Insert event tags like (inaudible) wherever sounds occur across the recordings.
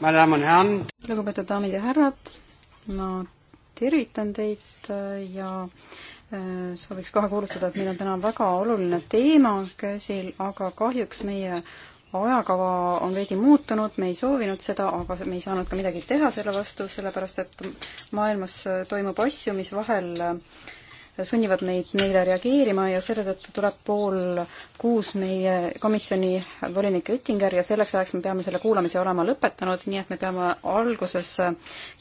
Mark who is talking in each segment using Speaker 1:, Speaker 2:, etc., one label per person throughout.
Speaker 1: lugupeetud
Speaker 2: daamid ja härrad, ma tervitan teid äh, ja äh, sooviks kohe kuulutada, et meil on täna väga oluline teema käsil, aga kahjuks meie ajakava on veidi muutunud, me ei soovinud seda, aga me ei saanud ka midagi teha selle vastu, sellepärast et maailmas toimub asju, mis vahel äh, sunnivad meid neile reageerima ja selle tõttu tuleb pool kuus meie komisjoni volinik Oettinger ja selleks ajaks me peame selle kuulamise olema lõpetanud, nii et me peame alguses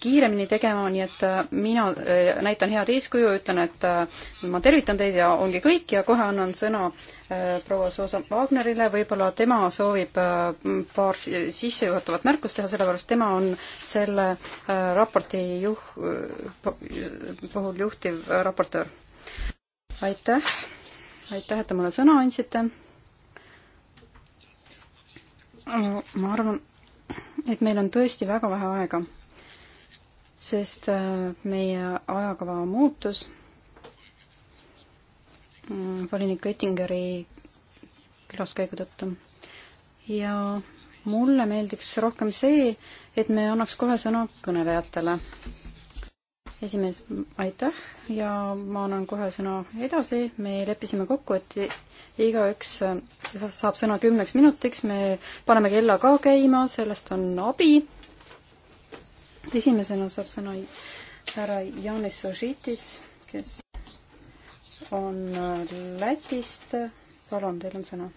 Speaker 2: kiiremini tegema, nii et mina äh, näitan head eeskuju, ütlen, et äh, ma tervitan teid ja ongi kõik ja kohe annan sõna äh, proua Soosa Wagnerile, võib-olla tema soovib paar sissejuhatavat märkust teha, sellepärast tema on selle raporti juh-, puhul juhtiv raportöör aitäh, aitäh, et te mulle sõna andsite. ma arvan, et meil on tõesti väga vähe aega, sest äh, meie ajakava muutus. Mm, volinik Oettingeri külaskäigu tõttu. ja mulle meeldiks rohkem see, et me annaks kohe sõna kõnelejatele esimees, aitäh ja ma annan kohe sõna edasi, me leppisime kokku, et igaüks saab sõna kümneks minutiks, me paneme kella ka käima, sellest on abi. esimesena saab sõna härra Janis Ožitis, kes on Lätist, palun, teil on sõna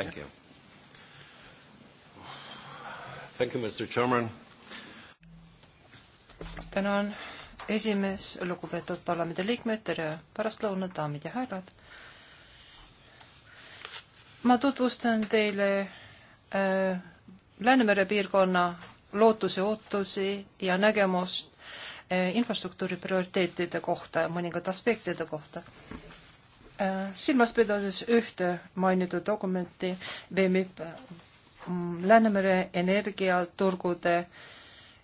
Speaker 3: Thank you. Thank you, Mr Chairman.
Speaker 1: tänan, esimees, lugupeetud parlamendiliikmed, tere pärastlõunat, daamid ja härrad. ma tutvustan teile äh, Läänemere piirkonna lootusi, ootusi ja nägemust äh, infrastruktuuri prioriteetide kohta ja mõningate aspektide kohta silmas pidades ühte mainitud dokumenti VMIP mm, Läänemere energiaturgude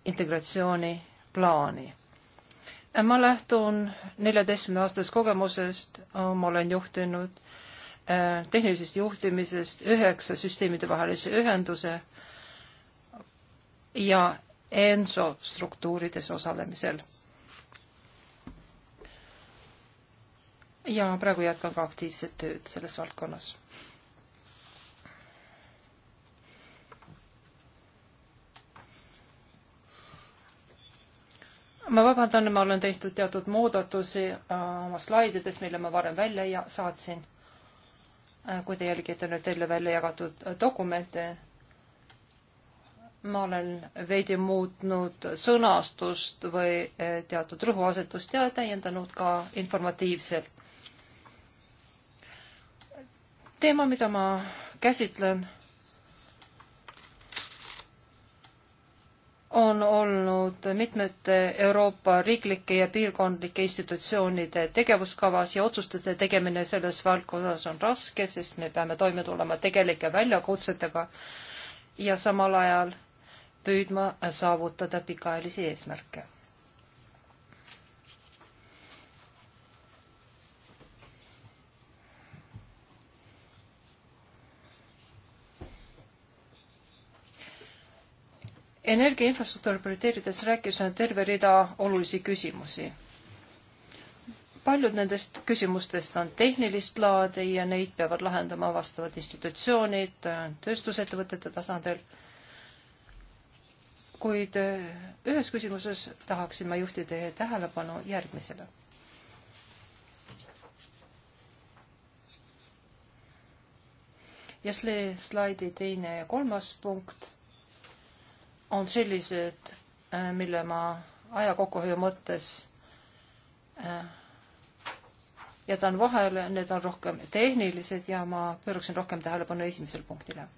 Speaker 1: integratsiooni plaani. ma lähtun neljateistkümne aastast kogemusest, ma olen juhtinud äh, tehnilisest juhtimisest üheksa süsteemide vahelise ühenduse ja ENSO struktuurides osalemisel ja praegu jätkan ka aktiivset tööd selles valdkonnas. ma vabandan, ma olen tehtud teatud muudatusi äh, oma slaidides, mille ma varem välja ja saatsin. Äh, kui te jälgite nüüd teile välja jagatud äh, dokumente, ma olen veidi muutnud sõnastust või teatud rõhuasetust ja täiendanud ka informatiivselt teema, mida ma käsitlen, on olnud mitmete Euroopa riiklike ja piirkondlike institutsioonide tegevuskavas ja otsuste tegemine selles valdkonnas on raske, sest me peame toime tulema tegelike väljakutsetega ja samal ajal püüdma saavutada pikaajalisi eesmärke energiainfrastruktuuri prioriteerides rääkisime terve rida olulisi küsimusi. paljud nendest küsimustest on tehnilist laadi ja neid peavad lahendama vastavad institutsioonid tööstusettevõtete tasandil. kuid eh, ühes küsimuses tahaksin ma juhtida teie tähelepanu järgmisele ja selle slaidi teine ja kolmas punkt on sellised, äh, mille ma aja kokkuhoiu mõttes äh, jätan vahele, need on rohkem tehnilised ja ma pööraksin rohkem tähelepanu esimesele punktile.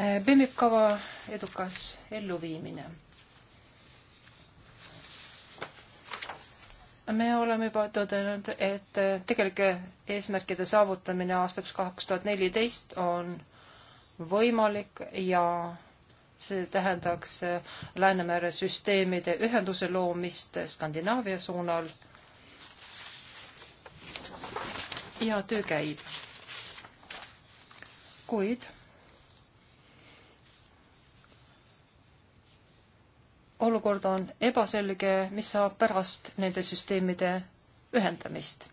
Speaker 1: Äh, BIMIP kava edukas elluviimine. me oleme juba tõdenud, et tegelike eesmärkide saavutamine aastaks kaks tuhat neliteist on võimalik ja see tähendaks Läänemere süsteemide ühenduse loomist Skandinaavia suunal. ja töö käib. kuid olukord on ebaselge, mis saab pärast nende süsteemide ühendamist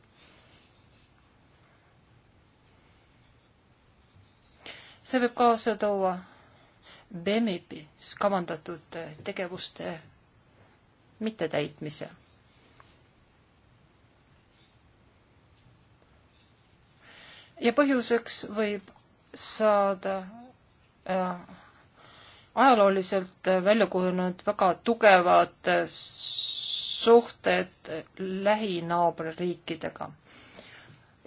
Speaker 1: see võib kaasa tuua BEMIP-is kavandatud eh, tegevuste mittetäitmise. ja põhjuseks võib saada äh, ajalooliselt eh, välja kujunenud väga tugevad suhted lähinaaberriikidega,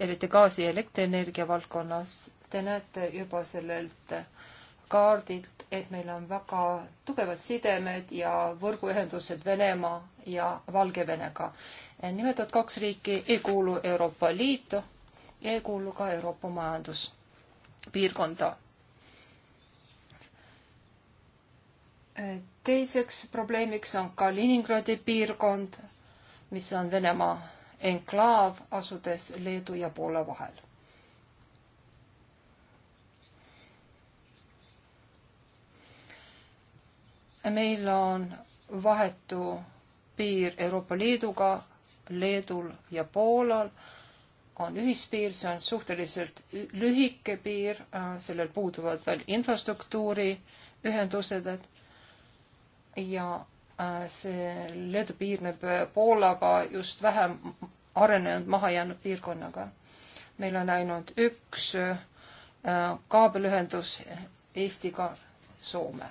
Speaker 1: eriti gaasi ja elektrienergia valdkonnas Te näete juba sellelt kaardilt, et meil on väga tugevad sidemed ja võrguühendused Venemaa ja Valgevenega. nimetatud kaks riiki ei kuulu Euroopa Liitu, ei kuulu ka Euroopa majanduspiirkonda. teiseks probleemiks on Kaliningradi piirkond, mis on Venemaa enklaav, asudes Leedu ja Poola vahel meil on vahetu piir Euroopa Liiduga, Leedul ja Poolal on ühispiir, see on suhteliselt lühike piir, äh, sellel puuduvad veel infrastruktuuri ühendused, et ja äh, see Leedu piirneb äh, Poolaga just vähem arenenud mahajäänud piirkonnaga. meil on ainult üks kaabelühendus Eestiga Soome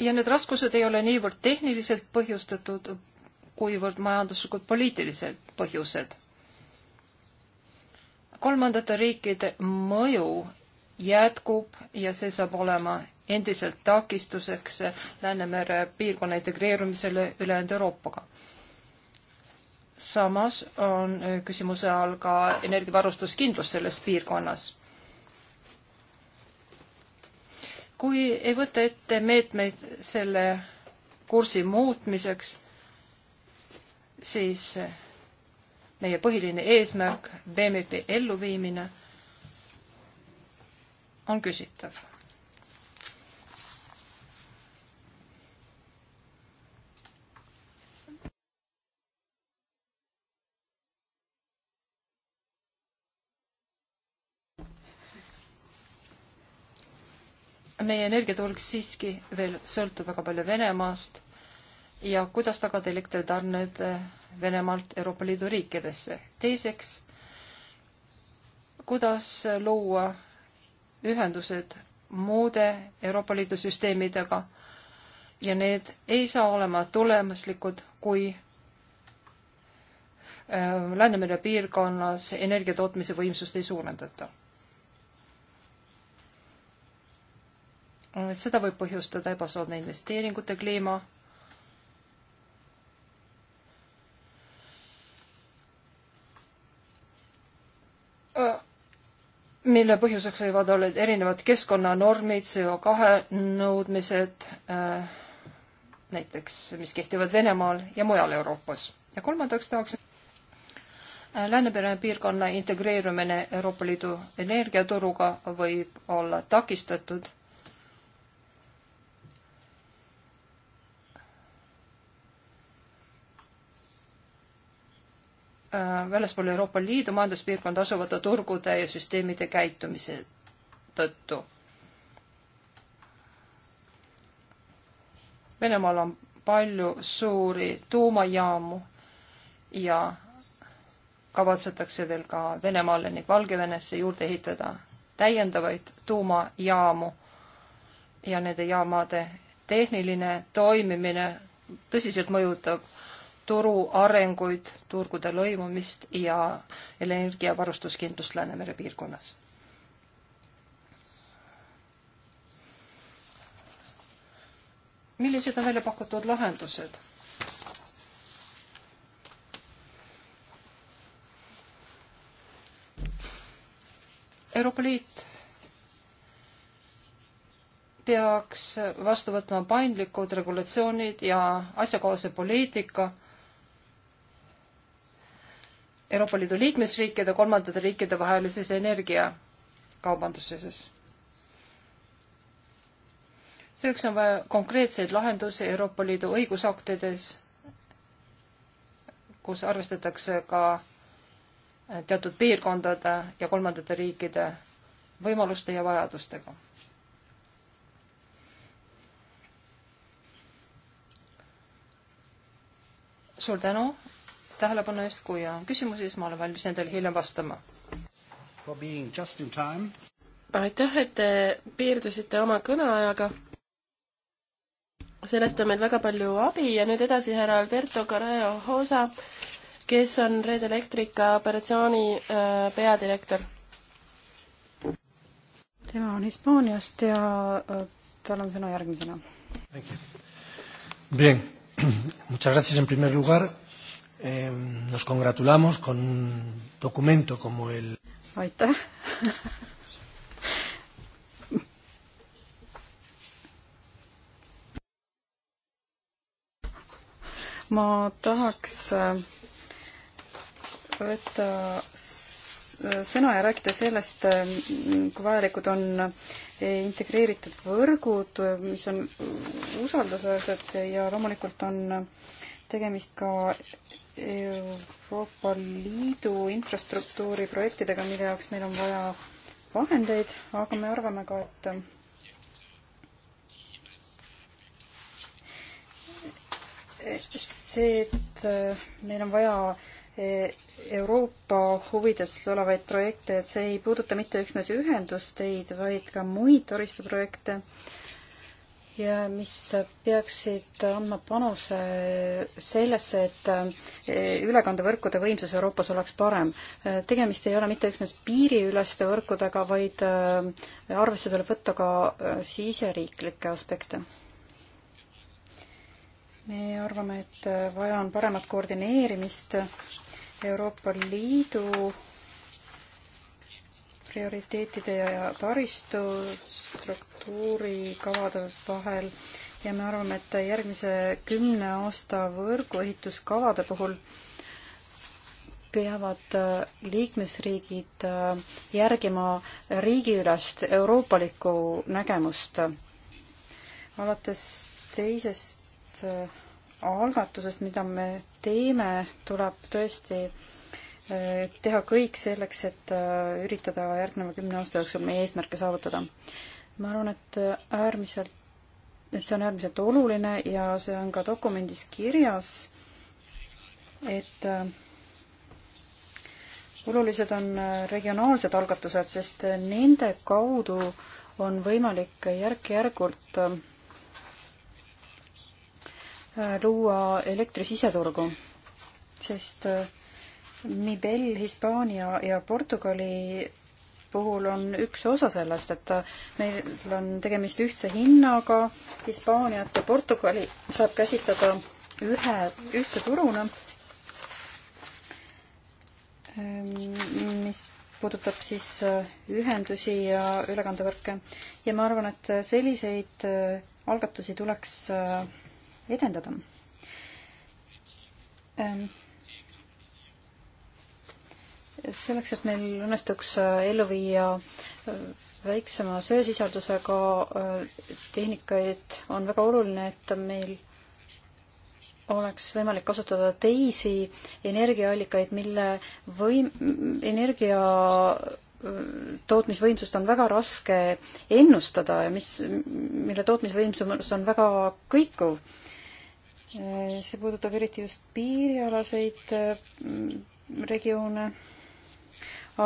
Speaker 1: ja need raskused ei ole niivõrd tehniliselt põhjustatud, kuivõrd majanduslikud poliitilised põhjused. kolmandate riikide mõju jätkub ja see saab olema endiselt takistuseks Läänemere piirkonna integreerumisele ülejäänud Euroopaga. samas on küsimuse all ka energiavarustuskindlus selles piirkonnas kui ei võta ette meetmeid selle kursi muutmiseks, siis meie põhiline eesmärk, BMP elluviimine, on küsitav meie energiaturg siiski veel sõltub väga palju Venemaast ja kuidas tagada elektritarned Venemaalt Euroopa Liidu riikidesse. teiseks, kuidas luua ühendused muude Euroopa Liidu süsteemidega ja need ei saa olema tulemuslikud, kui äh, Läänemere piirkonnas energiatootmise võimsust ei suurendata Äh, seda võib põhjustada ebasoodne investeeringute kliima, äh, mille põhjuseks võivad olla erinevad keskkonnanormid, CO2 nõudmised äh,, näiteks, mis kehtivad Venemaal ja mujal Euroopas. ja kolmandaks tahaks äh, Läänemere piirkonna integreerumine Euroopa Liidu energiaturuga võib olla takistatud Äh, väljaspool Euroopa Liidu majanduspiirkonda asuvate turgude ja süsteemide käitumise tõttu. Venemaal on palju suuri tuumajaamu ja kavatsetakse veel ka Venemaale ning Valgevenesse juurde ehitada täiendavaid tuumajaamu ja nende jaamade tehniline toimimine tõsiselt mõjutab turu arenguid, turgude lõimumist ja energiavarustuskindlust Läänemere piirkonnas. millised on välja pakutud lahendused? Euroopa Liit peaks vastu võtma paindlikud regulatsioonid ja asjakohase poliitika Euroopa Liidu liikmesriikide, kolmandate riikide vahelises energiakaubanduses. selleks on vaja konkreetseid lahendusi Euroopa Liidu õigusaktides, kus arvestatakse ka teatud piirkondade ja kolmandate riikide võimaluste ja vajadustega. suur tänu tähelepanu eest, kui on küsimusi, siis ma olen valmis nendele hiljem vastama.
Speaker 3: aitäh, et te piirdusite oma kõneajaga. sellest on meil väga palju abi ja nüüd edasi härra Alberto Correo Hosa, kes on Red Electrica operatsiooni äh, peadirektor.
Speaker 2: tema on Hispaaniast ja äh, tal on sõna järgmisena. Bien, (clears throat) muchas gracias en primer lugar eh, nos congratulamos con un documento como el. aitäh ma tahaks äh, võtta sõna ja rääkida sellest, äh, kui vajalikud on integreeritud võrgud, mis on usaldusväärsed ja loomulikult on tegemist ka Euroopa Liidu infrastruktuuri projektidega, mille jaoks meil on vaja vahendeid, aga me arvame ka, et see, et meil on vaja Euroopa huvides olevaid projekte, et see ei puuduta mitte üksnes ühendusteid, vaid ka muid taristuprojekte äh, ja mis peaksid andma panuse sellesse, et eh, ülekandevõrkude võimsus Euroopas oleks parem. tegemist ei ole mitte üksnes piiriüleste võrkudega, vaid eh, arvesse tuleb võtta ka eh, siseriiklikke aspekte. me arvame, et vaja on paremat koordineerimist Euroopa Liidu prioriteetide ja taristu struk-, struktuurikavade vahel ja me arvame, et järgmise kümne aasta võrguehituskavade puhul peavad äh, liikmesriigid äh, järgima riigiülest euroopalikku nägemust. alates teisest äh, algatusest, mida me teeme, tuleb tõesti teha kõik selleks, et üritada järgneva kümne aasta jooksul meie eesmärke saavutada ma arvan, et äärmiselt, et see on äärmiselt oluline ja see on ka dokumendis kirjas, et äh, olulised on äh, regionaalsed algatused, sest äh, nende kaudu on võimalik järk-järgult luua elektri siseturgu, sest Mibel Hispaania ja Portugali puhul on üks osa sellest, et meil on tegemist ühtse hinnaga, Hispaaniat ja Portugali saab käsitleda ühe, ühtse turuna, mis puudutab siis ühendusi ja ülekandevõrke. ja ma arvan, et selliseid algatusi tuleks edendada selleks, et meil õnnestuks äh, ellu viia äh, väiksema söösisaldusega äh, tehnikaid, on väga oluline, et meil oleks võimalik kasutada teisi energiaallikaid, mille võim-, energia tootmisvõimsust on väga raske ennustada ja mis, mille tootmisvõimsus on väga kõikuv. see puudutab eriti just piirialaseid regioone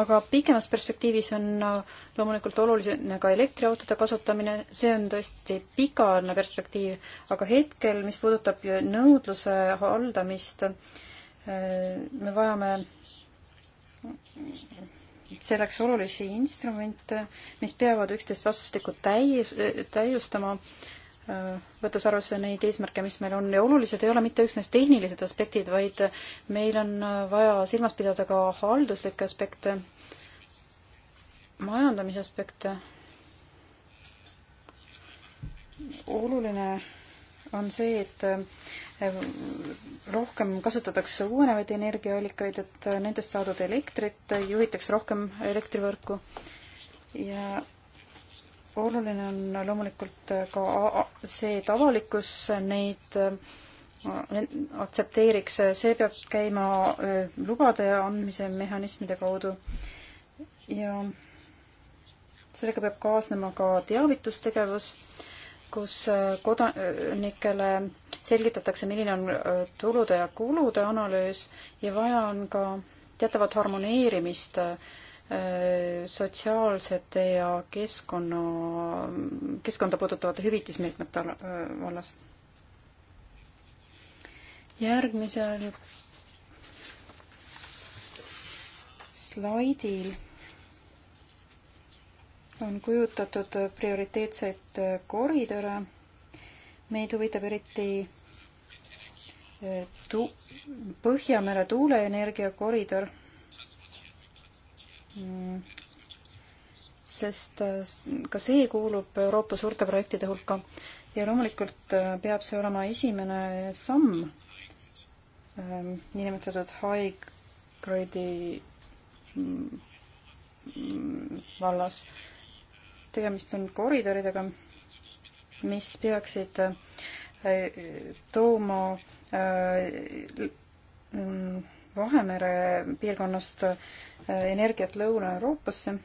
Speaker 2: aga pikemas perspektiivis on äh, loomulikult oluline ka elektriautode kasutamine, see on tõesti pikaajaline perspektiiv, aga hetkel, mis puudutab nõudluse haldamist, äh, me vajame selleks olulisi instrumente, mis peavad üksteist vastastikku täius, täiustama äh, võttes arvesse neid eesmärke, mis meil on ja olulised ei ole mitte üksnes tehnilised aspektid, vaid meil on vaja silmas pidada ka halduslikke aspekte, majandamise aspekte. oluline on see, et rohkem kasutatakse uuenevaid energiaallikaid, et nendest saadud elektrit juhitakse rohkem elektrivõrku ja oluline on loomulikult ka see, et avalikkus neid äh, aktsepteeriks, see peab käima äh, lubade andmise mehhanismide kaudu ja sellega peab kaasnema ka teavitustegevus, kus äh, kodanikele selgitatakse, milline on tulude ja kulude analüüs ja vaja on ka teatavat harmoneerimist äh, Äh, sotsiaalsete ja keskkonna, keskkonda puudutavate hüvitismeetmete äh, vallas. järgmisel slaidil on kujutatud prioriteetseid koridore. meid huvitab eriti äh, tu-, Põhjamere tuuleenergia koridor sest äh, ka see kuulub Euroopa suurte projektide hulka ja loomulikult äh, peab see olema esimene samm ähm, niinimetatud high grade'i mm, vallas. tegemist on koridoridega, mis peaksid äh, tooma mm, Vahemere piirkonnast energiat Lõuna-Euroopasse.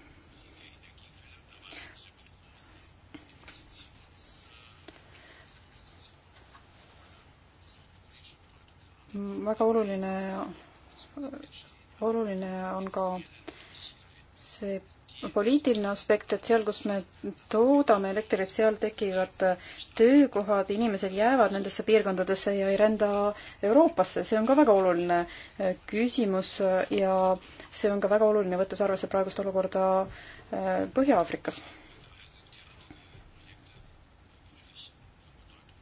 Speaker 2: väga oluline, oluline on ka see poliitiline aspekt, et seal, kus me toodame elektrit, seal tekivad töökohad, inimesed jäävad nendesse piirkondadesse ja ei rända Euroopasse, see on ka väga oluline äh, küsimus äh, ja see on ka väga oluline, võttes arvesse praegust olukorda äh, Põhja-Aafrikas.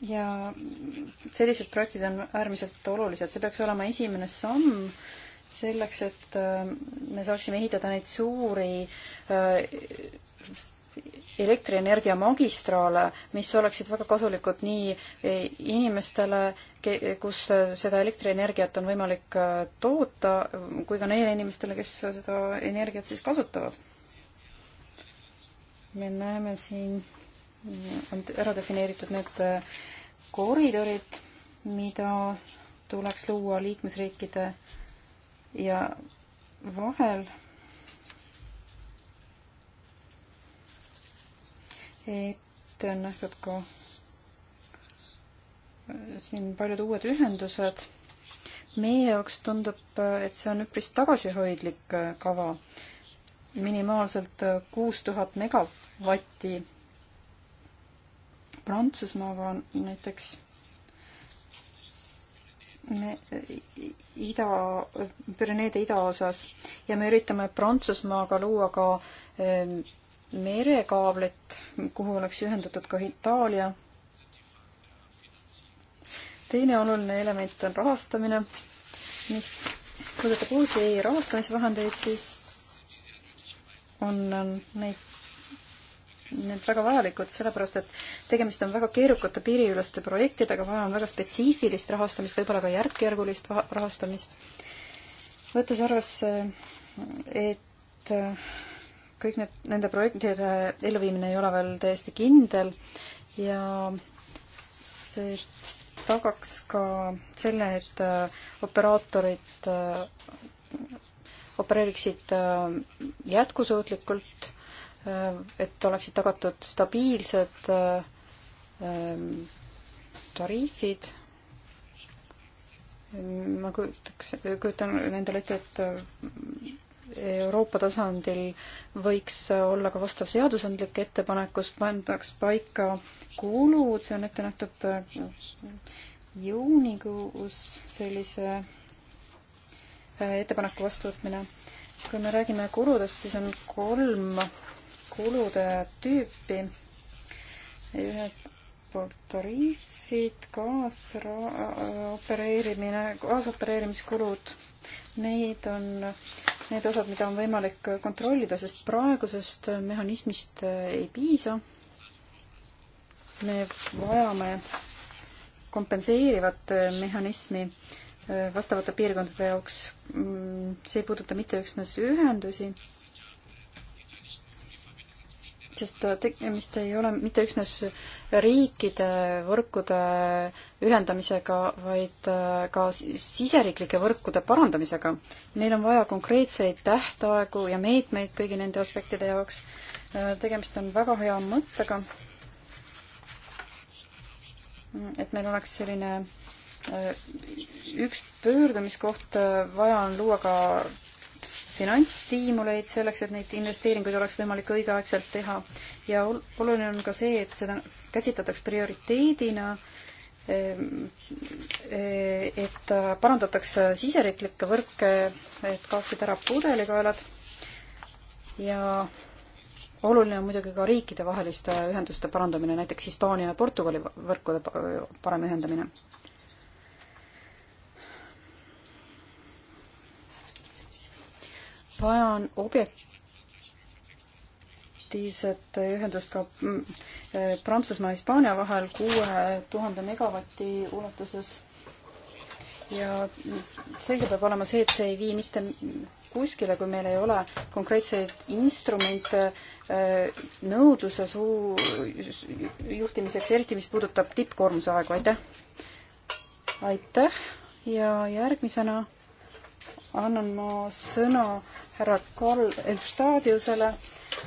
Speaker 2: ja sellised projektid on äärmiselt olulised, see peaks olema esimene samm äh, selleks, et äh, me saaksime ehitada neid suuri äh, elektrienergia magistraale, mis oleksid väga kasulikud nii e, inimestele, kus äh, seda elektrienergiat on võimalik toota, kui ka neile inimestele, kes seda energiat siis kasutavad. me näeme siin, on ära defineeritud need koridorid, mida tuleks luua liikmesriikide ja vahel ette on nähtud ka siin paljud uued ühendused. meie jaoks tundub, et see on üpris tagasihoidlik kava, minimaalselt kuus tuhat megavatti. Prantsusmaaga on näiteks ida, Pürineede idaosas ja me üritame Prantsusmaaga luua ka ähm, merekaablit, kuhu oleks ühendatud ka Itaalia. teine oluline element on rahastamine, mis puudutab uusi rahastamisvahendeid, siis on neid need väga vajalikud, sellepärast et tegemist on väga keerukate piiriüleste projektidega, vaja on väga spetsiifilist rahastamist, võib-olla ka järk-järgulist rahastamist. võttes arvesse, et äh, kõik need, nende projektide elluviimine ei ole veel täiesti kindel ja see tagaks ka selle, et äh, operaatorid äh, opereeriksid jätkusuutlikult Äh, et oleksid tagatud stabiilsed äh, tariifid. ma kujutaks, kujutan endale ette, et äh, Euroopa tasandil võiks olla ka vastav seadusandlik ettepanek, kus pandaks paika kulud, see on ette nähtud juunikuus sellise ettepaneku vastuvõtmine. kui me räägime kuludest, siis on kolm kulude tüüpi. ühelt poolt tariifid, kaasopereerimine, kaasopereerimiskulud, neid on need osad, mida on võimalik kontrollida, sest praegusest mehhanismist ei piisa. me vajame kompenseerivat mehhanismi vastavate piirkondade jaoks. Mm, see ei puuduta mitte üksnes ühendusi sest tegemist ei ole mitte üksnes riikide võrkude ühendamisega, vaid äh, ka siseriiklike võrkude parandamisega. meil on vaja konkreetseid tähtaegu ja meetmeid kõigi nende aspektide jaoks. Äh, tegemist on väga hea mõttega. Mm, et meil oleks selline äh, üks pöördumiskoht, vaja on luua ka finantsstiimuleid selleks, et neid investeeringuid oleks võimalik õigeaegselt teha ja oluline on ka see, et seda käsitletaks prioriteedina, ehm, e-, et parandatakse siseriiklikke võrke, et kaoksid ära pudelikaelad ja oluline on muidugi ka riikidevaheliste ühenduste parandamine, näiteks Hispaania ja Portugali võrkude parem ühendamine vaja on objektiivset ühendust ka mm, eh, Prantsusmaa ja Hispaania vahel kuue tuhande megavati ulatuses. ja selge peab olema see, et see ei vii mitte kuskile, kui meil ei ole konkreetseid instrumente eh, nõudluse suu juhtimiseks, eriti mis puudutab tippkoormuse aegu, aitäh! aitäh ja järgmisena annan ma sõna härra Karl Elfstadiusele,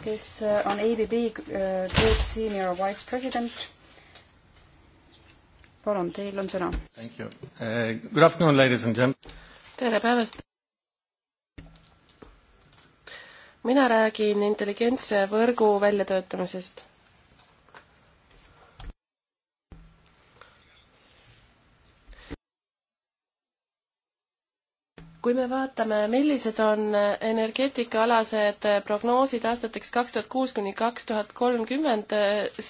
Speaker 2: kes äh, on ABB äh, Group Senior Vice President. palun, teil
Speaker 3: on sõna.
Speaker 1: Uh, good afternoon, ladies and gentlemen.
Speaker 3: tere päevast! mina räägin intelligentse võrgu väljatöötamisest kui me vaatame, millised on energeetikaalased prognoosid aastateks kaks tuhat kuus kuni kaks tuhat kolmkümmend,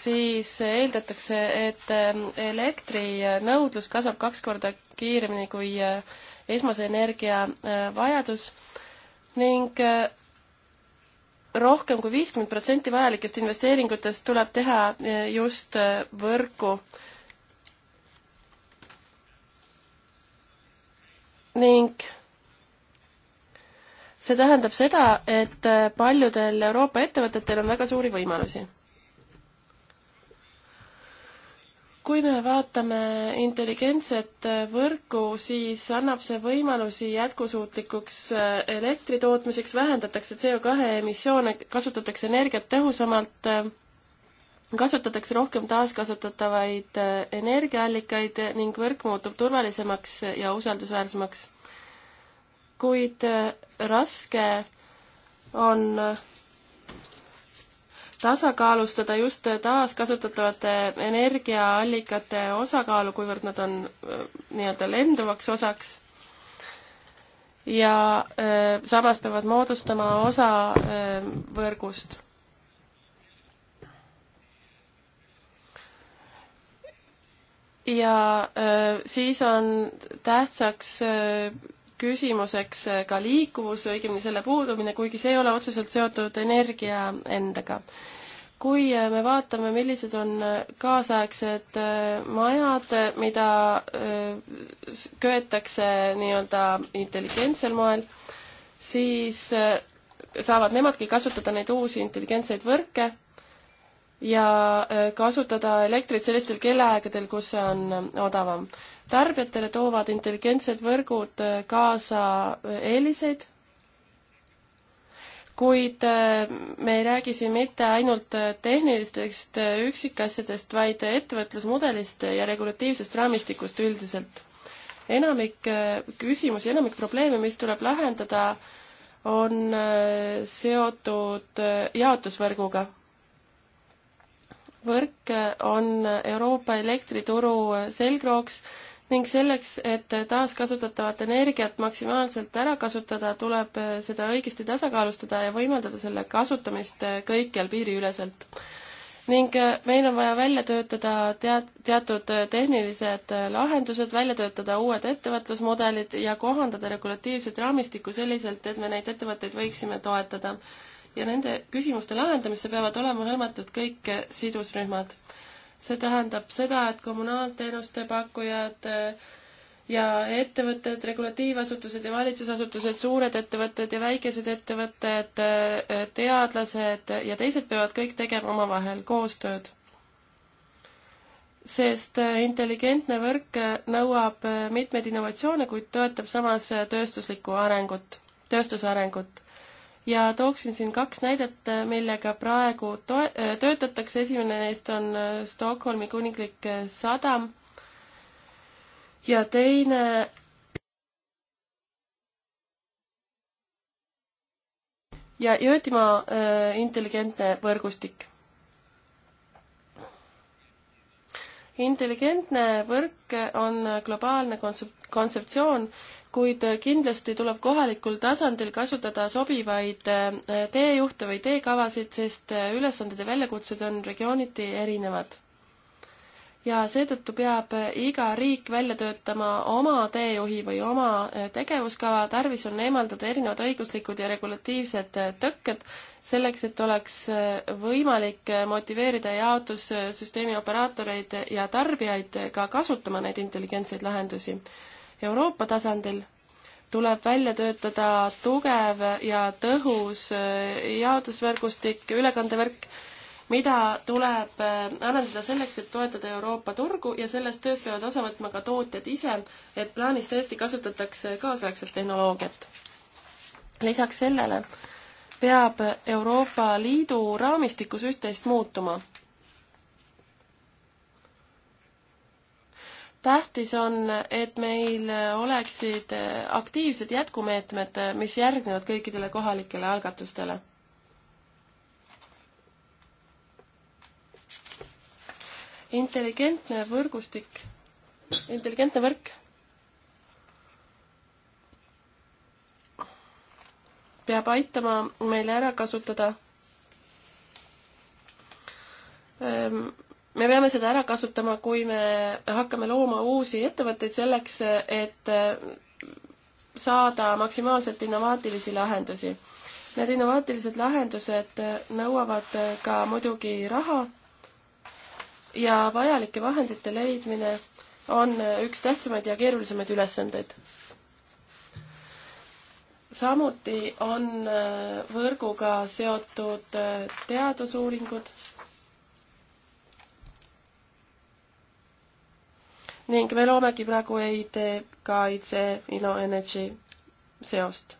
Speaker 3: siis eeldatakse, et elektrinõudlus kasvab kaks korda kiiremini kui esmase energia vajadus ning rohkem kui viiskümmend protsenti vajalikest investeeringutest tuleb teha just võrku ning see tähendab seda, et äh, paljudel Euroopa ettevõtetel on väga suuri võimalusi. kui me vaatame intelligentset äh, võrku, siis annab see võimalusi jätkusuutlikuks äh, elektri tootmiseks, vähendatakse CO2 emissioone, kasutatakse energiat tõhusamalt, kasutatakse rohkem taaskasutatavaid energiaallikaid ning võrk muutub turvalisemaks ja usaldusväärsemaks kuid äh, raske on äh, tasakaalustada just taaskasutatavate energiaallikate osakaalu, kuivõrd nad on äh, nii-öelda lenduvaks osaks ja öö, samas peavad moodustama osa öö, võrgust. ja öö, siis on tähtsaks öö, küsimuseks äh, ka liikuvus, õigemini selle puudumine, kuigi see ei ole otseselt seotud energia endaga. kui äh, me vaatame, millised on äh, kaasaegsed majad, mida köetakse nii-öelda intelligentsel moel, siis saavad nemadki kasutada neid uusi intelligentseid võrke ja kasutada elektrit sellistel kellaaegadel, kus see on odavam tarbijatele toovad intelligentsed võrgud äh, kaasa äh, eeliseid, kuid äh, me ei räägi siin mitte ainult tehnilistest üksikasjadest, vaid ettevõtlusmudelist ja regulatiivsest raamistikust üldiselt. enamik küsimusi, enamik probleeme, mis tuleb lahendada, on seotud jaotusvõrguga. võrk on Euroopa elektrituru selgrooks ning selleks, et taaskasutatavat energiat maksimaalselt ära kasutada, tuleb seda õigesti tasakaalustada ja võimaldada selle kasutamist kõikjal piiriüleselt. ning meil on vaja välja töötada tead-, teatud tehnilised lahendused, välja töötada uued ettevõtlusmudelid ja kohandada regulatiivset raamistikku selliselt, et me neid ettevõtteid võiksime toetada. ja nende küsimuste lahendamisse peavad olema hõlmatud kõik sidusrühmad see tähendab seda, et kommunaalteenuste pakkujad äh, ja ettevõtted, regulatiivasutused ja valitsusasutused, suured ettevõtted ja väikesed ettevõtted, äh, teadlased ja teised peavad kõik tegema omavahel koostööd. sest äh, intelligentne võrk nõuab mitmeid innovatsioone, kuid toetab samas tööstuslikku arengut, tööstuse arengut ja tooksin siin kaks näidet, äh, millega praegu toe-, äh, töötatakse, esimene neist on äh, Stockholmi kuninglik sadam ja teine ja Jõetimaa intelligentne võrgustik intelligentne võrk on globaalne kontseptsioon, kuid kindlasti tuleb kohalikul tasandil kasutada sobivaid äh, teejuhte või teekavasid, sest äh, ülesanded ja väljakutsed on regiooniti erinevad ja seetõttu peab iga riik välja töötama oma teejuhi või oma eh, tegevuskava, tarvis on eemaldada erinevad õiguslikud ja regulatiivsed eh, tõkked, selleks et oleks eh, võimalik motiveerida jaotussüsteemi operaatoreid ja tarbijaid ka kasutama neid intelligentseid lahendusi. Euroopa tasandil tuleb välja töötada tugev ja tõhus jaotusvõrgustik, ülekandevõrk, mida tuleb äh, arendada selleks, et toetada Euroopa turgu ja sellest tööst peavad osa võtma ka tootjad ise, et plaanis tõesti kasutatakse kaasaegset tehnoloogiat. lisaks sellele peab Euroopa Liidu raamistikus üht-teist muutuma. tähtis on, et meil oleksid aktiivsed jätkumeetmed, mis järgnevad kõikidele kohalikele algatustele intelligentne võrgustik, intelligentne võrk peab aitama meil ära kasutada ehm, me peame seda ära kasutama, kui me hakkame looma uusi ettevõtteid selleks, et eh, saada maksimaalselt innovaatilisi lahendusi. Need innovaatilised lahendused eh, nõuavad eh, ka muidugi raha ja vajalike vahendite leidmine on üks tähtsamaid ja keerulisemaid ülesandeid. samuti on äh, võrguga seotud äh, teadusuuringud ning me loomegi praegu EIT-ga IC Inno Energy seost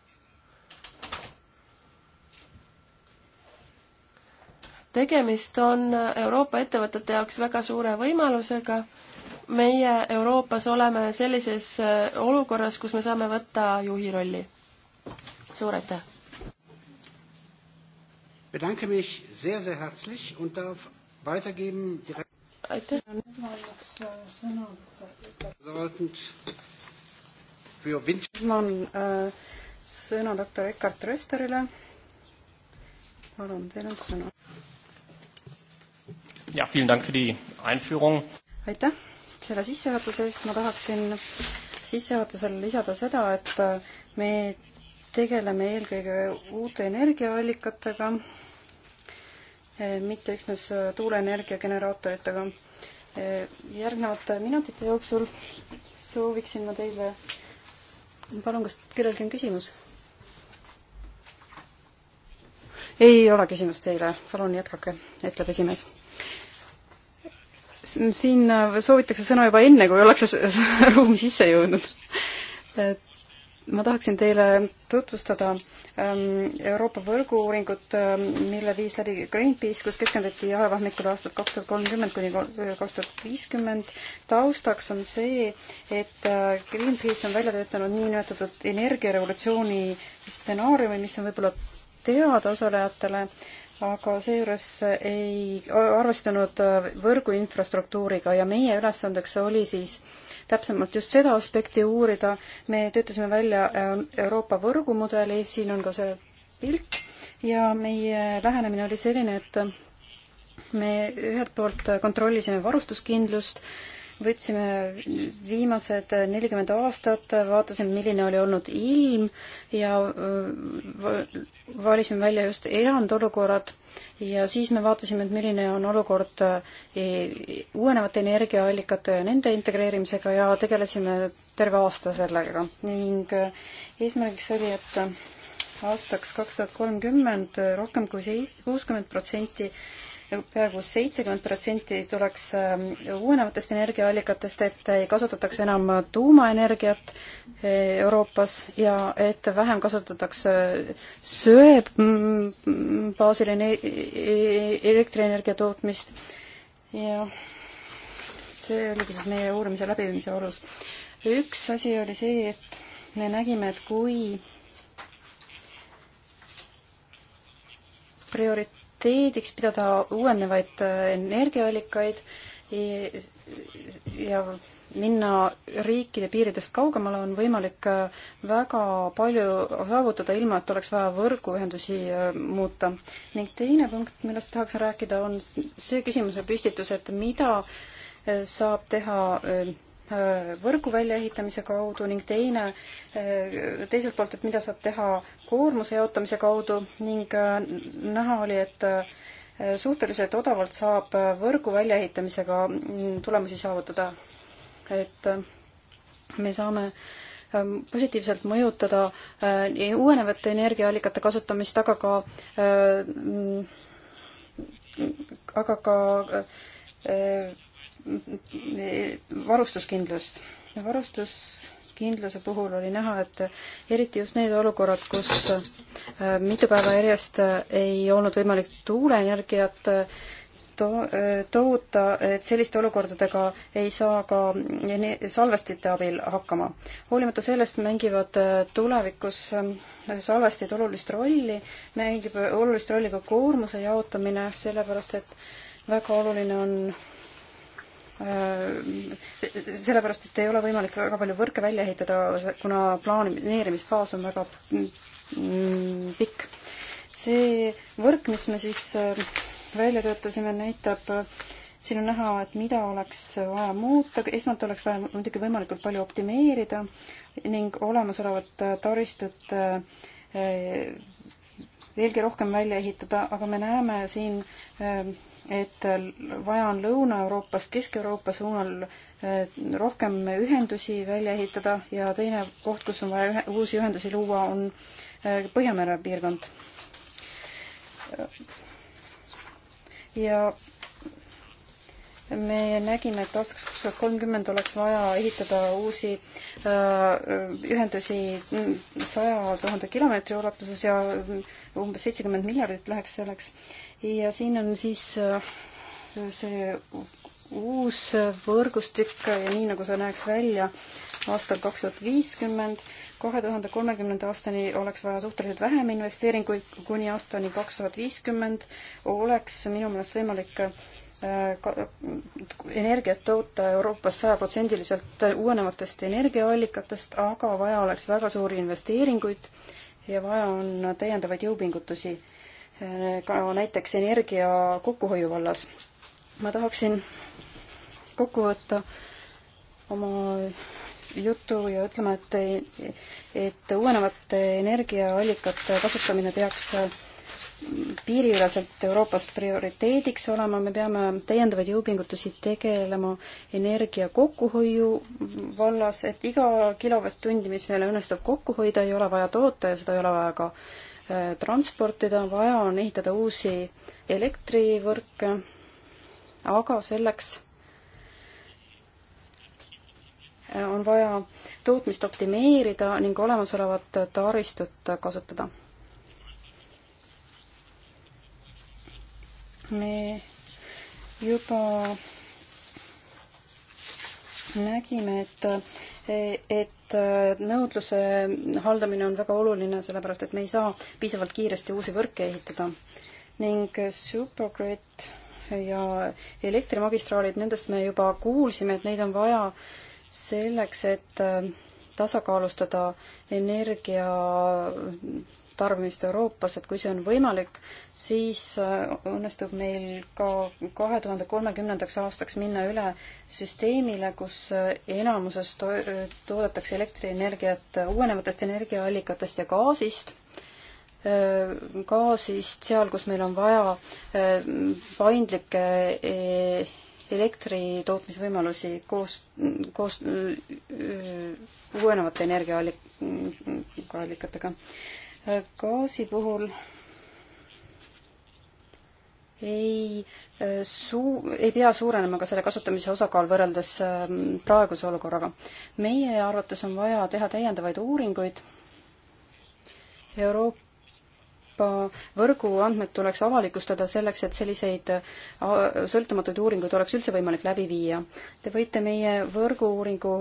Speaker 3: tegemist on Euroopa ettevõtete jaoks väga suure võimalusega. meie Euroopas oleme sellises äh, olukorras, kus me saame võtta juhi rolli. suur aitäh!
Speaker 2: bedanke mich sehr, sehr herzlich und darf weitergeben direkt. Aitäh. Äh, äh, ma annan äh, sõna doktor Eckart Rösterile. palun, teil on sõna
Speaker 1: ja, vielen Dank für die Einführung.
Speaker 2: aitäh selle sissejuhatuse eest, ma tahaksin sissejuhatusele lisada seda, et äh, me tegeleme eelkõige uute energiaallikatega, äh, mitte üksnes äh, tuuleenergia generaatoritega. järgnevate minutite jooksul sooviksin ma teile, palun, kas kellelgi on küsimus? ei ole küsimust teile, palun jätkake, ütleb esimees siin äh, soovitakse sõna juba enne, kui ollakse ruumi sisse jõudnud. ma tahaksin teile tutvustada ähm, Euroopa võrgu-uuringut, ähm, mille viis läbi Greenpeace, kus keskenduti ajavahmikule aastat kaks tuhat kolmkümmend kuni kaks tuhat viiskümmend. taustaks on see, et äh, Greenpeace on välja töötanud niinimetatud energiarevolutsiooni stsenaariumi, mis on võib-olla teada osalejatele äh, aga seejuures ei arvestanud võrgu infrastruktuuriga ja meie ülesandeks oli siis täpsemalt just seda aspekti uurida. me töötasime välja äh, Euroopa võrgumudeli, siin on ka see pilt ja meie lähenemine oli selline, et me ühelt poolt kontrollisime varustuskindlust, võtsime viimased nelikümmend aastat, vaatasime, milline oli olnud ilm ja äh, valisime välja just erandolukorrad ja siis me vaatasime, et milline on olukord e, uuenevate energiaallikate ja nende integreerimisega ja tegelesime terve aasta sellega ning e, eesmärgiks oli, et aastaks kaks tuhat kolmkümmend rohkem kui kuuskümmend protsenti peaaegu seitsekümmend protsenti tuleks ähm, uuenevatest energiaallikatest, et ei kasutataks enam tuumaenergiat äh, Euroopas ja et vähem kasutatakse äh, söe mm, baasil e-, elektrienergia tootmist ja see oligi siis meie uurimise läbiviimise alus. üks asi oli see, et me nägime, et kui priorit-, prioriteediks pidada uuenevaid äh, energiaallikaid ja minna riikide piiridest kaugemale on võimalik äh, väga palju saavutada, ilma et oleks vaja võrguühendusi äh, muuta. ning teine punkt, millest tahaksin rääkida, on see küsimuse püstitus, et mida saab teha Äh, võrgu väljaehitamise kaudu ning teine, äh, teiselt poolt, et mida saab teha koormuse jaotamise kaudu ning äh, näha oli, et suhteliselt odavalt saab võrgu väljaehitamisega mm, tulemusi saavutada. et me saame positiivselt mõjutada nii uuenevate energiaallikate kasutamist, aga ka, mm, aga ka varustuskindlust. varustuskindluse puhul oli näha, et eriti just need olukorrad, kus äh, mitu päeva järjest äh, ei olnud võimalik tuuleenergiat to-, äh, toota, et selliste olukordadega ei saa ka salvestite abil hakkama. hoolimata sellest mängivad tulevikus salvestid olulist rolli, mängib olulist rolli ka koormuse jaotamine, sellepärast et väga oluline on Äh, sellepärast, et ei ole võimalik väga palju võrke välja ehitada, kuna planeerimisfaas on väga mm, mm, pikk. see võrk, mis me siis äh, välja töötasime, näitab äh, siin on näha, et mida oleks vaja muuta, esmalt oleks vaja muidugi võimalikult palju optimeerida ning olemasolevat taristut veelgi rohkem välja ehitada, aga me näeme siin et vaja on Lõuna-Euroopast Kesk-Euroopa suunal eh, rohkem ühendusi välja ehitada ja teine koht, kus on vaja ühe, uusi ühendusi luua, on eh, Põhjamere piirkond. ja me nägime, et aastaks kaks tuhat kolmkümmend oleks vaja ehitada uusi eh, ühendusi saja tuhande kilomeetri ulatuses ja umbes seitsekümmend miljardit läheks selleks ja siin on siis äh, see uus võrgustik ja nii, nagu see näeks välja aastal kaks tuhat viiskümmend, kahe tuhande kolmekümnenda aastani oleks vaja suhteliselt vähem investeeringuid, kuni aastani kaks tuhat viiskümmend oleks minu meelest võimalik äh, energiat toota Euroopas sajaprotsendiliselt uuenevatest energiaallikatest, aga vaja oleks väga suuri investeeringuid ja vaja on täiendavaid jõupingutusi ka näiteks energia kokkuhoiu vallas. ma tahaksin kokku võtta oma jutu ja ütlema, et, et uuenevate energiaallikate kasutamine peaks piiriüleselt Euroopas prioriteediks olema, me peame täiendavaid jõupingutusi tegelema energia kokkuhoiu vallas, et iga kilovatt-tundi, mis meil õnnestub kokku hoida, ei ole vaja toota ja seda ei ole vaja ka transportida, vaja on ehitada uusi elektrivõrke, aga selleks on vaja tootmist optimeerida ning olemasolevat taristut kasutada. me juba nägime, et, et et äh, nõudluse haldamine on väga oluline, sellepärast et me ei saa piisavalt kiiresti uusi võrke ehitada. ning äh, Supergrid ja elektrimagistraalid, nendest me juba kuulsime, et neid on vaja selleks, et äh, tasakaalustada energia tarbimist Euroopas, et kui see on võimalik, siis äh, õnnestub meil ka kahe tuhande kolmekümnendaks aastaks minna üle süsteemile, kus äh, enamuses to toodetakse elektrienergiat uuenevatest energiaallikatest ja gaasist äh, gaasist seal, kus meil on vaja paindlikke elektri tootmisvõimalusi koos, koos uuenevate energiaallikatega gaasi puhul ei äh, suu-, ei pea suurenema ka selle kasutamise osakaal võrreldes ähm, praeguse olukorraga. meie arvates on vaja teha täiendavaid uuringuid Euroopa Euroopa võrgu andmed tuleks avalikustada selleks, et selliseid sõltumatuid uuringuid oleks üldse võimalik läbi viia. Te võite meie võrgu-uuringu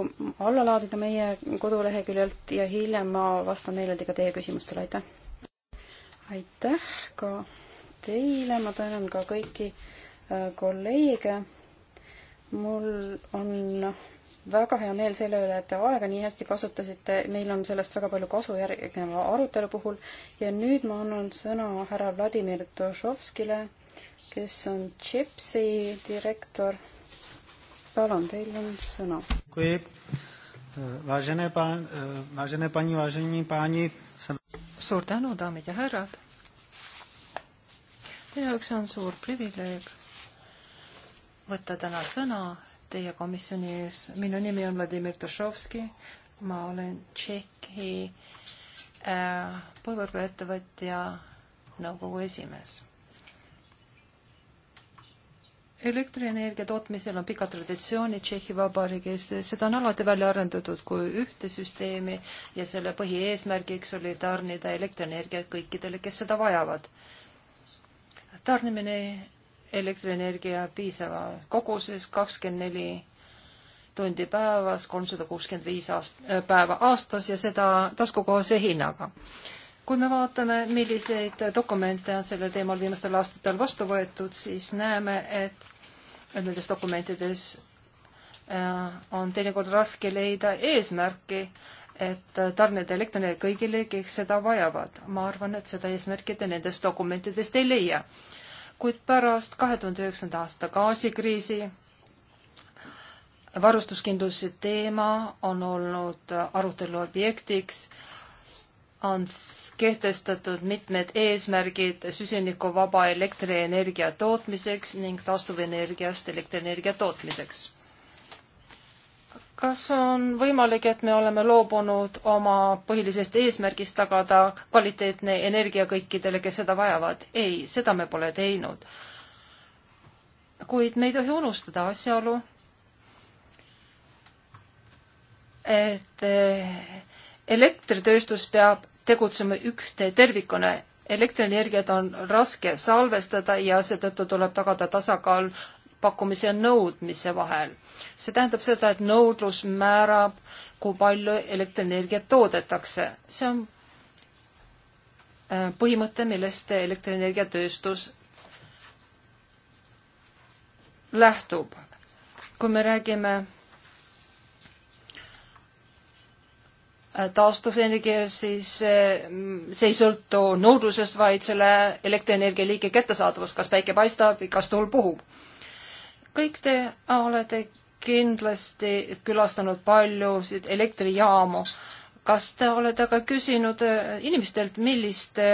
Speaker 2: alla laadida meie koduleheküljelt ja hiljem ma vastan meeleldi ka teie küsimustele, aitäh! aitäh ka teile, ma tänan ka kõiki äh, kolleege. mul on väga hea meel selle üle, et te aega nii hästi kasutasite, meil on sellest väga palju kasu järgneva arutelu puhul ja nüüd ma annan sõna härra Vladimir Tošovskile, kes on Chipsi direktor. palun, teil on sõna. kui
Speaker 1: Vážené pán, vážené paní, vážení páni. Suur tänu, daamid ja härrad. Minu jaoks on suur privileeg võtta täna sõna teie komisjoni ees. minu nimi on Vladimir Tošovski, ma olen Tšehhi äh, põivurguettevõtja nõukogu esimees Elektrienergia tootmisel on pika traditsiooni Tšehhi Vabariigis. Seda on alati välja arendatud kui ühte süsteemi ja selle põhieesmärgiks oli tarnida elektrienergiat kõikidele, kes seda vajavad. Tarnimine elektrienergia piisava koguses kakskümmend neli tundi päevas, kolmsada kuuskümmend viis aast-, äh, päeva aastas ja seda taskukohase hinnaga. kui me vaatame, milliseid dokumente on sellel teemal viimastel aastatel vastu võetud, siis näeme, et, et nendes dokumentides äh, on teinekord raske leida eesmärki, et tarned elektroneerivad kõigile, kes seda vajavad. ma arvan, et seda eesmärki te nendest dokumentidest ei leia kuid pärast kahe tuhande üheksanda aasta gaasikriisi varustuskindluse teema on olnud arutelu objektiks, on kehtestatud mitmed eesmärgid süsinikuvaba elektrienergia tootmiseks ning taastuvenergiast elektrienergia tootmiseks kas on võimalik, et me oleme loobunud oma põhilisest eesmärgist tagada kvaliteetne energia kõikidele, kes seda vajavad? ei, seda me pole teinud. kuid me ei tohi unustada asjaolu, et eh, elektritööstus peab tegutsema ühte tervikuna. elektrienergiat on raske salvestada ja seetõttu tuleb tagada tasakaal pakkumise ja nõudmise vahel. see tähendab seda, et nõudlus määrab, kui palju elektrienergiat toodetakse. see on äh, põhimõte, millest elektrienergiatööstus lähtub. kui me räägime äh, taastuvenergia, siis äh, see ei sõltu nõudlusest, vaid selle elektrienergia liigi kättesaadavust, kas päike paistab, kas tuul puhub kõik te olete kindlasti külastanud paljusid elektrijaamu. kas te olete ka küsinud äh, inimestelt, milliste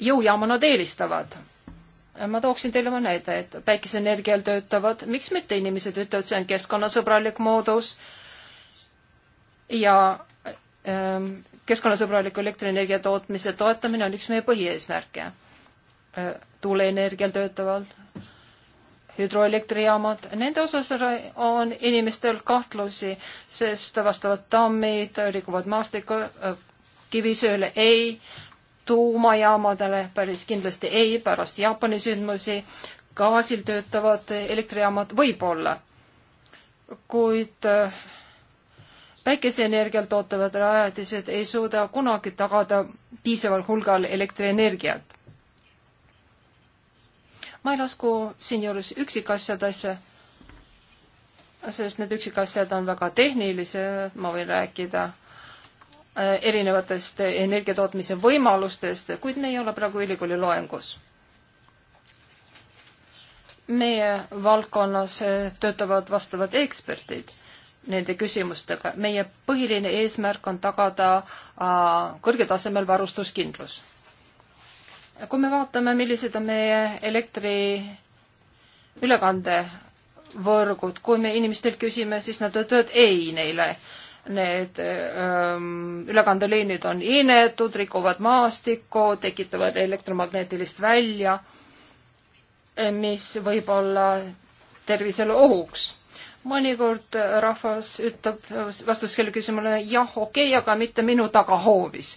Speaker 1: jõujaama nad eelistavad? ma tooksin teile oma näide, et päikeseenergial töötavad, miks mitte inimesed ütlevad, see on keskkonnasõbralik moodus ja ähm, keskkonnasõbraliku elektrienergia tootmise toetamine on üks meie põhieesmärke äh,. tuuleenergial töötavad hüdroelektrijaamad, nende osas on inimestel kahtlusi, sest vastavad tammid liiguvad maastikku, äh, kivisööle ei, tuumajaamadele päris kindlasti ei, pärast Jaapani sündmusi gaasil töötavad elektrijaamad võib-olla, kuid äh, päikeseenergial tootavad rajatised ei suuda kunagi tagada piisaval hulgal elektrienergiat ma ei lasku siinjuures üksikasjadesse, sest need üksikasjad on väga tehnilised, ma võin rääkida äh, erinevatest energiatootmise võimalustest, kuid me ei ole praegu ülikooli loengus. meie valdkonnas äh, töötavad vastavad eksperdid nende küsimustega. meie põhiline eesmärk on tagada äh, kõrgel tasemel varustuskindlus kui me vaatame, millised on meie elektri ülekandevõrgud, kui me inimestelt küsime, siis nad ütlevad ei neile. Need öö, ähm, ülekandeliinid on inetud, rikuvad maastikku, tekitavad elektromagnetilist välja, mis võib olla tervisele ohuks mõnikord rahvas ütleb vastuskeele küsimusele jah, okei okay,, aga mitte minu tagahoovis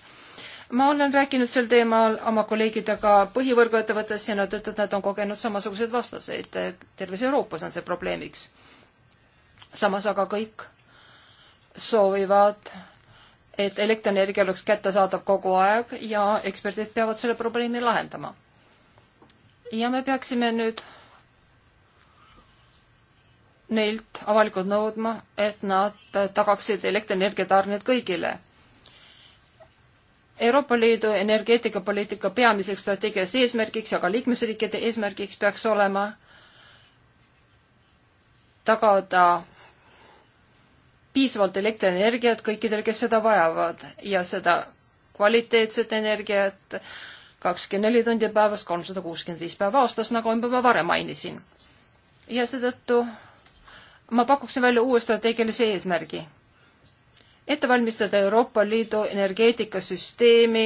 Speaker 1: ma olen rääkinud sel teemal oma kolleegidega põhivõrguettevõttes ja nad ütlevad, et nad on kogenud samasuguseid vastaseid. terves Euroopas on see probleemiks. samas aga kõik soovivad, et elektrienergia oleks kättesaadav kogu aeg ja eksperdid peavad selle probleemi lahendama. ja me peaksime nüüd neilt avalikult nõudma, et nad tagaksid elektrienergia tarned kõigile Euroopa Liidu energeetikapoliitika peamiseks strateegiliseks eesmärgiks ja ka liikmesriikide eesmärgiks peaks olema tagada piisavalt elektrienergiat kõikidele, kes seda vajavad ja seda kvaliteetset energiat kakskümmend neli tundi päevas, kolmsada kuuskümmend viis päeva aastas, nagu ma juba varem mainisin. ja seetõttu ma pakuksin välja uue strateegilise eesmärgi ette valmistada Euroopa Liidu energeetikasüsteemi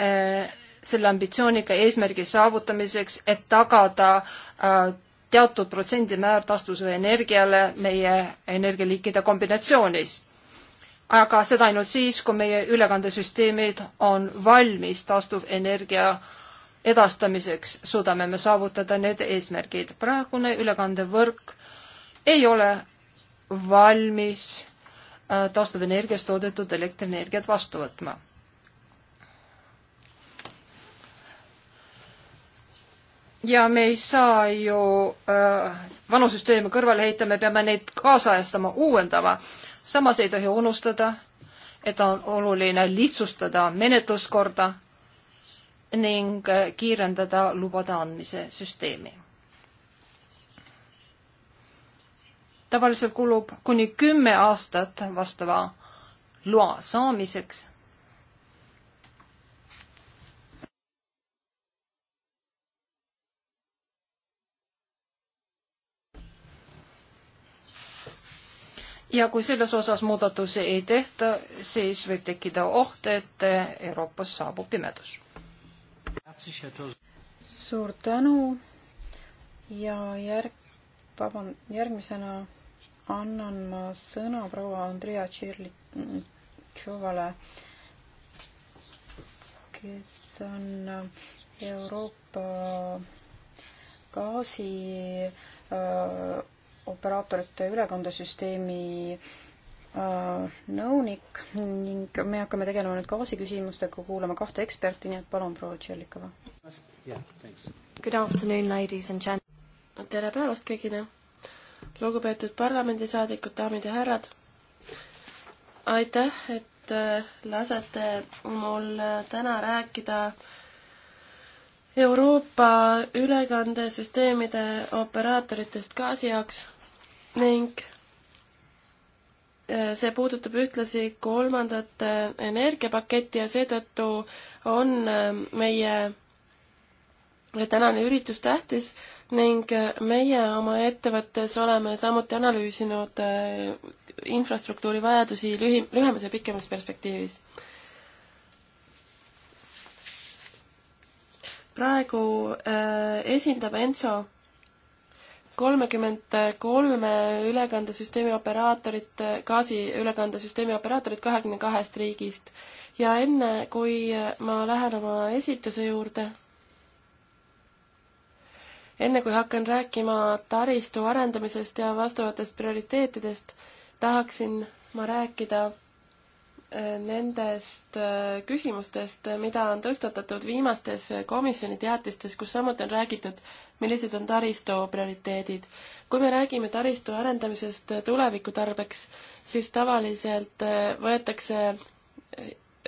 Speaker 1: äh, selle ambitsiooniga eesmärgi saavutamiseks, et tagada äh, teatud protsendimäär taastuvenergiale meie energialiikide kombinatsioonis. aga seda ainult siis, kui meie ülekandesüsteemid on valmis taastuvenergia edastamiseks, suudame me saavutada need eesmärgid. praegune ülekandevõrk ei ole valmis Äh, taastuvenergiast toodetud elektrienergiat vastu võtma. ja me ei saa ju äh, vanusüsteeme kõrvale heita, me peame neid kaasajastama, uuendama. samas ei tohi unustada, et on oluline lihtsustada menetluskorda ning äh, kiirendada lubade andmise süsteemi tavaliselt kulub kuni kümme aastat vastava loa saamiseks. ja kui selles osas muudatusi ei tehta, siis võib tekkida oht, et Euroopas saabub pimedus.
Speaker 2: suur tänu ja järg, vaban-, järgmisena annan ma sõna proua Andrea Tširlitšovale, kes on Euroopa gaasioperaatorite äh, ülekandesüsteemi äh, nõunik ning me hakkame tegelema nüüd gaasiküsimustega, kuulame kahte eksperti, nii et palun, proua Tšerlikova.
Speaker 3: tere päevast kõigile! lugupeetud parlamendisaadikud, daamid ja härrad. aitäh, et äh, lasete mul äh, täna rääkida Euroopa ülekandesüsteemide operaatoritest gaasi jaoks ning äh, see puudutab ühtlasi kolmandat energiapaketti ja seetõttu on meie tänane üritus tähtis ning äh, meie oma ettevõttes oleme samuti analüüsinud äh, infrastruktuuri vajadusi lühi-, lühemas ja pikemas perspektiivis. praegu äh, esindab Enso kolmekümmend kolme ülekandesüsteemi operaatorit, äh, gaasiülekandesüsteemi operaatorit kahekümne kahest riigist. ja enne, kui ma lähen oma esitluse juurde, enne kui hakkan rääkima taristu arendamisest ja vastavatest prioriteetidest, tahaksin ma rääkida äh, nendest äh, küsimustest, mida on tõstatatud viimastes komisjoni teatistes, kus samuti on räägitud, millised on taristu prioriteedid. kui me räägime taristu arendamisest tuleviku tarbeks, siis tavaliselt äh, võetakse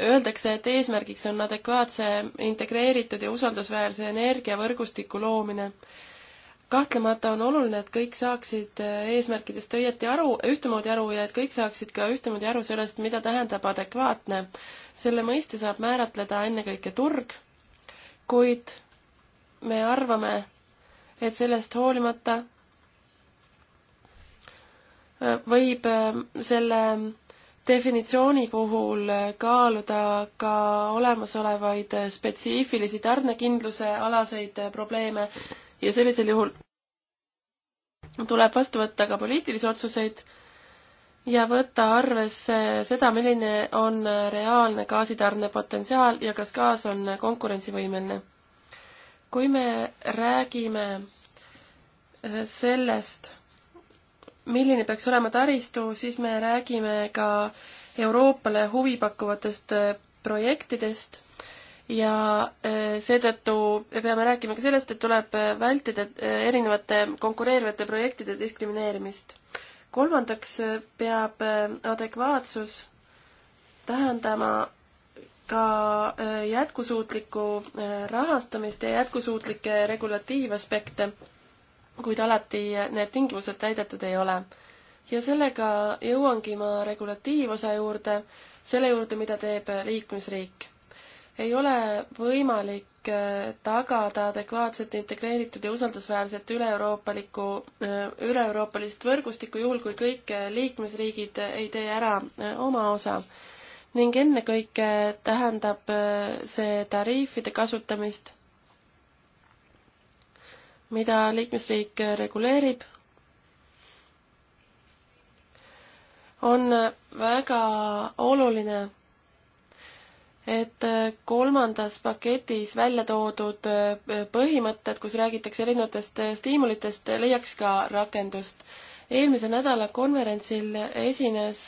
Speaker 3: Öeldakse, et eesmärgiks on adekvaatse, integreeritud ja usaldusväärse energiavõrgustiku loomine. kahtlemata on oluline, et kõik saaksid äh, eesmärkidest õieti aru, ühtemoodi aru ja et kõik saaksid ka ühtemoodi aru sellest, mida tähendab adekvaatne. selle mõiste saab määratleda ennekõike turg, kuid me arvame, et sellest hoolimata äh, võib äh, selle definitsiooni puhul kaaluda ka olemasolevaid spetsiifilisi tarnekindluse alaseid probleeme ja sellisel juhul tuleb vastu võtta ka poliitilisi otsuseid ja võtta arvesse seda, milline on reaalne gaasitarne potentsiaal ja kas gaas on konkurentsivõimeline. kui me räägime sellest, milline peaks olema taristu, siis me räägime ka Euroopale huvi pakkuvatest äh, projektidest ja äh, seetõttu peame rääkima ka sellest, et tuleb äh, vältida erinevate konkureerivate projektide diskrimineerimist. kolmandaks peab adekvaatsus tähendama ka jätkusuutlikku rahastamist ja jätkusuutlikke regulatiivaspekte kuid alati need tingimused täidetud ei ole. ja sellega jõuangi ma regulatiivosa juurde, selle juurde, mida teeb liikmesriik. ei ole võimalik äh, tagada adekvaatset, integreeritud ja usaldusväärset üle-euroopalikku, äh, üle-euroopalist võrgustikku, juhul kui kõik äh, liikmesriigid ei tee ära oma osa. ning ennekõike tähendab see tariifide kasutamist mida liikmesriik reguleerib, on väga oluline, et kolmandas paketis välja toodud põhimõtted, kus räägitakse erinevatest stiimulitest, leiaks ka rakendust. eelmise nädala konverentsil esines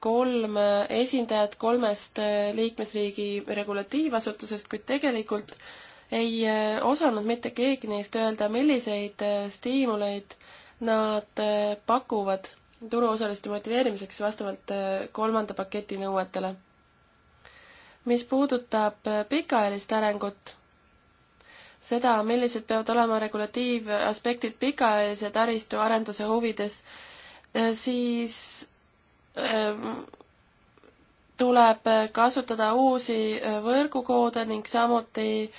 Speaker 3: kolm esindajat kolmest liikmesriigi regulatiivasutusest, kuid tegelikult äh, ei eh, osanud mitte keegi neist öelda, milliseid eh, stiimuleid nad eh, pakuvad turuosaliste motiveerimiseks vastavalt kolmanda paketi nõuetele. mis puudutab pikaajalist arengut, seda, millised peavad olema regulatiivaspektid pikaajalise taristu arenduse huvides, siis ehm, tuleb kasutada uusi võrgukoode ning samuti äh,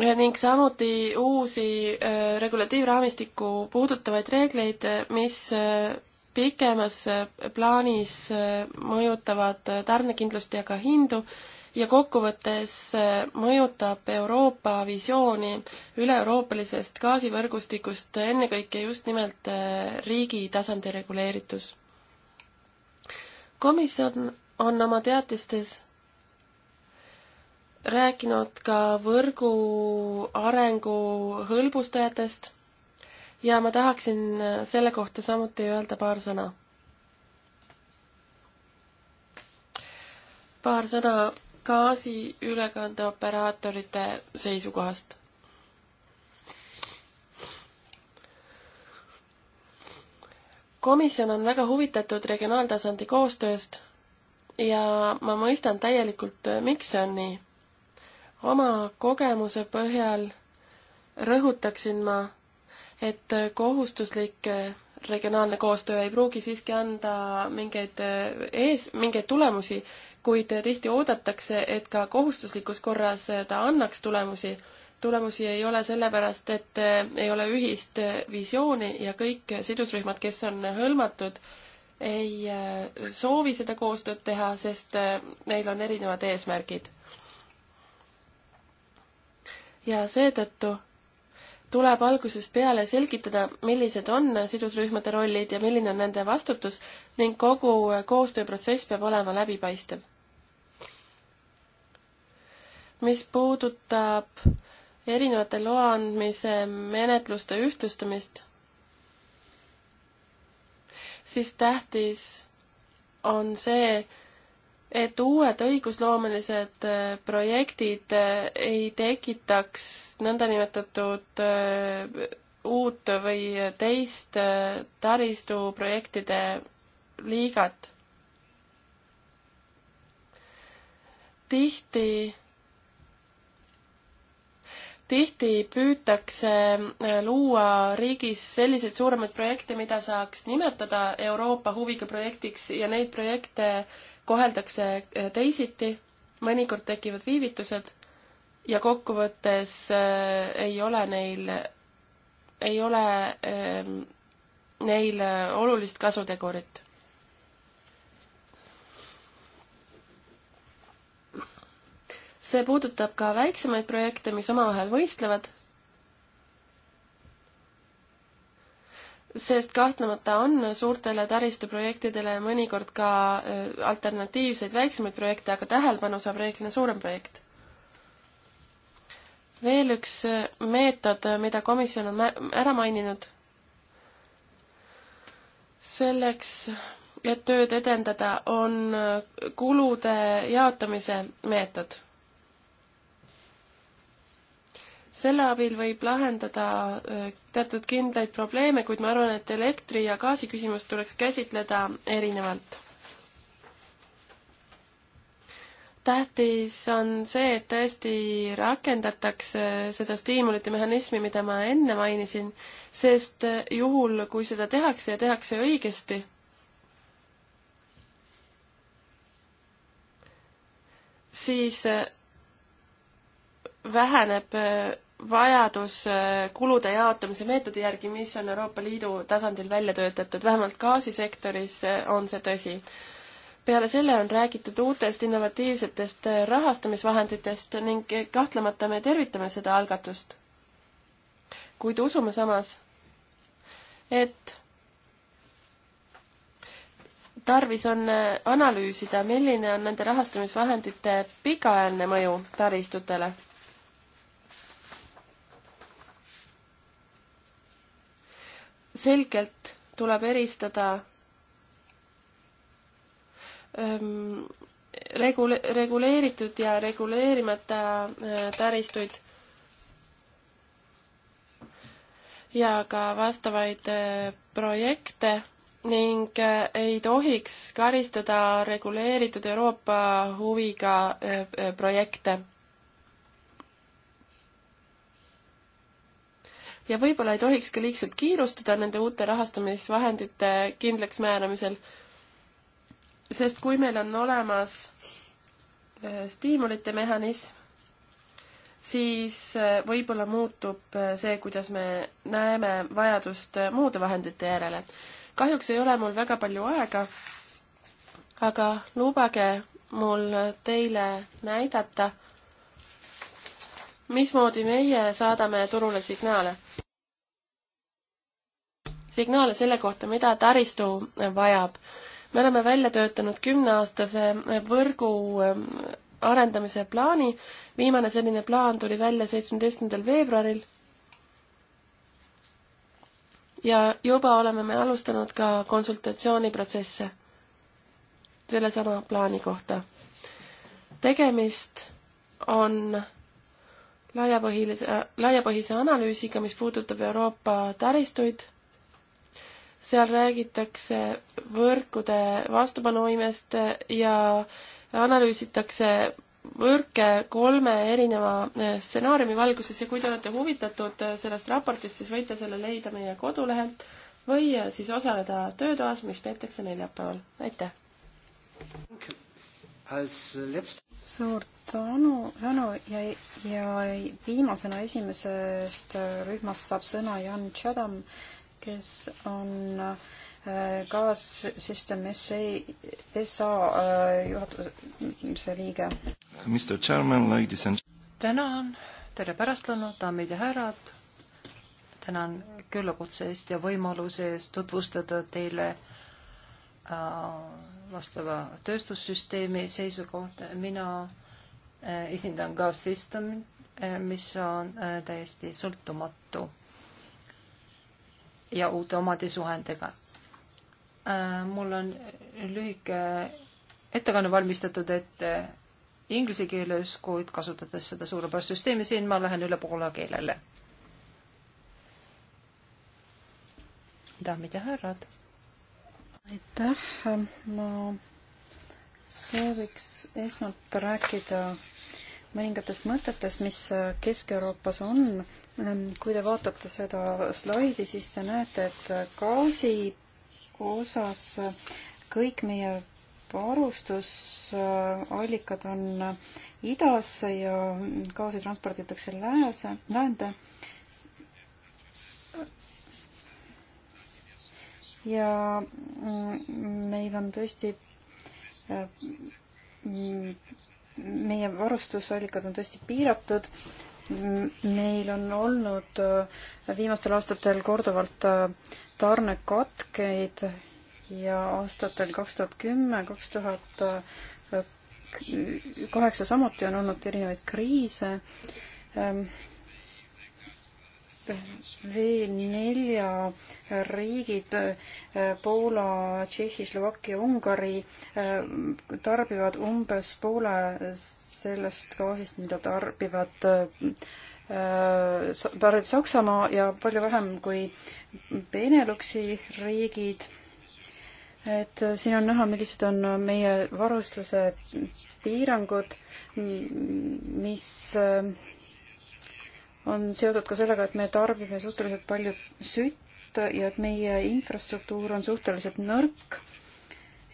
Speaker 3: ning samuti uusi äh, regulatiivraamistikku puudutavaid reegleid, mis äh, pikemas äh, plaanis mõjutavad tarnekindlust ja ka hindu ja kokkuvõttes mõjutab Euroopa visiooni üle-euroopalisest gaasivõrgustikust ennekõike just nimelt riigi tasandi reguleeritus. komisjon on oma teatistes rääkinud ka võrgu arengu hõlbustajatest ja ma tahaksin selle kohta samuti öelda paar sõna. paar sõna gaasiülekandeoperaatorite seisukohast komisjon on väga huvitatud regionaaltasandi koostööst ja ma mõistan täielikult, miks see on nii oma kogemuse põhjal rõhutaksin ma, et kohustuslik regionaalne koostöö ei pruugi siiski anda mingeid ees, mingeid tulemusi, kuid tihti oodatakse, et ka kohustuslikus korras ta annaks tulemusi. tulemusi ei ole sellepärast, et ei ole ühist visiooni ja kõik sidusrühmad, kes on hõlmatud, ei soovi seda koostööd teha, sest neil on erinevad eesmärgid ja seetõttu tuleb algusest peale selgitada, millised on sidusrühmade rollid ja milline on nende vastutus ning kogu koostööprotsess peab olema läbipaistev. mis puudutab erinevate loa andmise menetluste ühtlustamist, siis tähtis on see, et uued õigusloomelised äh, projektid äh, ei tekitaks nõndanimetatud äh, uut või teist taristuprojektide liigat. tihti tihti püütakse luua riigis selliseid suuremaid projekte, mida saaks nimetada Euroopa huviga projektiks ja neid projekte äh, koheldakse äh, teisiti, mõnikord tekivad viivitused ja kokkuvõttes äh, ei ole neil, ei ole ähm, neil äh, olulist kasutegurit see puudutab ka väiksemaid projekte, mis omavahel võistlevad sest kahtlemata on suurtele taristuprojektidele mõnikord ka äh, alternatiivseid väiksemaid projekte, aga tähelepanu saab reeglina suurem projekt. veel üks äh, meetod, mida komisjon on ära maininud, selleks, et tööd edendada, on äh, kulude jaotamise meetod selle abil võib lahendada äh, teatud kindlaid probleeme, kuid ma arvan, et elektri ja gaasi küsimust tuleks käsitleda erinevalt. tähtis on see, et tõesti rakendatakse seda stiimulite mehhanismi, mida ma enne mainisin, sest juhul, kui seda tehakse ja tehakse õigesti, siis väheneb vajadus äh, kulude jaotamise meetodi järgi, mis on Euroopa Liidu tasandil välja töötatud, vähemalt gaasisektoris äh, on see tõsi. peale selle on räägitud uutest innovatiivsetest äh, rahastamisvahenditest ning kahtlemata me tervitame seda algatust. kuid usume samas, et tarvis on analüüsida, milline on nende rahastamisvahendite pikaajaline mõju taristutele selgelt tuleb eristada ähm, regule-, reguleeritud ja reguleerimata äh, taristuid ja ka vastavaid äh, projekte ning äh, ei tohiks karistada reguleeritud Euroopa huviga projekte ja võib-olla ei tohiks ka liigselt kiirustada nende uute rahastamisvahendite kindlaksmääramisel, sest kui meil on olemas eh, stiimulite mehhanism, siis eh, võib-olla muutub eh, see, kuidas me näeme vajadust muude vahendite järele. kahjuks ei ole mul väga palju aega, aga lubage mul teile näidata, mismoodi meie saadame turule signaale? signaale selle kohta, mida taristu vajab. me oleme välja töötanud kümneaastase võrgu ähm, arendamise plaani, viimane selline plaan tuli välja seitsmeteistkümnendal veebruaril ja juba oleme me alustanud ka konsultatsiooniprotsesse sellesama plaani kohta. tegemist on laiapõhilise, laiapõhise analüüsiga, mis puudutab Euroopa taristuid. seal räägitakse võrkude vastupanuvõimest ja analüüsitakse võrke kolme erineva eh, stsenaariumi valguses ja kui te olete huvitatud eh, sellest raportist, siis võite selle leida meie kodulehelt või eh, siis osaleda töötoas, mis peetakse neljapäeval. aitäh! Äh, suur tänu, Janu ja,
Speaker 2: ja viimasena esimesest äh, rühmast saab sõna Jan Tšadam, kes on ka äh, System SA, SA
Speaker 1: juhatuse liige.
Speaker 3: Mr Chairman, ladies and
Speaker 1: tänan, tere pärastlõunat, daamid ja härrad. tänan küllakutse eest ja võimaluse eest tutvustada teile äh, vastava tööstussüsteemi seisukoht. mina eh, esindan Gas System, eh, mis on eh, täiesti sõltumatu ja uute omandisuhendega. mul on lühike ettekanne valmistatud ette inglise keeles, kuid kasutades seda suurepärast süsteemi siin, ma lähen üle poola keelele.
Speaker 2: daamid ja härrad aitäh, ma sooviks esmalt rääkida mõningatest mõtetest, mis Kesk-Euroopas on. kui te vaatate seda slaidi, siis te näete, et gaasi osas kõik meie varustusallikad on idas ja gaasi transporditakse lääse, läände ja mm, meil on tõesti äh, mm, meie varustusallikad on tõesti piiratud. meil on olnud äh, viimastel aastatel korduvalt äh, tarnekatkeid ja aastatel kaks tuhat kümme, kaks tuhat kaheksa samuti on olnud erinevaid kriise. Ähm, veel nelja riigid, Poola, Tšehhi, Slovakkia, Ungari, eh, tarbivad umbes poole sellest gaasist, mida tarbivad eh, tarbib Saksamaa ja palju vähem kui Beneluxi riigid. et siin on näha, millised on meie varustuse piirangud, mis äh, on seotud ka sellega, et me tarbime suhteliselt palju sütt ja et meie infrastruktuur on suhteliselt nõrk.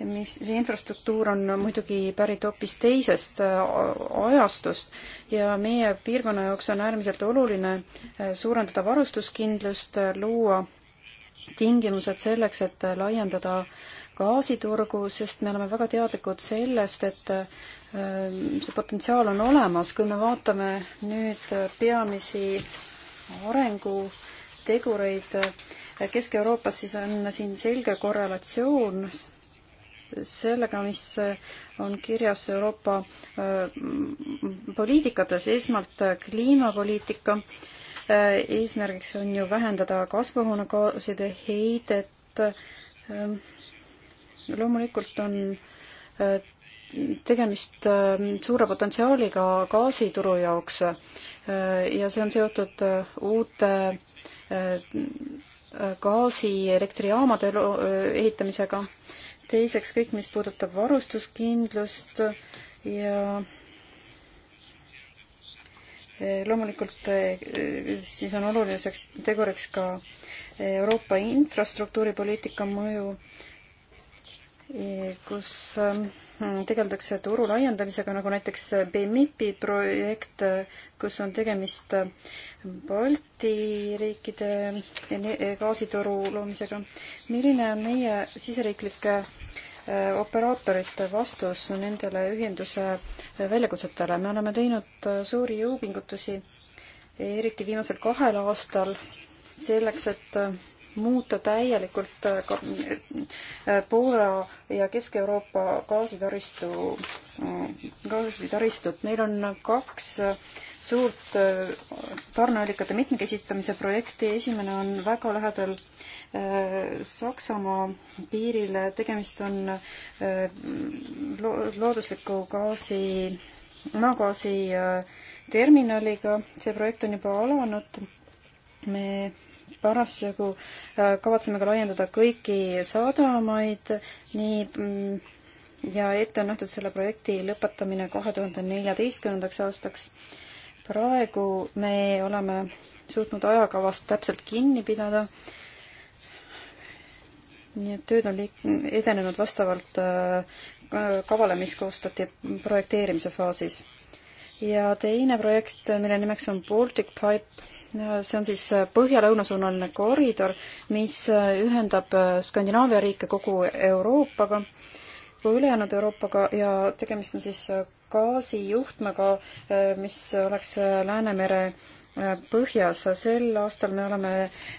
Speaker 2: mis, see infrastruktuur on muidugi pärit hoopis teisest äh, ajastust ja meie piirkonna jaoks on äärmiselt oluline äh, suurendada varustuskindlust, äh, luua tingimused selleks, et laiendada gaasiturgu, sest me oleme väga teadlikud sellest, et Ehm, see potentsiaal on olemas, kui me vaatame nüüd peamisi arengutegureid eh, Kesk-Euroopas, siis on siin selge korrelatsioon sellega, mis on kirjas Euroopa ehm, poliitikates, esmalt kliimapoliitika, eh, eesmärgiks on ju vähendada kasvuhoonegaaside heidet, ehm, loomulikult on eh, tegemist ähm, suure potentsiaaliga gaasituru jaoks äh, ja see on seotud äh, uute äh, gaasielektrijaamade ehitamisega. teiseks kõik, mis puudutab varustuskindlust ja loomulikult siis on oluliseks teguriks ka Euroopa infrastruktuuripoliitika mõju, kus ähm, tegeldakse turu laiendamisega, nagu näiteks BMIP-i projekt, kus on tegemist Balti riikide gaasitoru loomisega. milline on meie siseriiklike äh, operaatorite vastus nendele ühenduse väljakutsetele? me oleme teinud äh, suuri jõupingutusi, eriti viimasel kahel aastal, selleks, et äh, muuta täielikult äh, äh, Poola ja Kesk-Euroopa gaasitaristu, äh, gaasitaristut. meil on kaks suurt tarneallikate mitmekesistamise projekti, esimene on väga lähedal Saksamaa piirile, tegemist on loodusliku gaasi, maagaasi terminaliga, see projekt on juba alanud, me parasjagu äh, kavatseme ka laiendada kõiki sadamaid, nii mm, ja ette on nähtud selle projekti lõpetamine kahe tuhande neljateistkümnendaks aastaks. praegu me oleme suutnud ajakavast täpselt kinni pidada. nii et tööd on liik-, edenenud vastavalt äh, kavale, mis koostati projekteerimise faasis. ja teine projekt, mille nimeks on Baltic Pipe see on siis äh, põhja-lõunasuunaline koridor, mis äh, ühendab äh, Skandinaavia riike kogu Euroopaga või ülejäänud Euroopaga ja tegemist on siis gaasijuhtmega, mis oleks Läänemere äh, põhjas. sel aastal me oleme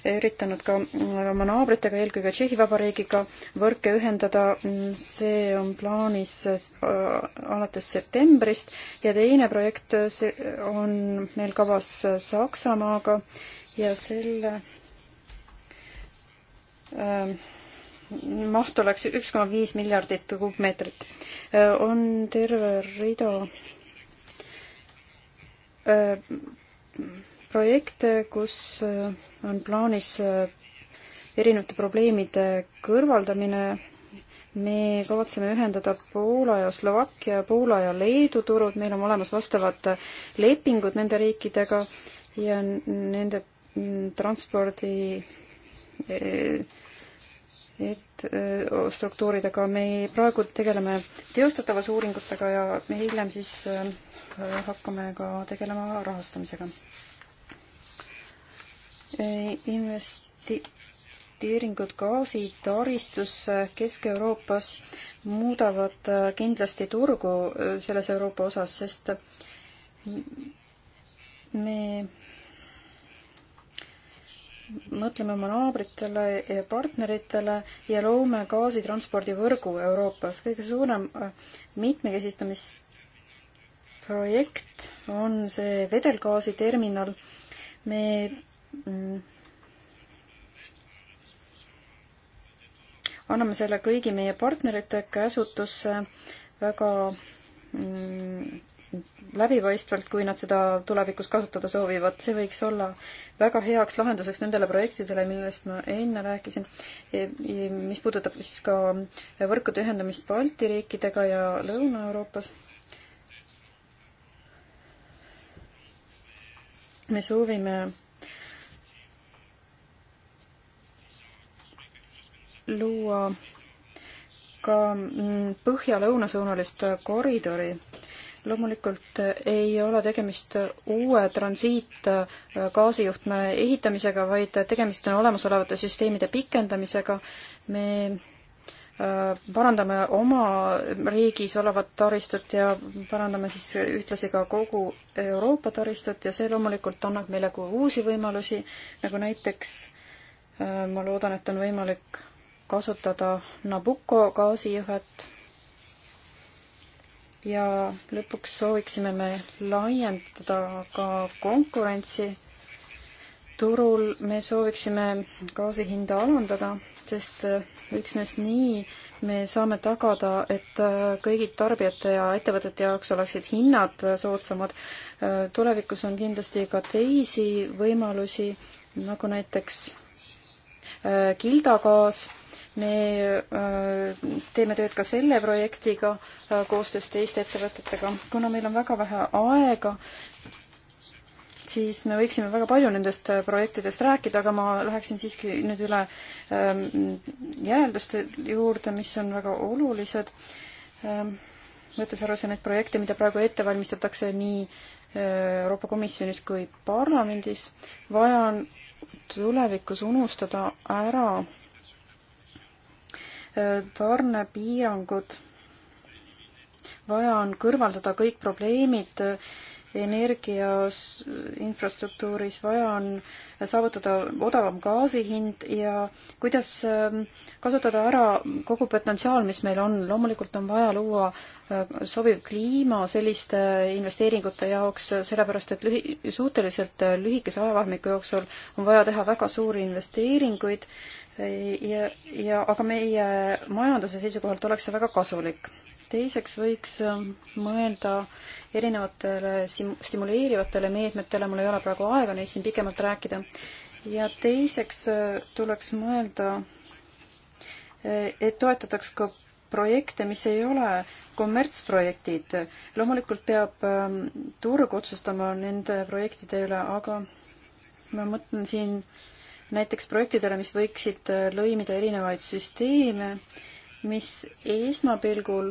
Speaker 2: üritanud ka oma naabritega, eelkõige Tšehhi Vabariigiga võrke ühendada. see on plaanis äh, alates septembrist ja teine projekt on meil kavas Saksamaaga ja selle ähm, maht oleks üks koma viis miljardit kuupmeetrit. Äh, on terve rida äh, projekte, kus äh, on plaanis äh, erinevate probleemide kõrvaldamine. me kavatseme ühendada Poola ja Slovakkia, Poola ja Leedu turud, meil on olemas vastavad lepingud nende riikidega ja nende mm, transpordi äh, et struktuuridega. me praegu tegeleme teostatavas uuringutega ja me hiljem siis hakkame ka tegelema rahastamisega. investeeringud gaasitaristusse Kesk-Euroopas muudavad kindlasti turgu selles Euroopa osas, sest me mõtleme oma naabritele ja partneritele ja loome gaasitranspordivõrgu Euroopas. kõige suurem äh, mitmekesistamisprojekt on see vedelgaasiterminal. me mm, anname selle kõigi meie partnerite käsutusse väga mm, läbipaistvalt, kui nad seda tulevikus kasutada soovivad. see võiks olla väga heaks lahenduseks nendele projektidele, millest ma enne rääkisin, e, e, mis puudutab siis ka võrkude ühendamist Balti riikidega ja Lõuna-Euroopas. me soovime luua ka mm, põhja-lõunasuunalist koridori loomulikult eh, ei ole tegemist uue transiitgaasijuhtme ehitamisega, vaid tegemist on olemasolevate süsteemide pikendamisega. me eh, parandame oma riigis olevat taristut ja parandame siis ühtlasi ka kogu Euroopa taristut ja see loomulikult annab meile ka uusi võimalusi, nagu näiteks eh, ma loodan, et on võimalik kasutada Nabucco gaasijõhet ja lõpuks sooviksime me laiendada ka konkurentsi turul, me sooviksime gaasi hinda alandada, sest äh, üksnes nii me saame tagada, et äh, kõigi tarbijate ja ettevõtete jaoks oleksid hinnad äh, soodsamad. tulevikus on kindlasti ka teisi võimalusi, nagu näiteks kildagaas me äh, teeme tööd ka selle projektiga äh, koostöös teiste ettevõtetega. kuna meil on väga vähe aega, siis me võiksime väga palju nendest äh, projektidest rääkida, aga ma läheksin siiski nüüd üle ähm, järelduste juurde, mis on väga olulised. Ähm, võttes arvesse neid projekte, mida praegu ette valmistatakse nii Euroopa Komisjonis kui parlamendis, vaja on tulevikus unustada ära tarnepiirangud. vaja on kõrvaldada kõik probleemid energia infrastruktuuris, vaja on saavutada odavam gaasi hind ja kuidas ähm, kasutada ära kogu potentsiaal, mis meil on. loomulikult on vaja luua äh, sobiv kliima selliste investeeringute jaoks, sellepärast et lühi-, suhteliselt lühikese ajavahemiku jooksul on vaja teha väga suuri investeeringuid ja, ja aga meie majanduse seisukohalt oleks see väga kasulik. teiseks võiks ähm, mõelda erinevatele sim-, stimuleerivatele meetmetele, mul ei ole praegu aega neist siin pikemalt rääkida, ja teiseks äh, tuleks mõelda, äh, et toetataks ka projekte, mis ei ole kommertsprojektid. loomulikult peab ähm, turg otsustama nende projektide üle, aga ma mõtlen siin äh, näiteks projektidele, mis võiksid äh, lõimida erinevaid süsteeme, mis esmapilgul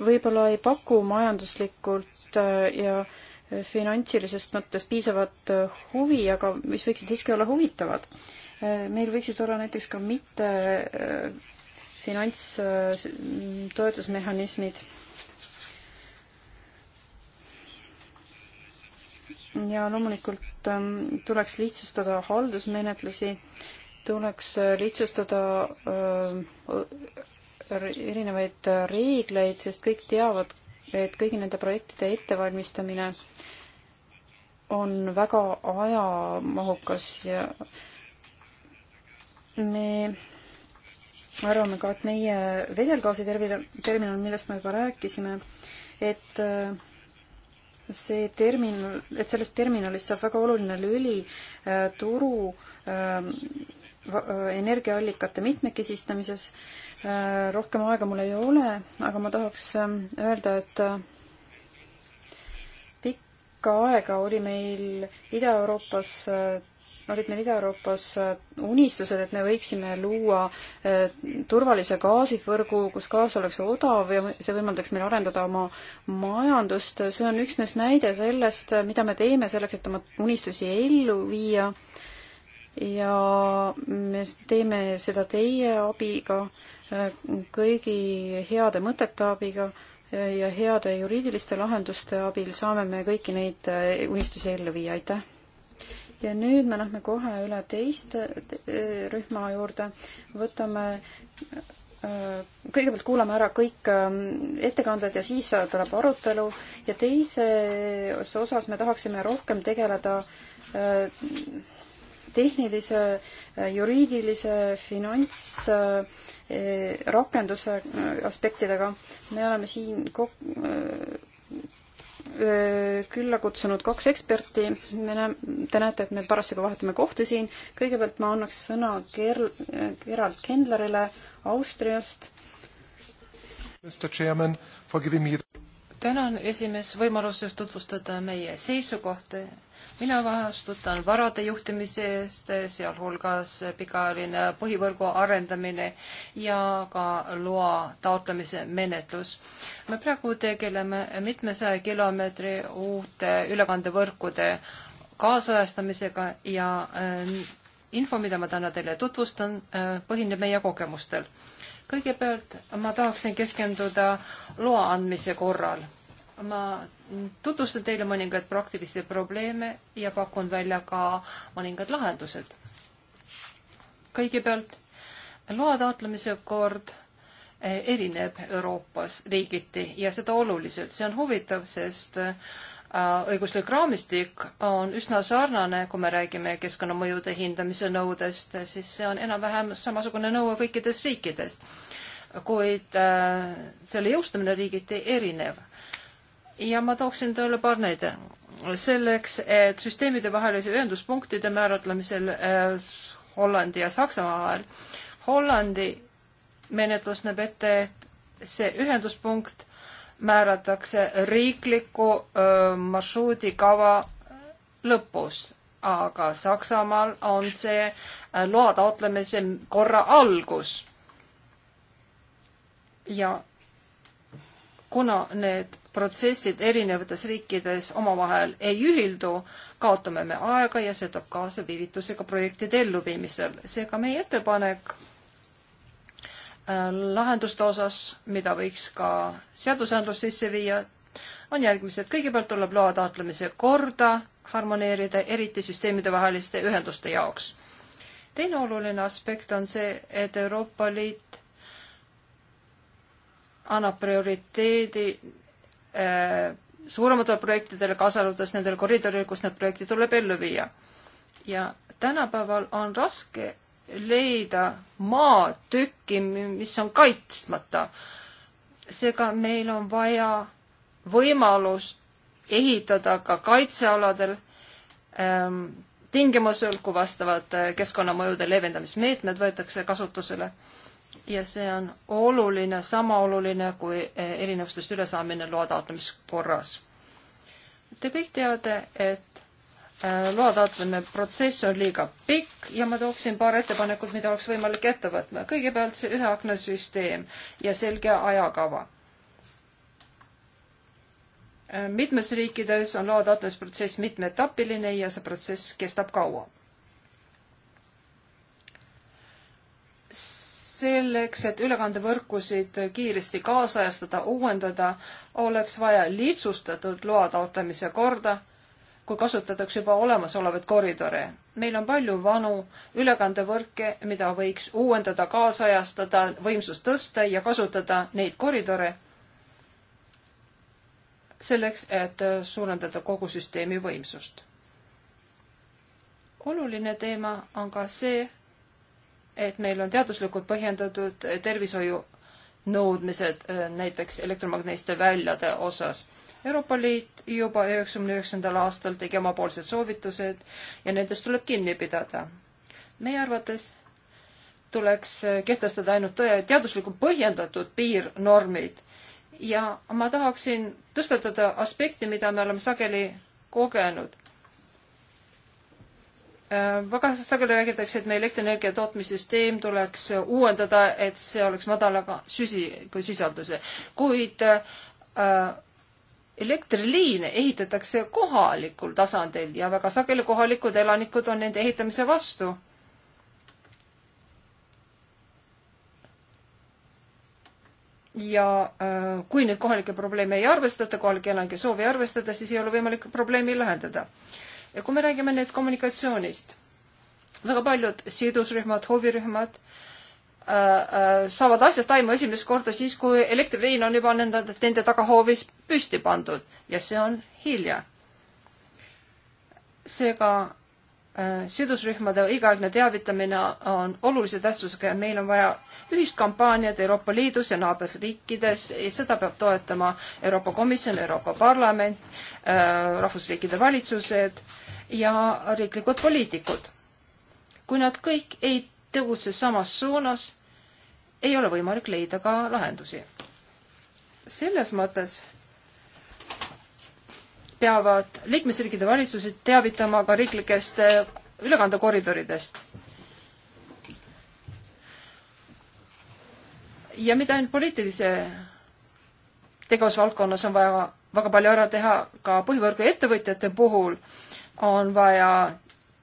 Speaker 2: võib-olla ei paku majanduslikult äh, ja äh, finantsilisest mõttes piisavat huvi, aga mis võiksid siiski olla huvitavad. meil võiksid olla näiteks ka mitte finantstoetusmehhanismid äh, ja loomulikult ähm, tuleks lihtsustada haldusmenetlusi, tuleks äh, lihtsustada äh, erinevaid äh, reegleid, sest kõik teavad, et kõigi nende projektide ettevalmistamine on väga ajamahukas ja me arvame ka, et meie vedelgaasi terminal, millest me juba rääkisime, et äh, see termin, et sellest terminalist saab väga oluline lüli äh, turu ähm, äh, energiaallikate mitmekesistamises. Äh, rohkem aega mul ei ole, aga ma tahaks ähm, öelda, et pikka aega oli meil Ida-Euroopas olid meil Ida-Euroopas äh, unistused, et me võiksime luua äh, turvalise gaasivõrgu, kus gaas oleks odav ja see võimaldaks meil arendada oma majandust. see on üksnes näide sellest, mida me teeme selleks, et oma unistusi ellu viia. ja me teeme seda teie abiga, äh, kõigi heade mõtete abiga ja heade juriidiliste lahenduste abil saame me kõiki neid unistusi ellu viia, aitäh! ja nüüd me lähme kohe üle teiste rühma juurde, võtame äh, kõigepealt kuulame ära kõik ähm, ettekanded ja siis tuleb arutelu ja teises osas me tahaksime rohkem tegeleda äh, tehnilise, äh, juriidilise, finants rakenduse aspektidega. me oleme siin kok-, Äh, külla kutsunud kaks eksperti. me näeme, te näete, et me parasjagu vahetame kohti siin. kõigepealt ma annaks sõna Ger-, Gerald Kendlerile Austriast.
Speaker 1: tänan, esimees, võimaluse eest tutvustada meie seisukohti mina vastutan varade juhtimise eest, sealhulgas pikaajaline põhivõrgu arendamine ja ka loa taotlemise menetlus. me praegu tegeleme mitmesaja kilomeetri uute ülekandevõrkude kaasajastamisega ja äh, info, mida ma täna teile tutvustan, äh, põhineb meie kogemustel. kõigepealt ma tahaksin keskenduda loa andmise korral ma tutvustan teile mõningaid praktilisi probleeme ja pakun välja ka mõningad lahendused. kõigepealt, loa taotlemise kord eh, erineb Euroopas riigiti ja seda oluliselt. see on huvitav, sest eh, õiguslik raamistik on üsna sarnane, kui me räägime keskkonnamõjude hindamise nõudest, siis see on enam-vähem samasugune nõue kõikides riikides. kuid eh, selle jõustamine riigiti erinev ja ma tooksin teile paar näide. selleks, et süsteemide vahelise ühenduspunktide määratlemisel äh, Hollandi ja Saksamaa vahel, Hollandi menetlus näeb ette, et see ühenduspunkt määratakse riikliku äh, marsruudikava lõpus, aga Saksamaal on see äh, loa taotlemise korra algus. ja kuna need protsessid erinevates riikides omavahel ei ühildu, kaotame me aega ja see toob kaasa viivitusega projektide elluviimisel. seega meie ettepanek äh, lahenduste osas, mida võiks ka seadusandlus sisse viia, on järgmised. kõigepealt tuleb loa taotlemise korda harmoneerida, eriti süsteemidevaheliste ühenduste jaoks. teine oluline aspekt on see, et Euroopa Liit annab prioriteedi Äh, suurematele projektidele, kaasa arvates nendele koridoridele, kus need projektid tuleb ellu viia. ja tänapäeval on raske leida maatükki, mis on kaitsmata. seega meil on vaja võimalust ehitada ka kaitsealadel ähm, tingimusel, kui vastavad äh, keskkonnamõjude leevendamismeetmed võetakse kasutusele ja see on oluline, sama oluline kui eh, erinevustest ülesaamine loa taotlemiskorras. Te kõik teate, et eh, loa taotlemine protsess on liiga pikk ja ma tooksin paar ettepanekut, mida oleks võimalik ette võtma. kõigepealt see ühe akna süsteem ja selge ajakava. Eh, mitmes riikides on loa taotlemisprotsess mitmeetapiline ja see protsess kestab kaua selleks, et ülekandevõrkusid kiiresti kaasajastada, uuendada, oleks vaja lihtsustatud loa taotlemise korda, kui kasutatakse juba olemasolevaid koridore. meil on palju vanu ülekandevõrke, mida võiks uuendada, kaasajastada, võimsust tõsta ja kasutada neid koridore selleks, et suurendada kogu süsteemi võimsust. oluline teema on ka see, et meil on teaduslikult põhjendatud tervishoiu nõudmised äh, näiteks elektromagnetiste väljade osas. Euroopa Liit juba üheksakümne üheksandal aastal tegi omapoolsed soovitused ja nendest tuleb kinni pidada. meie arvates tuleks äh, kehtestada ainult tõe, teaduslikult põhjendatud piirnormid ja ma tahaksin tõstatada aspekti, mida me oleme sageli kogenud. Äh, väga sageli räägitakse, et meie elektrienergia tootmissüsteem tuleks uuendada, et see oleks madalaga süsinikkusisalduse, kuid äh, elektriliine ehitatakse kohalikul tasandil ja väga sageli kohalikud elanikud on nende ehitamise vastu. ja äh, kui nüüd kohalikke probleeme ei arvestata, kohalike elanike soovi ei arvestata, siis ei ole võimalik probleemi lahendada äh, ja kui me räägime nüüd kommunikatsioonist, väga paljud sidusrühmad, huvirühmad äh, äh, saavad asjast aimu esimest korda siis, kui elektriliin on juba nende, nende tagahoovis püsti pandud ja see on hilja. seega Äh, sidusrühmade igaaegne teavitamine on olulise tähtsusega ja meil on vaja ühist kampaaniat Euroopa Liidus ja naabersriikides ja seda peab toetama Euroopa Komisjon, Euroopa Parlament, äh, rahvusriikide valitsused ja riiklikud poliitikud. kui nad kõik ei tegutse samas suunas, ei ole võimalik leida ka lahendusi. selles mõttes peavad liikmesriikide valitsused teavitama ka riiklikest äh, ülekandekoridoridest. ja mitte ainult poliitilise tegevusvaldkonnas on vaja väga palju ära teha, ka põhivõrgu ettevõtjate puhul on vaja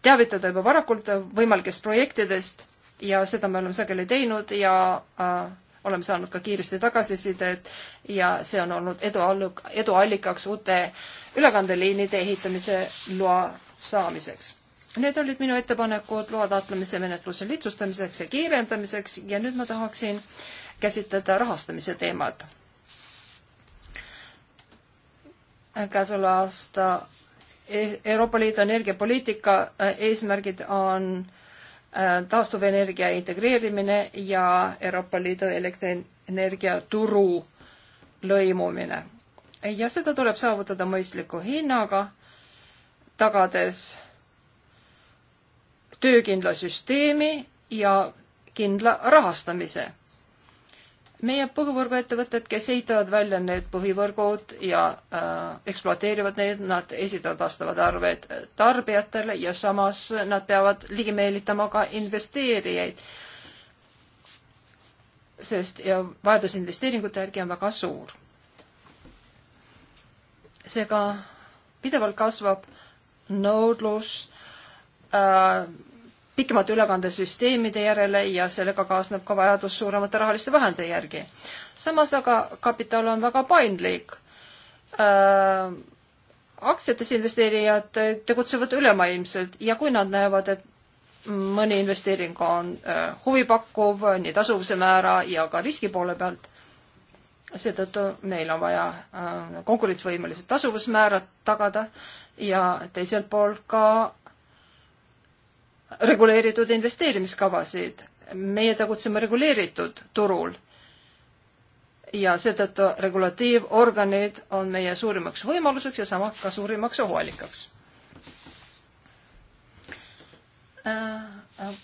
Speaker 1: teavitada juba varakult võimalikest projektidest ja seda me oleme sageli teinud ja äh, oleme saanud ka kiiresti tagasisidet ja see on olnud edu, eduallikaks uute ülekandeliinide ehitamise loa saamiseks. Need olid minu ettepanekud loa taotlemise menetluse lihtsustamiseks ja kiirendamiseks ja nüüd ma tahaksin käsitleda rahastamise teemat. käesoleva aasta e-, Euroopa Liidu energiapoliitika äh, eesmärgid on äh, Äh, taastuvenergia integreerimine ja Euroopa Liidu elektrienergiaturu lõimumine. ja seda tuleb saavutada mõistliku hinnaga, tagades töökindla süsteemi ja kindla rahastamise meie põhivõrguettevõtted, kes ehitavad välja need põhivõrgud ja äh, ekspluateerivad need, nad esitavad vastavad arved tarbijatele ja samas nad peavad ligi meelitama ka investeerijaid. sest ja vajadus investeeringute järgi on väga suur. seega pidevalt kasvab nõudlus äh, pikemate ülekandesüsteemide järele ja sellega kaasneb ka vajadus suuremate rahaliste vahendite järgi. samas aga kapital on väga paindlik äh,. aktsiates investeerijad tegutsevad ülemaailmselt ja kui nad näevad, et mõni investeering on äh, huvipakkuv nii tasuvuse määra ja ka riski poole pealt, seetõttu meil on vaja äh, konkurentsivõimelised tasuvusmäärad tagada ja teiselt poolt ka reguleeritud investeerimiskavasid. meie tegutseme reguleeritud turul ja seetõttu regulatiivorganid on meie suurimaks võimaluseks ja sama ka suurimaks ohuallikaks. Äh, äh,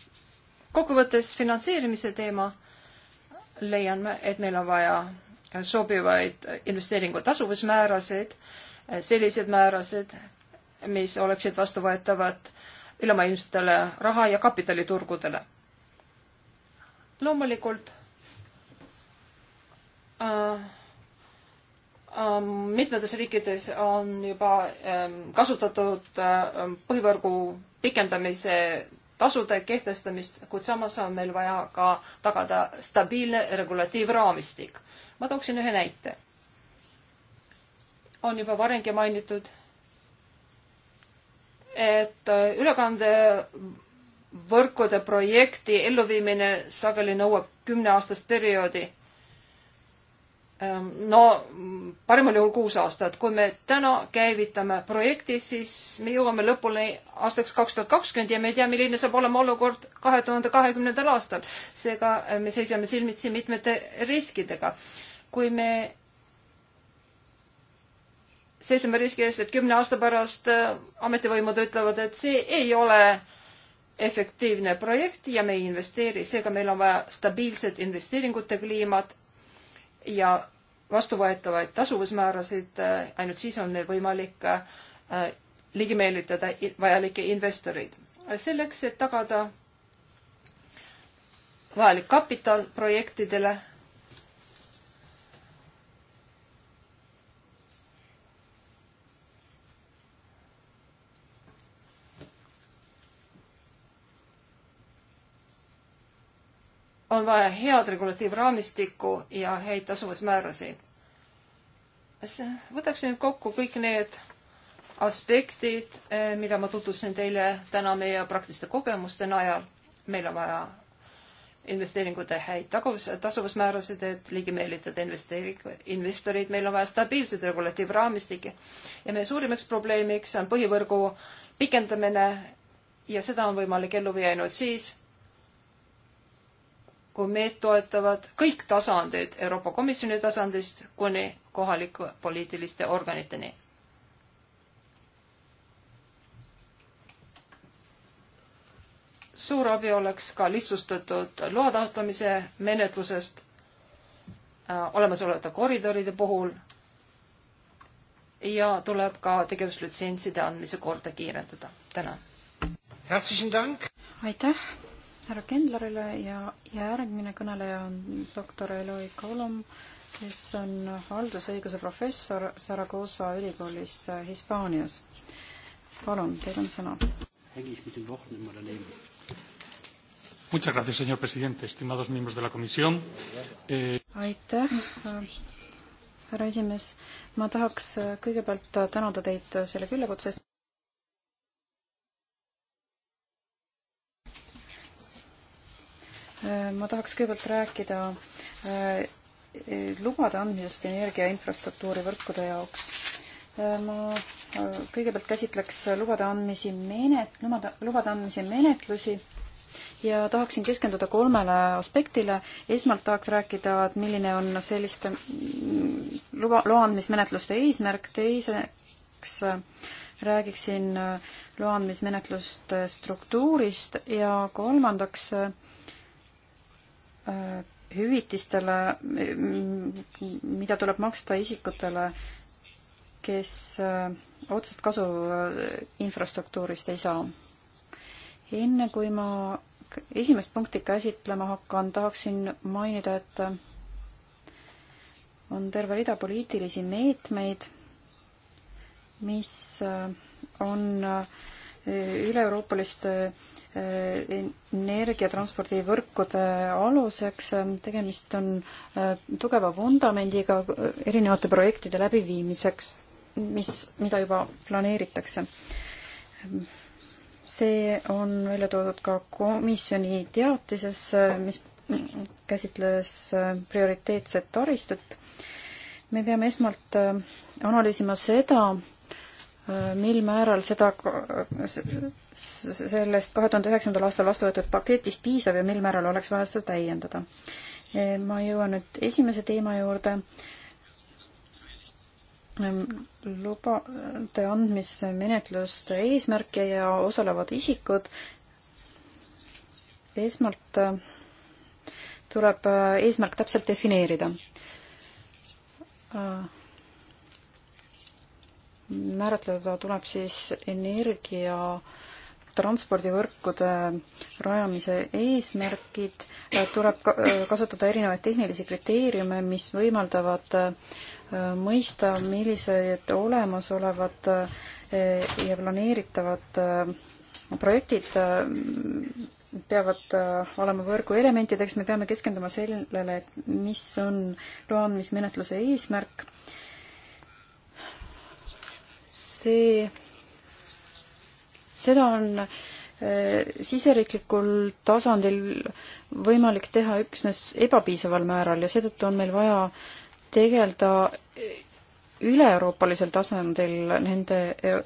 Speaker 1: kokkuvõttes finantseerimise teema leian ma, et meil on vaja sobivaid investeeringu tasuvusmäärasid, sellised määrased, mis oleksid vastuvõetavad ülemaailmsetele raha- ja kapitaliturgudele. loomulikult äh, äh, mitmetes riikides on juba ähm, äh, kasutatud põhivõrgu pikendamise tasude kehtestamist, kuid samas on meil vaja ka tagada stabiilne regulatiivraamistik. ma tooksin ühe näite. on juba varemgi mainitud et äh, ülekandevõrkude projekti elluviimine sageli nõuab kümneaastast perioodi. Ähm, no parimal juhul kuus aastat. kui me täna käivitame projekti, siis me jõuame lõpuni aastaks kaks tuhat kakskümmend ja me ei tea, milline saab olema olukord kahe tuhande kahekümnendal aastal. seega äh, me seisame silmitsi mitmete riskidega. kui me seisame riski eest, et kümne aasta pärast äh, ametivõimud ütlevad, et see ei ole efektiivne projekt ja me ei investeeri, seega meil on vaja stabiilset investeeringute kliimat ja vastuvõetavaid tasuvusmäärasid, äh, ainult siis on meil võimalik äh, ligi meelitada vajalikke investoreid. selleks, et tagada vajalik kapital projektidele on vaja head regulatiivraamistikku ja häid tasuvusmäärasid. võtaks nüüd kokku kõik need aspektid, eh, mida ma tutvustasin teile täna meie praktiliste kogemuste najal. meil on vaja investeeringute häid tasuvusmäärasid, et ligi meelitada investoreid, meil on vaja stabiilset regulatiivraamistikke ja meie suurimaks probleemiks on põhivõrgu pikendamine ja seda on võimalik ellu viia ainult siis kui meid toetavad kõik tasandid Euroopa Komisjoni tasandist kuni kohaliku poliitiliste organiteni. suur abi oleks ka lihtsustatud loa taotlemise menetlusest äh, olemasolevate koridoride puhul ja tuleb ka tegevuslitsentside andmise korda kiirendada. tänan.
Speaker 2: aitäh härra Kendlerile ja, ja järgmine kõneleja on doktor Eloi Kolom, kes on haldusõiguse professor Saragossa ülikoolis äh, Hispaanias. palun, teil on sõna. Muchas gracias, señor presidente, estimados miembros de la comisión eh.... aitäh, härra esimees. ma tahaks äh, kõigepealt äh, tänada teid selle küllakutse eest. Äh, ma tahaks kõigepealt rääkida äh, lubade andmisest energia infrastruktuuri võrkude jaoks. Äh, ma kõigepealt käsitleks lubade andmisi menet-, lubade andmise menetlusi ja tahaksin keskenduda kolmele aspektile. esmalt tahaks rääkida, et milline on selliste mm, luba, loa andmismenetluste eesmärk, teiseks räägiksin loa andmismenetluste struktuurist ja kolmandaks äh, Äh, hüvitistele, mida tuleb maksta isikutele, kes äh, otsest kasu äh, infrastruktuurist ei saa. enne kui ma esimest punkti käsitlema hakkan, tahaksin mainida, et on terve rida poliitilisi meetmeid, mis on üle-euroopaliste äh, Eh, energiatranspordivõrkude aluseks. tegemist on eh, tugeva vundamendiga eh, erinevate projektide läbiviimiseks, mis, mida juba planeeritakse. see on välja toodud ka komisjoni teatises, mis käsitles prioriteetset taristut. me peame esmalt analüüsima seda, mil määral seda sellest kahe tuhande üheksandal aastal vastu võetud paketist piisab ja mil määral oleks vaja seda täiendada. Eh, ma jõuan nüüd esimese teema juurde. Ehm, lubade andmise menetluste eesmärke ja osalevad isikud. esmalt eh, tuleb eh, eesmärk täpselt defineerida määratleda tuleb siis energia transpordivõrkude rajamise eesmärgid, äh, tuleb äh, kasutada erinevaid tehnilisi kriteeriume, mis võimaldavad äh, mõista, millised olemasolevad ja planeeritavad projektid peavad olema võrgu elementideks, me peame keskenduma sellele, et mis on loa andmismenetluse eesmärk. see seda on äh, siseriiklikul tasandil võimalik teha üksnes ebapiisaval määral ja seetõttu on meil vaja tegeleda äh, üle-euroopalisel tasandil nende äh,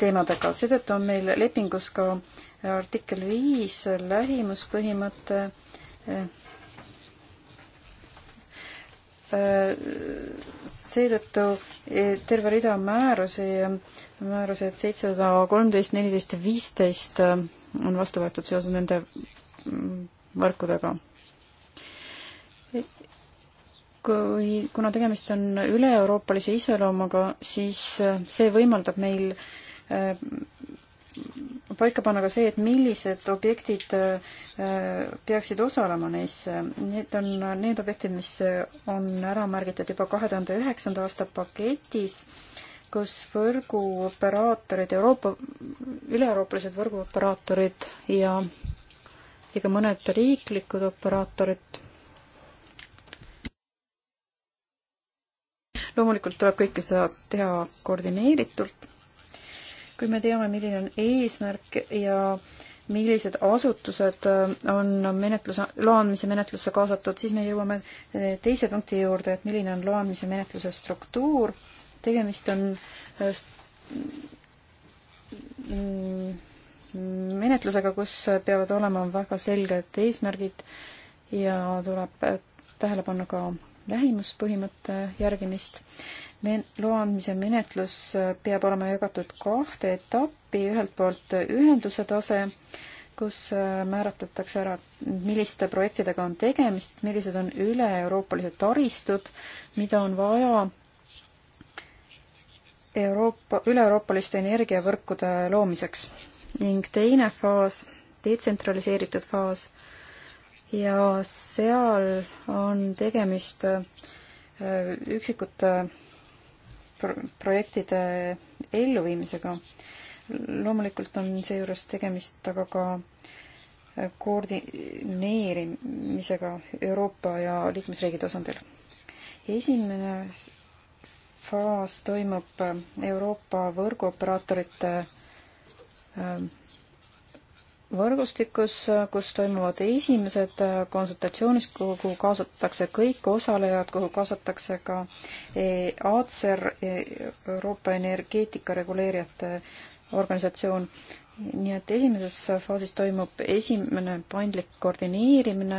Speaker 2: teemadega, seetõttu on meil lepingus ka artikkel viis, lähimuspõhimõte, seetõttu terve rida määrusi määrused seitsesada kolmteist, neliteist ja viisteist äh, on vastu võetud seoses nende mm, võrkudega. kui, kuna tegemist on üle-euroopalise iseloomuga, siis äh, see võimaldab meil äh, paika panna ka see, et millised objektid peaksid osalema neis. Need on need objektid, mis on ära märgitud juba kahe tuhande üheksanda aasta paketis äh, kas võrguoperaatorid, Euroopa, üle-euroopalised võrguoperaatorid ja, ja ka mõned riiklikud operaatorid loomulikult tuleb kõike seda teha koordineeritult. kui me teame, milline on eesmärk ja millised asutused äh, on menetluse, loa andmise menetlusse kaasatud, siis me jõuame äh, teise punkti juurde, et milline on loa andmise menetluse struktuur tegemist on mm, menetlusega, kus peavad olema väga selged eesmärgid ja tuleb tähele panna ka lähimuspõhimõtte järgimist. Men-, loa andmise menetlus peab olema jagatud kahte etappi, ühelt poolt ühenduse tase, kus määratletakse ära, milliste projektidega on tegemist, millised on üle-euroopalised taristud, mida on vaja Euroopa, üle-euroopaliste energiavõrkude loomiseks. ning teine faas, detsentraliseeritud faas, ja seal on tegemist äh, üksikute pro projektide elluviimisega. loomulikult on seejuures tegemist aga ka äh, koordineerimisega Euroopa ja liikmesriigi tasandil. esimene faas toimub äh, Euroopa võrguoperaatorite äh, võrgustikus, äh, kus toimuvad esimesed konsultatsioonis, kuhu kaasatakse kõik osalejad, kuhu kaasatakse ka ACER, Euroopa Energeetika Reguleerijate Organisatsioon. nii et esimeses faasis toimub esimene paindlik koordineerimine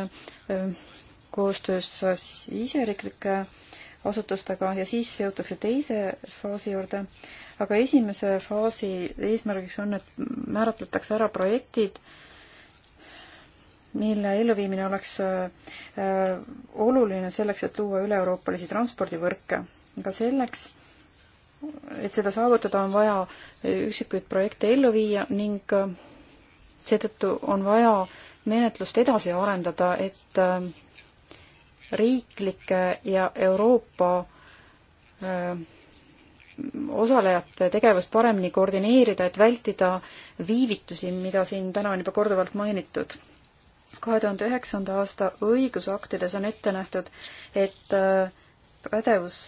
Speaker 2: koostöös siseriiklike asutustega ja siis jõutakse teise faasi juurde. aga esimese faasi eesmärgiks on, et määratletakse ära projektid, mille elluviimine oleks äh, oluline selleks, et luua üle-euroopalisi transpordivõrke. aga selleks, et seda saavutada, on vaja üksikuid projekte ellu viia ning äh, seetõttu on vaja menetlust edasi arendada, et äh, riiklike ja Euroopa osalejate tegevust paremini koordineerida, et vältida viivitusi, mida siin täna on juba korduvalt mainitud. kahe tuhande üheksanda aasta õigusaktides on ette nähtud, et pädevus,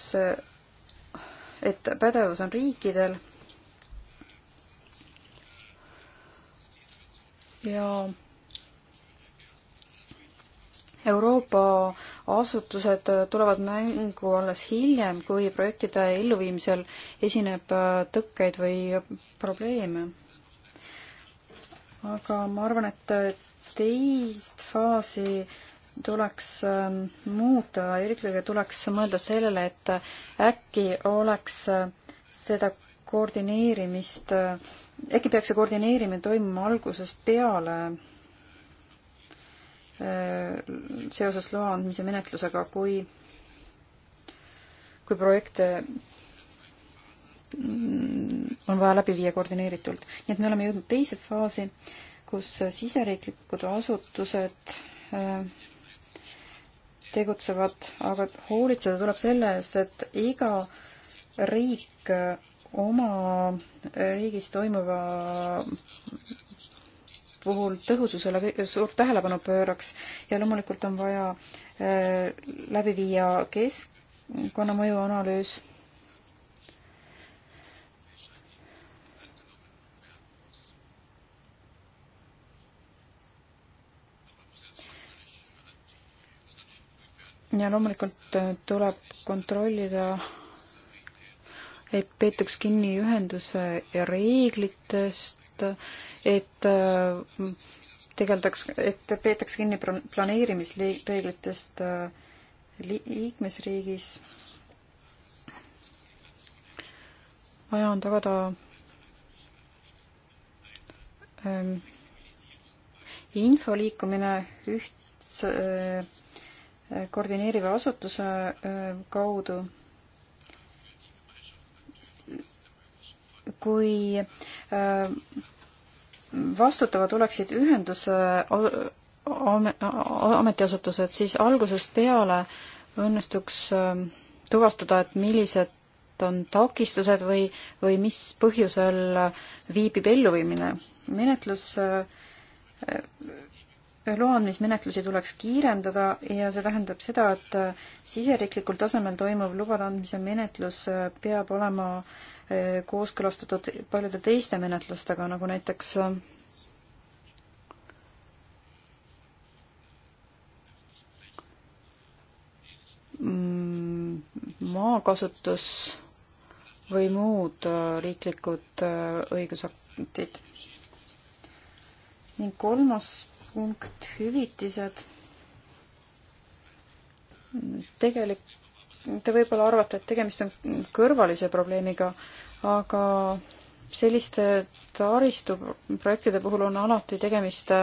Speaker 2: et pädevus on riikidel ja Euroopa asutused tulevad mängu alles hiljem, kui projektide elluviimisel esineb äh, tõkkeid või probleeme. aga ma arvan, et äh, teist faasi tuleks ähm, muuta, eelkõige tuleks mõelda sellele, et äh, äkki oleks seda koordineerimist, äkki peaks see koordineerimine toimuma algusest peale Äh, seoses loa andmise menetlusega, kui, kui projekte mm, on vaja läbi viia koordineeritult. nii et me oleme jõudnud teise faasi, kus siseriiklikud asutused äh, tegutsevad, aga hoolitseda tuleb selle eest, et iga riik oma riigis toimuva puhul tõhususele suurt tähelepanu pööraks ja loomulikult on vaja äh, läbi viia keskkonnamõju analüüs ja loomulikult äh, tuleb kontrollida, et peetaks kinni ühenduse reeglitest et äh, tegeldaks, et peetaks kinni planeerimisreeglitest äh, liikmesriigis. vaja on tagada ähm, info liikumine ühtse äh, koordineeriva asutuse kaudu kui vastutavad oleksid ühenduse ametiasutused, siis algusest peale õnnestuks ähm, tuvastada, et millised on takistused või, või mis põhjusel viibib elluviimine. menetlus äh, loaandmismenetlusi tuleks kiirendada ja see tähendab seda, et äh, siseriiklikul tasemel toimuv lubade andmise menetlus äh, peab olema äh, kooskõlastatud paljude teiste menetlustega, nagu näiteks mm, maakasutus või muud riiklikud õigusaktid. ning kolmas punkt hüvitised. tegelik, te võib-olla arvate, et tegemist on kõrvalise probleemiga, aga selliste taristuprojektide puhul on alati tegemist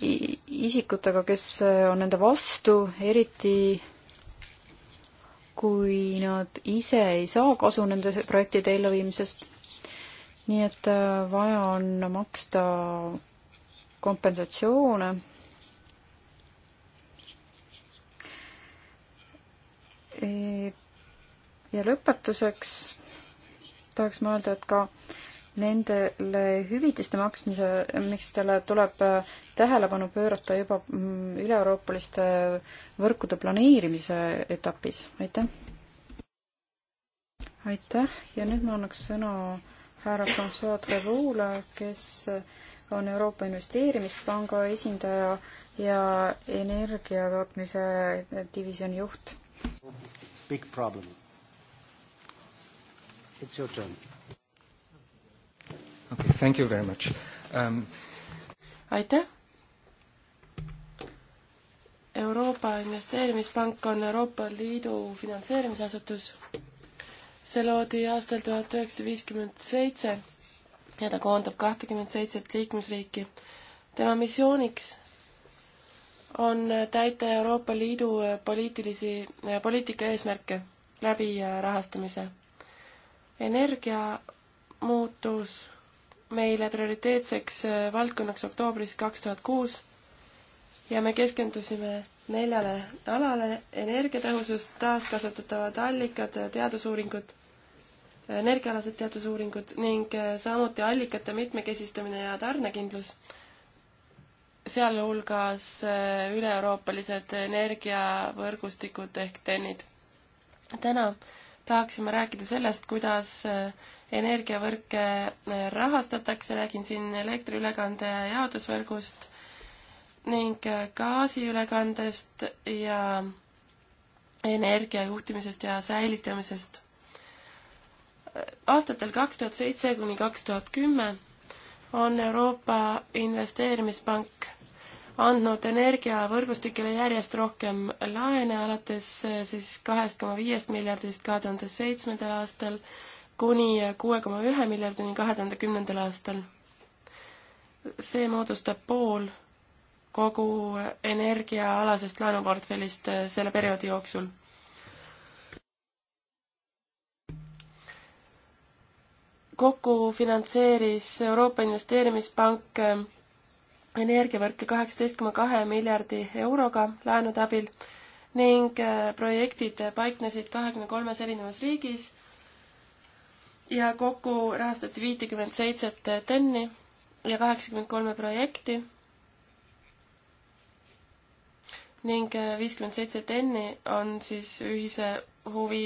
Speaker 2: isikutega, kes on nende vastu, eriti kui nad ise ei saa kasu nende projektide elluviimisest. nii et äh, vaja on maksta kompensatsioone. E, ja lõpetuseks tahaks ma öelda, et ka nendele hüvitiste maksmise, mikstele tuleb e, tähelepanu pöörata juba mm, üle-euroopaliste võrkude planeerimise etapis, aitäh. aitäh ja nüüd ma annaks sõna härra Francois Trevoule, kes on Euroopa Investeerimispanga esindaja ja energiatootmise divisjoni juht. Big problem. It's your turn.
Speaker 3: Okay, thank you very much um.... aitäh. Euroopa Investeerimispank on Euroopa Liidu finantseerimisasutus. see loodi aastal tuhat üheksasada viiskümmend seitse keda koondab kahtekümmet seitset liikmesriiki. tema missiooniks on täita Euroopa Liidu poliitilisi, poliitika eesmärke läbi rahastamise. energiamuutus meile prioriteetseks valdkonnaks oktoobris kaks tuhat kuus ja me keskendusime neljale alale, energiatõhusus, taaskasutatavad allikad, teadusuuringud energiaalased teadusuuringud ning äh, samuti allikate mitmekesistamine ja tarnekindlus, sealhulgas äh, üle-euroopalised energiavõrgustikud ehk TEN-id. täna tahaksime rääkida sellest, kuidas äh, energiavõrke rahastatakse, räägin siin elektriülekande jaotusvõrgust ning gaasiülekandest ja energia juhtimisest ja säilitamisest aastatel kaks tuhat seitse kuni kaks tuhat kümme on Euroopa Investeerimispank andnud energiavõrgustikele järjest rohkem laene, alates eh, siis kahest koma viiest miljardist kahe tuhande seitsmendal aastal kuni kuue koma ühe miljardini kahe tuhande kümnendal aastal. see moodustab pool kogu energiaalasest laenuportfellist eh, selle perioodi jooksul. kokku finantseeris Euroopa Investeerimispank ähm, energiavärke kaheksateist koma kahe miljardi euroga laenude abil ning äh, projektid paiknesid kahekümne kolmes erinevas riigis ja kokku rahastati viitekümmet seitset TEN-i ja kaheksakümmend kolme projekti ning äh, viiskümmend seitse TEN-i on siis ühise huvi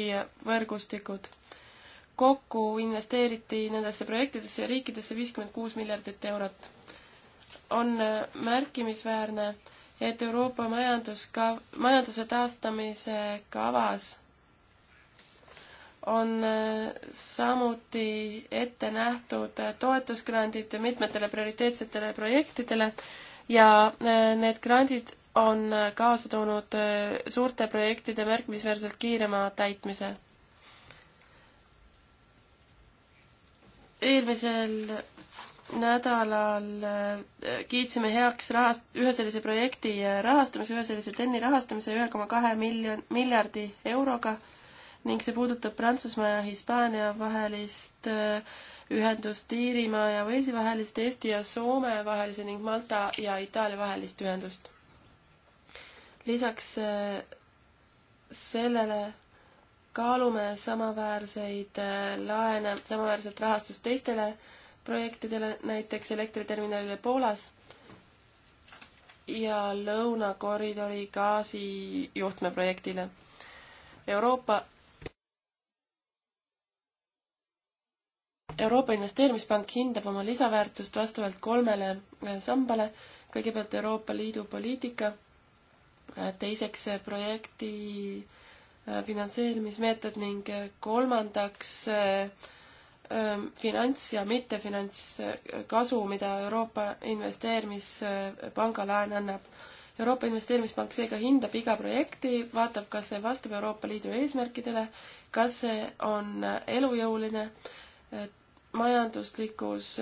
Speaker 3: võrgustikud kokku investeeriti nendesse projektidesse ja riikidesse viiskümmend kuus miljardit eurot. on äh, märkimisväärne, et Euroopa majandus ka, majanduse taastamise kavas on äh, samuti ette nähtud toetusgrandid mitmetele prioriteetsetele projektidele ja äh, need grandid on kaasa toonud suurte projektide märkimisväärselt kiirema täitmise eelmisel nädalal äh, kiitsime heaks rahast, ühe sellise projekti äh, rahastamise, ühe sellise TEN-i rahastamise ühe koma kahe miljon, miljardi euroga ning see puudutab Prantsusmaa ja Hispaania vahelist äh, ühendust Iirimaa ja Walesi vahelist, Eesti ja Soome vahelise ning Malta ja Itaalia vahelist ühendust. lisaks sellele kaalume samaväärseid äh, laene, samaväärset rahastust teistele projektidele, näiteks elektriterminalile Poolas ja lõunakoridori gaasijuhtme projektile. Euroopa, Euroopa Investeerimispank hindab oma lisaväärtust vastavalt kolmele äh, sambale, kõigepealt Euroopa Liidu poliitika, äh, teiseks projekti äh, Äh, finantseerimismeetod ning äh, kolmandaks äh, ähm, finants ja mittefinantskasu, mida Euroopa Investeerimispanga laen annab. Euroopa Investeerimispank seega hindab iga projekti, vaatab, kas see vastab Euroopa Liidu eesmärkidele, kas see on elujõuline majanduslikus,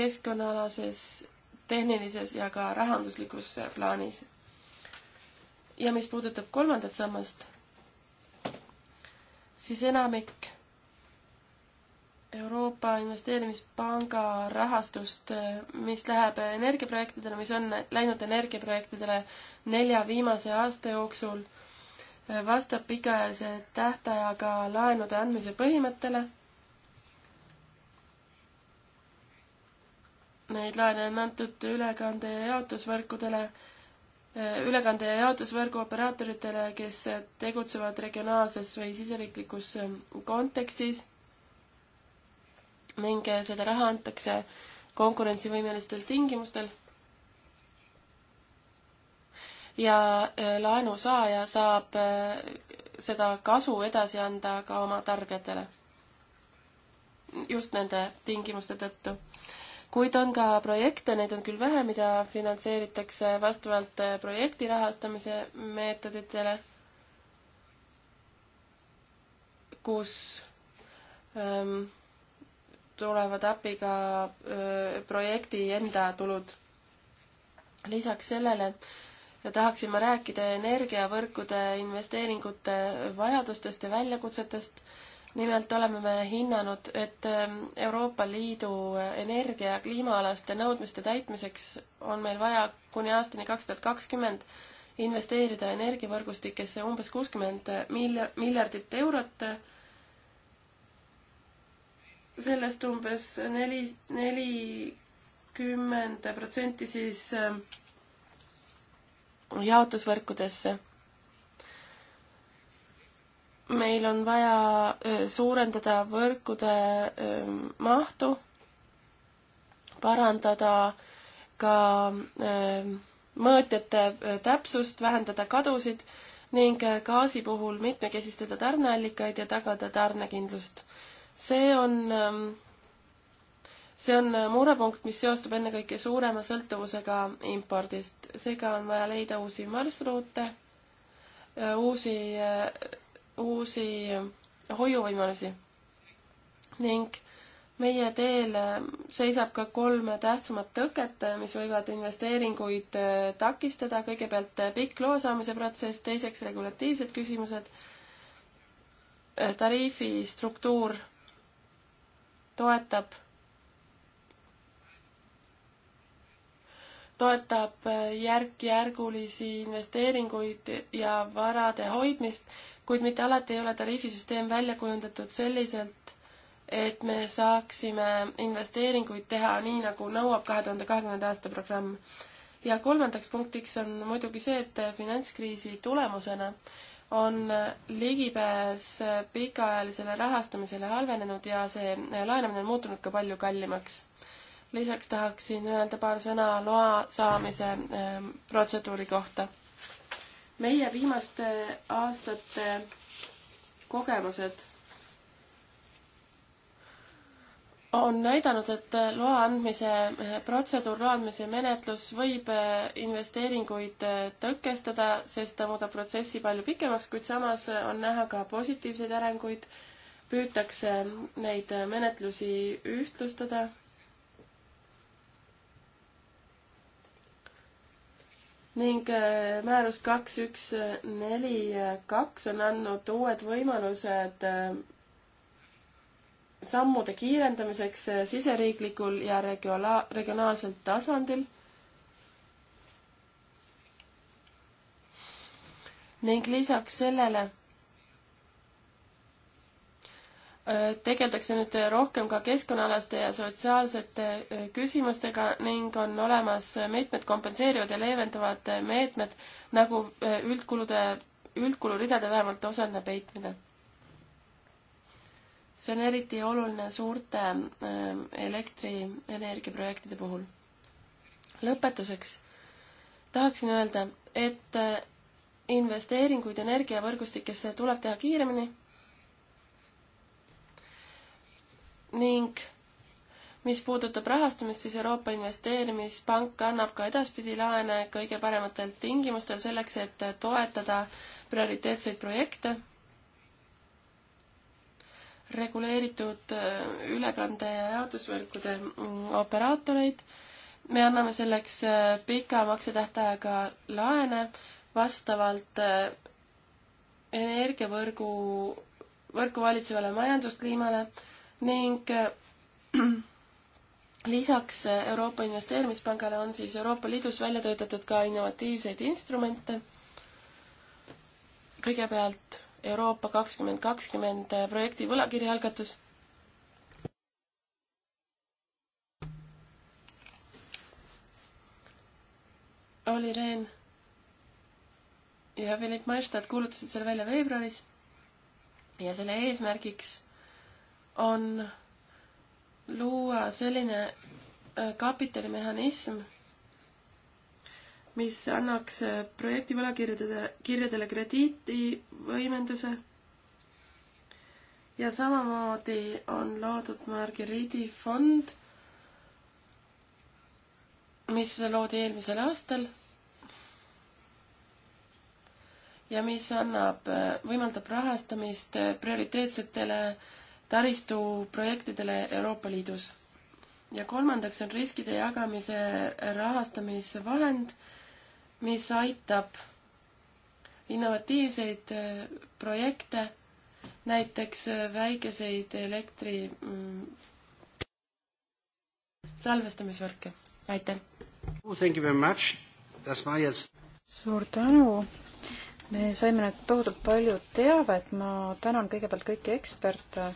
Speaker 3: keskkonnaalases, tehnilises ja ka rahanduslikus plaanis. ja mis puudutab kolmandat sammast siis enamik Euroopa Investeerimispanga rahastust, mis läheb energiaprojektidele, mis on läinud energiaprojektidele nelja viimase aasta jooksul, vastab pikaajalise tähtajaga laenude andmise põhimõttele. Neid laene on antud ülekande ja jaotusvõrkudele Äh, ülekande- ja jaotusvõrgu operaatoritele, kes äh, tegutsevad regionaalses või siseriiklikus ähm, kontekstis ning äh, seda raha antakse konkurentsivõimelistel tingimustel. ja laenusaaja saab seda kasu edasi anda ka oma tarbijatele. just nende tingimuste tõttu kuid on ka projekte, neid on küll vähe, mida finantseeritakse vastavalt äh, projekti rahastamise meetoditele, kus ähm, tulevad appi ka öö, äh, projekti enda tulud. lisaks sellele tahaksin ma rääkida energiavõrkude investeeringute vajadustest ja väljakutsetest äh, nimelt oleme me hinnanud, et ähm, Euroopa Liidu äh, energia- ja kliimaalaste nõudmiste täitmiseks on meil vaja kuni aastani kaks tuhat kakskümmend investeerida energiavõrgustikesse umbes kuuskümmend äh, milja-, miljardit eurot, sellest umbes neli, nelikümmend protsenti siis ähm, jaotusvõrkudesse meil on vaja suurendada võrkude mahtu, parandada ka mõõtjate täpsust, vähendada kadusid ning gaasi puhul mitmekesistada tarneallikaid ja tagada tarnekindlust. see on, see on murepunkt, mis seostub ennekõike suurema sõltuvusega impordist. seega on vaja leida uusi marsruute, uusi uusi hoiuvõimalusi. ning meie teel seisab ka kolm tähtsamat tõket, mis võivad investeeringuid takistada, kõigepealt pikk loosaamise protsess, teiseks regulatiivsed küsimused, tariifi struktuur toetab, toetab järk-järgulisi investeeringuid ja varade hoidmist kuid mitte alati ei ole tariifisüsteem välja kujundatud selliselt, et me saaksime investeeringuid teha nii, nagu nõuab kahe tuhande kahekümnenda aasta programm. ja kolmandaks punktiks on muidugi see, et finantskriisi tulemusena on ligipääs pikaajalisele rahastamisele halvenenud ja see laenamine on muutunud ka palju kallimaks. lisaks tahaksin öelda paar sõna loa saamise eh, protseduuri kohta meie viimaste aastate kogemused on näidanud, et loa andmise protseduur, loa andmise menetlus võib eh, investeeringuid eh, tõkestada, sest ta muudab protsessi palju pikemaks, kuid samas on näha ka positiivseid arenguid, püütakse neid menetlusi ühtlustada ning äh, määrus kaks, üks, neli, äh, kaks on andnud uued võimalused äh, sammude kiirendamiseks siseriiklikul ja regiola-, regionaalsel tasandil ning lisaks sellele Äh, tegeldakse nüüd rohkem ka keskkonnaalaste ja sotsiaalsete äh, küsimustega ning on olemas mitmed kompenseerivad ja leevendavad meetmed, nagu äh, üldkulude, üldkuluridade vähemalt osaline peitmine. see on eriti oluline suurte elektrienergiaprojektide puhul. lõpetuseks tahaksin öelda, et investeeringuid energiavõrgustikesse tuleb teha kiiremini ning mis puudutab rahastamist, siis Euroopa Investeerimispank annab ka edaspidi laene kõige parematel tingimustel selleks, et toetada prioriteetseid projekte. reguleeritud äh, ülekande ja jaotusvõrkude mm, operaatoreid. me anname selleks äh, pika maksetähtajaga laene vastavalt äh, energiavõrgu, võrku valitsevale majanduskliimale ning äh, (clears throat) lisaks Euroopa Investeerimispangale on siis Euroopa Liidus välja töötatud ka innovatiivseid instrumente. kõigepealt Euroopa kakskümmend kakskümmend projekti võlakirja algatus. Olli Rehn ja Philipp Maestad kuulutasid selle välja veebruaris ja selle eesmärgiks on luua selline äh, kapitalimehhanism, mis annaks äh, projekti võlakirjadele, kirjadele krediiti võimenduse. ja samamoodi on loodud Margeriidi fond, mis loodi eelmisel aastal ja mis annab, äh, võimaldab rahastamist prioriteetsetele äh, taristuprojektidele Euroopa Liidus. ja kolmandaks on riskide jagamise rahastamisvahend, mis aitab innovatiivseid äh, projekte, näiteks äh, väikeseid elektri mm, salvestamisvõrke. aitäh! Oh, suur tänu! me saime nüüd tohutult palju
Speaker 2: teavet, ma tänan kõigepealt kõiki eksperte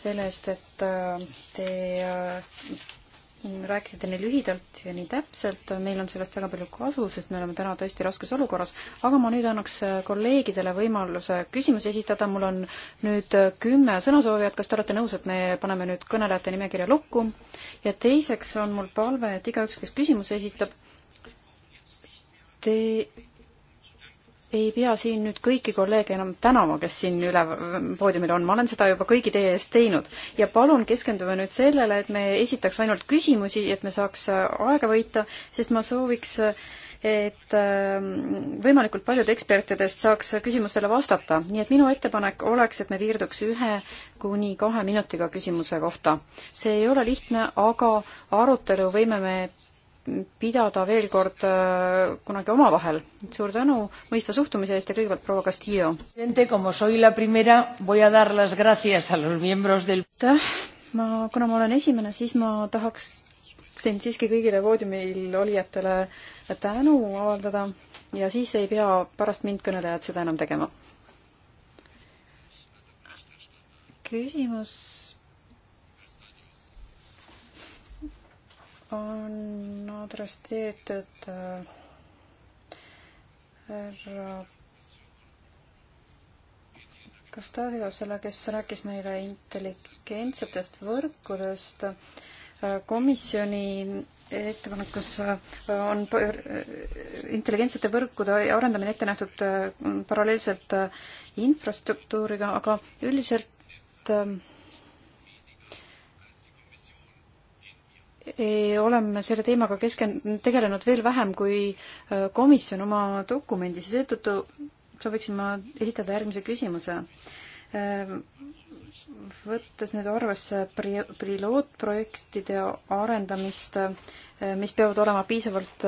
Speaker 2: selle eest, et äh, te äh, rääkisite nii lühidalt ja nii täpselt, meil on sellest väga palju kasu, sest me oleme täna tõesti raskes olukorras, aga ma nüüd annaks äh, kolleegidele võimaluse küsimusi esitada, mul on nüüd kümme sõnasoovijat, kas te olete nõus, et me paneme nüüd kõnelejate nimekirja lukku? ja teiseks on mul palve, et igaüks, kes küsimuse esitab, te ei pea siin nüüd kõiki kolleege enam tänama, kes siin üle poodiumil on, ma olen seda juba kõigi teie eest teinud. ja palun keskendume nüüd sellele, et me esitaks ainult küsimusi, et me saaks aega võita, sest ma sooviks, et ähm, võimalikult paljud ekspertidest saaks küsimustele vastata, nii et minu ettepanek oleks, et me piirduks ühe kuni kahe minutiga küsimuse kohta. see ei ole lihtne, aga arutelu võime me pidada veel kord äh, kunagi omavahel. suur tänu mõistva suhtumise eest ja kõigepealt proua Castillo.
Speaker 1: aitäh,
Speaker 2: ma, kuna ma olen esimene, siis ma tahaksin siiski kõigile voodiumil olijatele tänu avaldada ja siis ei pea pärast mind kõnelejad seda enam tegema. küsimus on adresseeritud äh, härra Kastadiosele, kes rääkis meile intelligentsetest võrkudest. Äh, komisjoni ettepanekus äh, on intelligentsete võrkude arendamine ette nähtud paralleelselt infrastruktuuriga, aga üldiselt oleme selle teemaga kesken-, tegelenud veel vähem kui äh, komisjon oma dokumendis ja seetõttu sooviksin ma esitada järgmise küsimuse. Äh, võttes nüüd arvesse pri-, pilootprojektide arendamist, äh, mis peavad olema piisavalt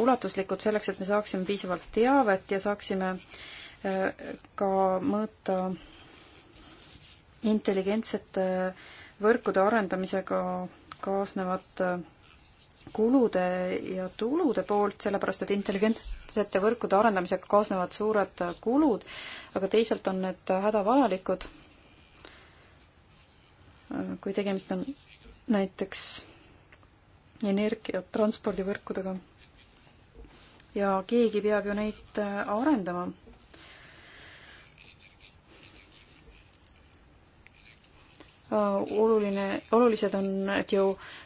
Speaker 2: ulatuslikud selleks, et me saaksime piisavalt teavet ja saaksime ka mõõta intelligentsete võrkude arendamisega kaasnevat äh, kulude ja tulude poolt, sellepärast et intelligentsete võrkude arendamisega kaasnevad suured äh, kulud, aga teisalt on need äh, hädavajalikud, kui tegemist on näiteks energia transpordivõrkudega. ja keegi peab ju neid arendama Äh, oluline, olulised on et ju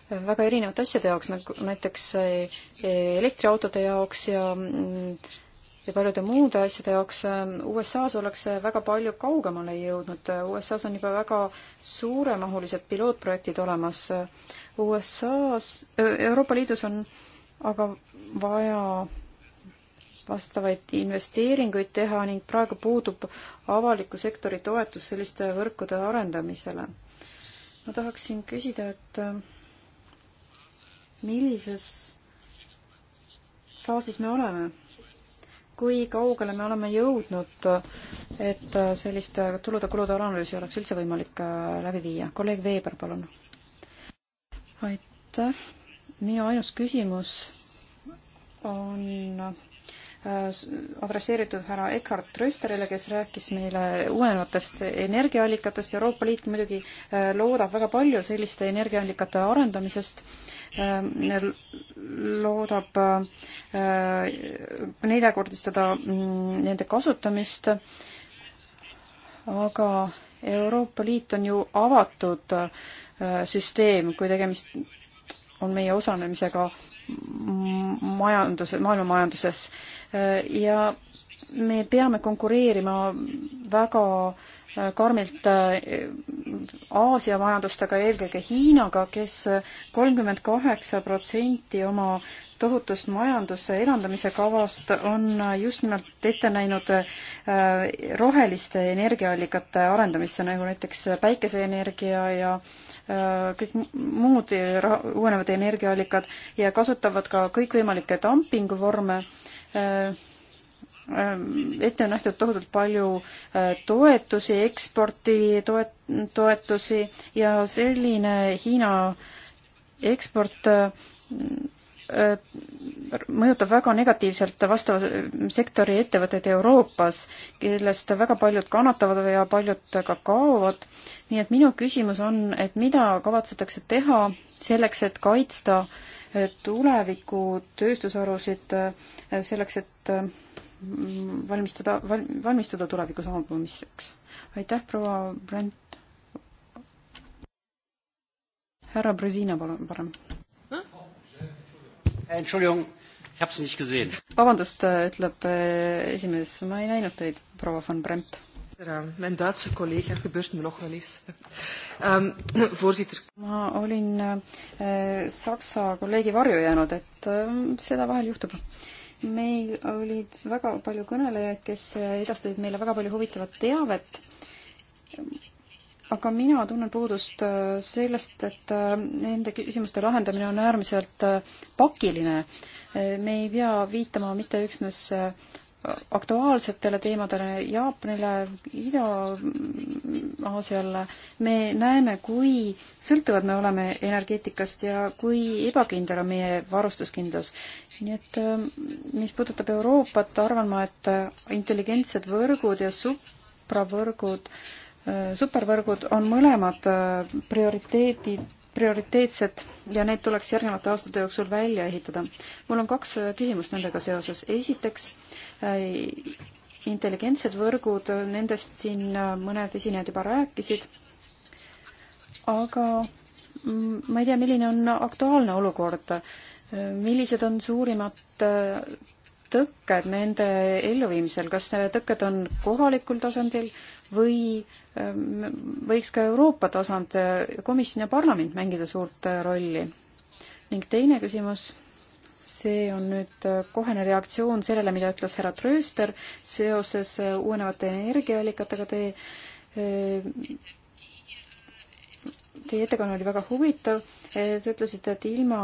Speaker 2: väga erinevate asjade jaoks, nagu näiteks äh, elektriautode jaoks ja mm, ja paljude muude asjade jaoks äh, USA-s ollakse väga palju kaugemale jõudnud. USA-s on juba väga suuremahulised pilootprojektid olemas. USA-s, Euroopa Liidus on aga vaja vastavaid investeeringuid teha ning praegu puudub avaliku sektori toetus selliste võrkude arendamisele ma tahaksin küsida, et äh, millises faasis me oleme? kui kaugele me oleme jõudnud, et äh, sellist tulude-kulude analüüsi oleks üldse võimalik äh, läbi viia? kolleeg Veeber, palun. aitäh. minu ainus küsimus on Äh, adresseeritud härra Eckhard Rösterile, kes rääkis meile uuenevatest energiaallikatest. Euroopa Liit muidugi äh, loodab väga palju selliste energiaallikate arendamisest, äh, loodab neljakordistada mm, nende kasutamist, aga Euroopa Liit on ju avatud süsteem, kui tegemist on meie osalemisega majanduse, maailma majanduses ja me peame konkureerima väga äh, karmilt äh, Aasia majandustega, eelkõige Hiinaga kes, kes kolmkümmend kaheksa protsenti oma tohutust majanduse elavdamise kavast on just nimelt ette näinud äh, roheliste energiaallikate arendamisse, nagu näiteks päikeseenergia ja äh, Äh, kõik muud uuenevad energiaallikad ja kasutavad ka kõikvõimalikke dumpinguvorme. Äh, äh, ette on nähtud tohutult palju toetusi, eksporti toet-, toetusi ja selline Hiina eksport Äh, mõjutab väga negatiivselt vastava sektori ettevõtteid Euroopas, kellest väga paljud kannatavad ja paljud ka kaovad. nii et minu küsimus on, et mida kavatsetakse teha selleks, et kaitsta äh, tuleviku tööstusharusid äh, selleks, et valmistada val,, valmistuda tuleviku saabumiseks. aitäh, proua Brent. härra Brüsina, palun, parem vabandust, äh, ütleb äh, esimees, ma ei näinud teid, proua von Bremt. Mijn Duitse collega gebeurt me nog wel eens. Um, voorzitter. Ma olin äh, Saksa kolleegi varju jäänud, et äh, seda vahel juhtub meil olid väga palju kõnelejaid, kes äh, edastasid meile väga palju huvitavat teavet aga mina tunnen puudust äh, sellest, et äh, nende küsimuste lahendamine on äärmiselt äh, pakiline. me ei pea viitama mitte üksnes aktuaalsetele teemadele, Jaapanile, Ida-Aasiale, me näeme, kui sõltuvad me oleme energeetikast ja kui ebakindel on meie varustuskindlus. nii et mis puudutab Euroopat, arvan ma, et intelligentsed võrgud ja supravõrgud äh, supervõrgud on mõlemad äh, prioriteedid, prioriteetsed ja need tuleks järgnevate aastate jooksul välja ehitada. mul on kaks äh, küsimust nendega seoses. esiteks, äh, intelligentsed võrgud, nendest siin mõned esinejad juba rääkisid, aga ma ei tea, milline on aktuaalne olukord, millised on suurimad tõkked nende elluviimisel, kas tõkked on kohalikul tasandil või ähm, võiks ka Euroopa tasand, äh, komisjon ja parlament mängida suurt äh, rolli? ning teine küsimus, see on nüüd äh, kohene reaktsioon sellele, mida ütles härra Trööster seoses uuenevate energiaallikatega, te Teie ettekanne oli väga huvitav, te ütlesite, et ilma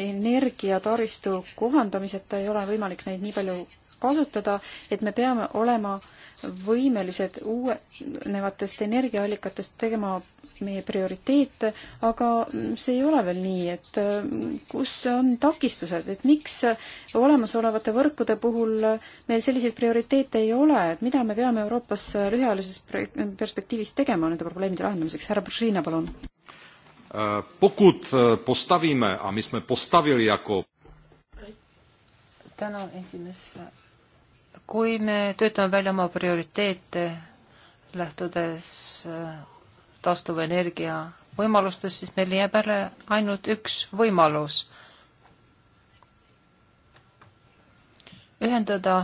Speaker 2: energiataristu kohandamiseta ei ole võimalik neid nii palju kasutada, et me peame olema äh, võimelised uuenevatest energiaallikatest tegema meie prioriteet, aga see ei ole veel nii, et äh, kus on takistused, et miks olemasolevate võrkude puhul meil selliseid prioriteete ei ole, et mida me peame Euroopas lühiajalises perspektiivis tegema nende probleemide lahendamiseks, härra Brzežina, palun.
Speaker 3: Äh,
Speaker 1: pokud äh, postavime, a mis me postavili jako täna esimees kui me töötame välja oma prioriteete, lähtudes äh, taastuvenergia võimalustest, siis meil jääb ära ainult üks võimalus. ühendada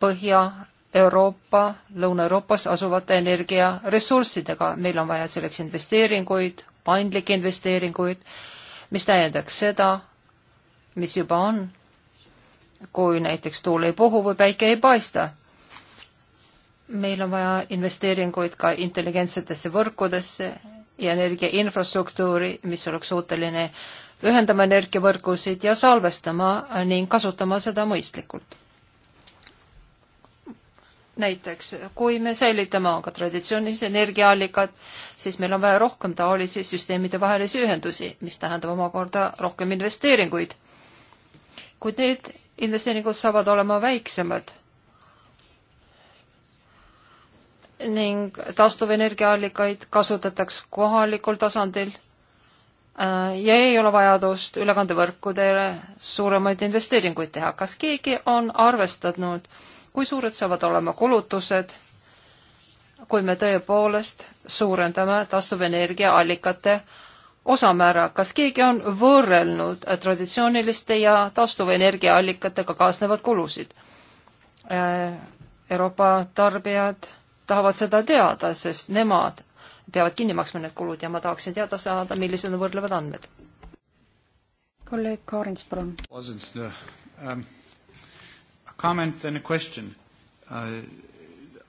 Speaker 1: Põhja-Euroopa, Lõuna-Euroopas asuvate energiaressurssidega. meil on vaja selleks investeeringuid, paindlikke investeeringuid, mis täiendaks seda, mis juba on kui näiteks tuul ei puhu või päike ei paista. meil on vaja investeeringuid ka intelligentsetesse võrkudesse ja energia infrastruktuuri, mis oleks suuteline ühendama energiavõrgusid ja salvestama ning kasutama seda mõistlikult. näiteks, kui me säilitame aga traditsioonilised energiaallikad, siis meil on vaja rohkem taolisi süsteemide vahelisi ühendusi, mis tähendab omakorda rohkem investeeringuid kuid need investeeringud saavad olema väiksemad ning taastuvenergiaallikaid kasutatakse kohalikul tasandil äh, ja ei ole vajadust ülekandevõrkudele suuremaid investeeringuid teha. kas keegi on arvestanud, kui suured saavad olema kulutused, kui me tõepoolest suurendame taastuvenergiaallikate osamäära, kas keegi on võrrelnud äh, traditsiooniliste ja taastuvenergiaallikatega kaasnevad kulusid? Äh, Euroopa tarbijad tahavad seda teada, sest nemad peavad kinni maksma need kulud ja ma tahaksin teada saada, millised on võrdlevad andmed. kolleeg Kaarens, palun. Um, comment and a question uh,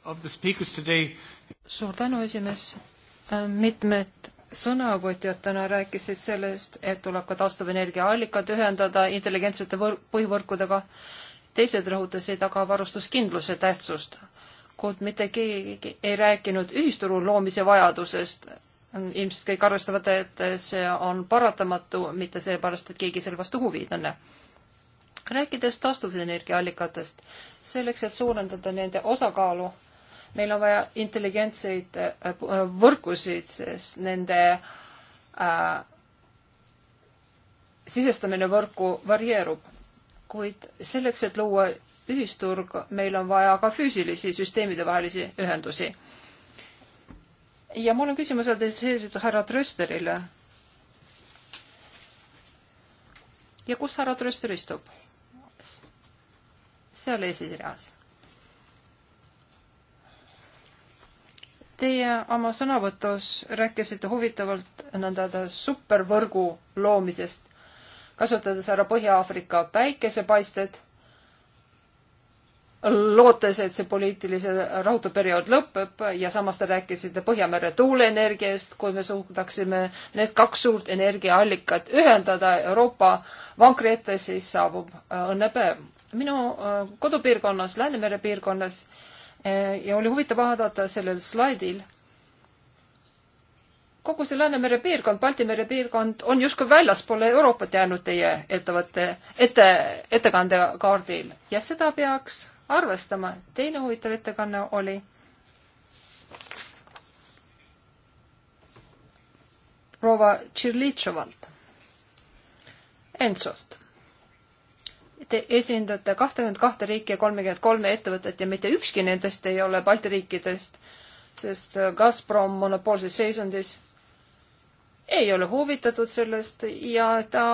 Speaker 1: of the speakers today. suur tänu, esimees. Äh, mitmed sõnavõtjad täna rääkisid sellest, et tuleb ka taastuvenergia allikad ühendada intelligentsete võr-, põhivõrkudega. teised rõhutasid aga varustuskindluse tähtsust, kuid mitte keegi ei rääkinud ühisturu loomise vajadusest. ilmselt kõik arvestavad, et see on paratamatu, mitte sellepärast, et keegi selle vastu huvi ei tunne rääkides taastuvenergia allikatest, selleks, et suurendada nende osakaalu meil on vaja intelligentseid äh, äh, võrkusid, sest nende äh, sisestamine võrku varieerub. kuid selleks, et luua ühisturg, meil on vaja ka füüsilisi süsteemide vahelisi ühendusi. ja mul on küsimus adresseeritud härra Trösterile. ja kus härra Tröster istub? seal esireas Teie oma sõnavõtus rääkisite huvitavalt nõnda supervõrgu loomisest, kasutades ära Põhja-Aafrika päikesepaisted, lootes, et see poliitilise rahutuperiood lõpeb ja samas te rääkisite Põhjamere tuuleenergiast, kui me suudaksime need kaks suurt energiaallikat ühendada Euroopa vankri ette, siis saabub õnnepäev. minu äh, kodupiirkonnas, Läänemere piirkonnas, Eh, ja oli huvitav vaadata sellel slaidil, kogu see Läänemere piirkond, Balti mere piirkond on justkui väljaspoole Euroopat jäänud teie ettevõtte, ette, ettekandekaardil ja seda peaks arvestama. teine huvitav ettekanne oli proua Tširlitšovalt Entsost Te esindate kahtekümmet kahte riiki ja kolmekümmet kolme ettevõtet ja mitte ükski nendest ei ole Balti riikidest, sest äh, Gazprom monopoolses seisundis ei ole huvitatud sellest ja ta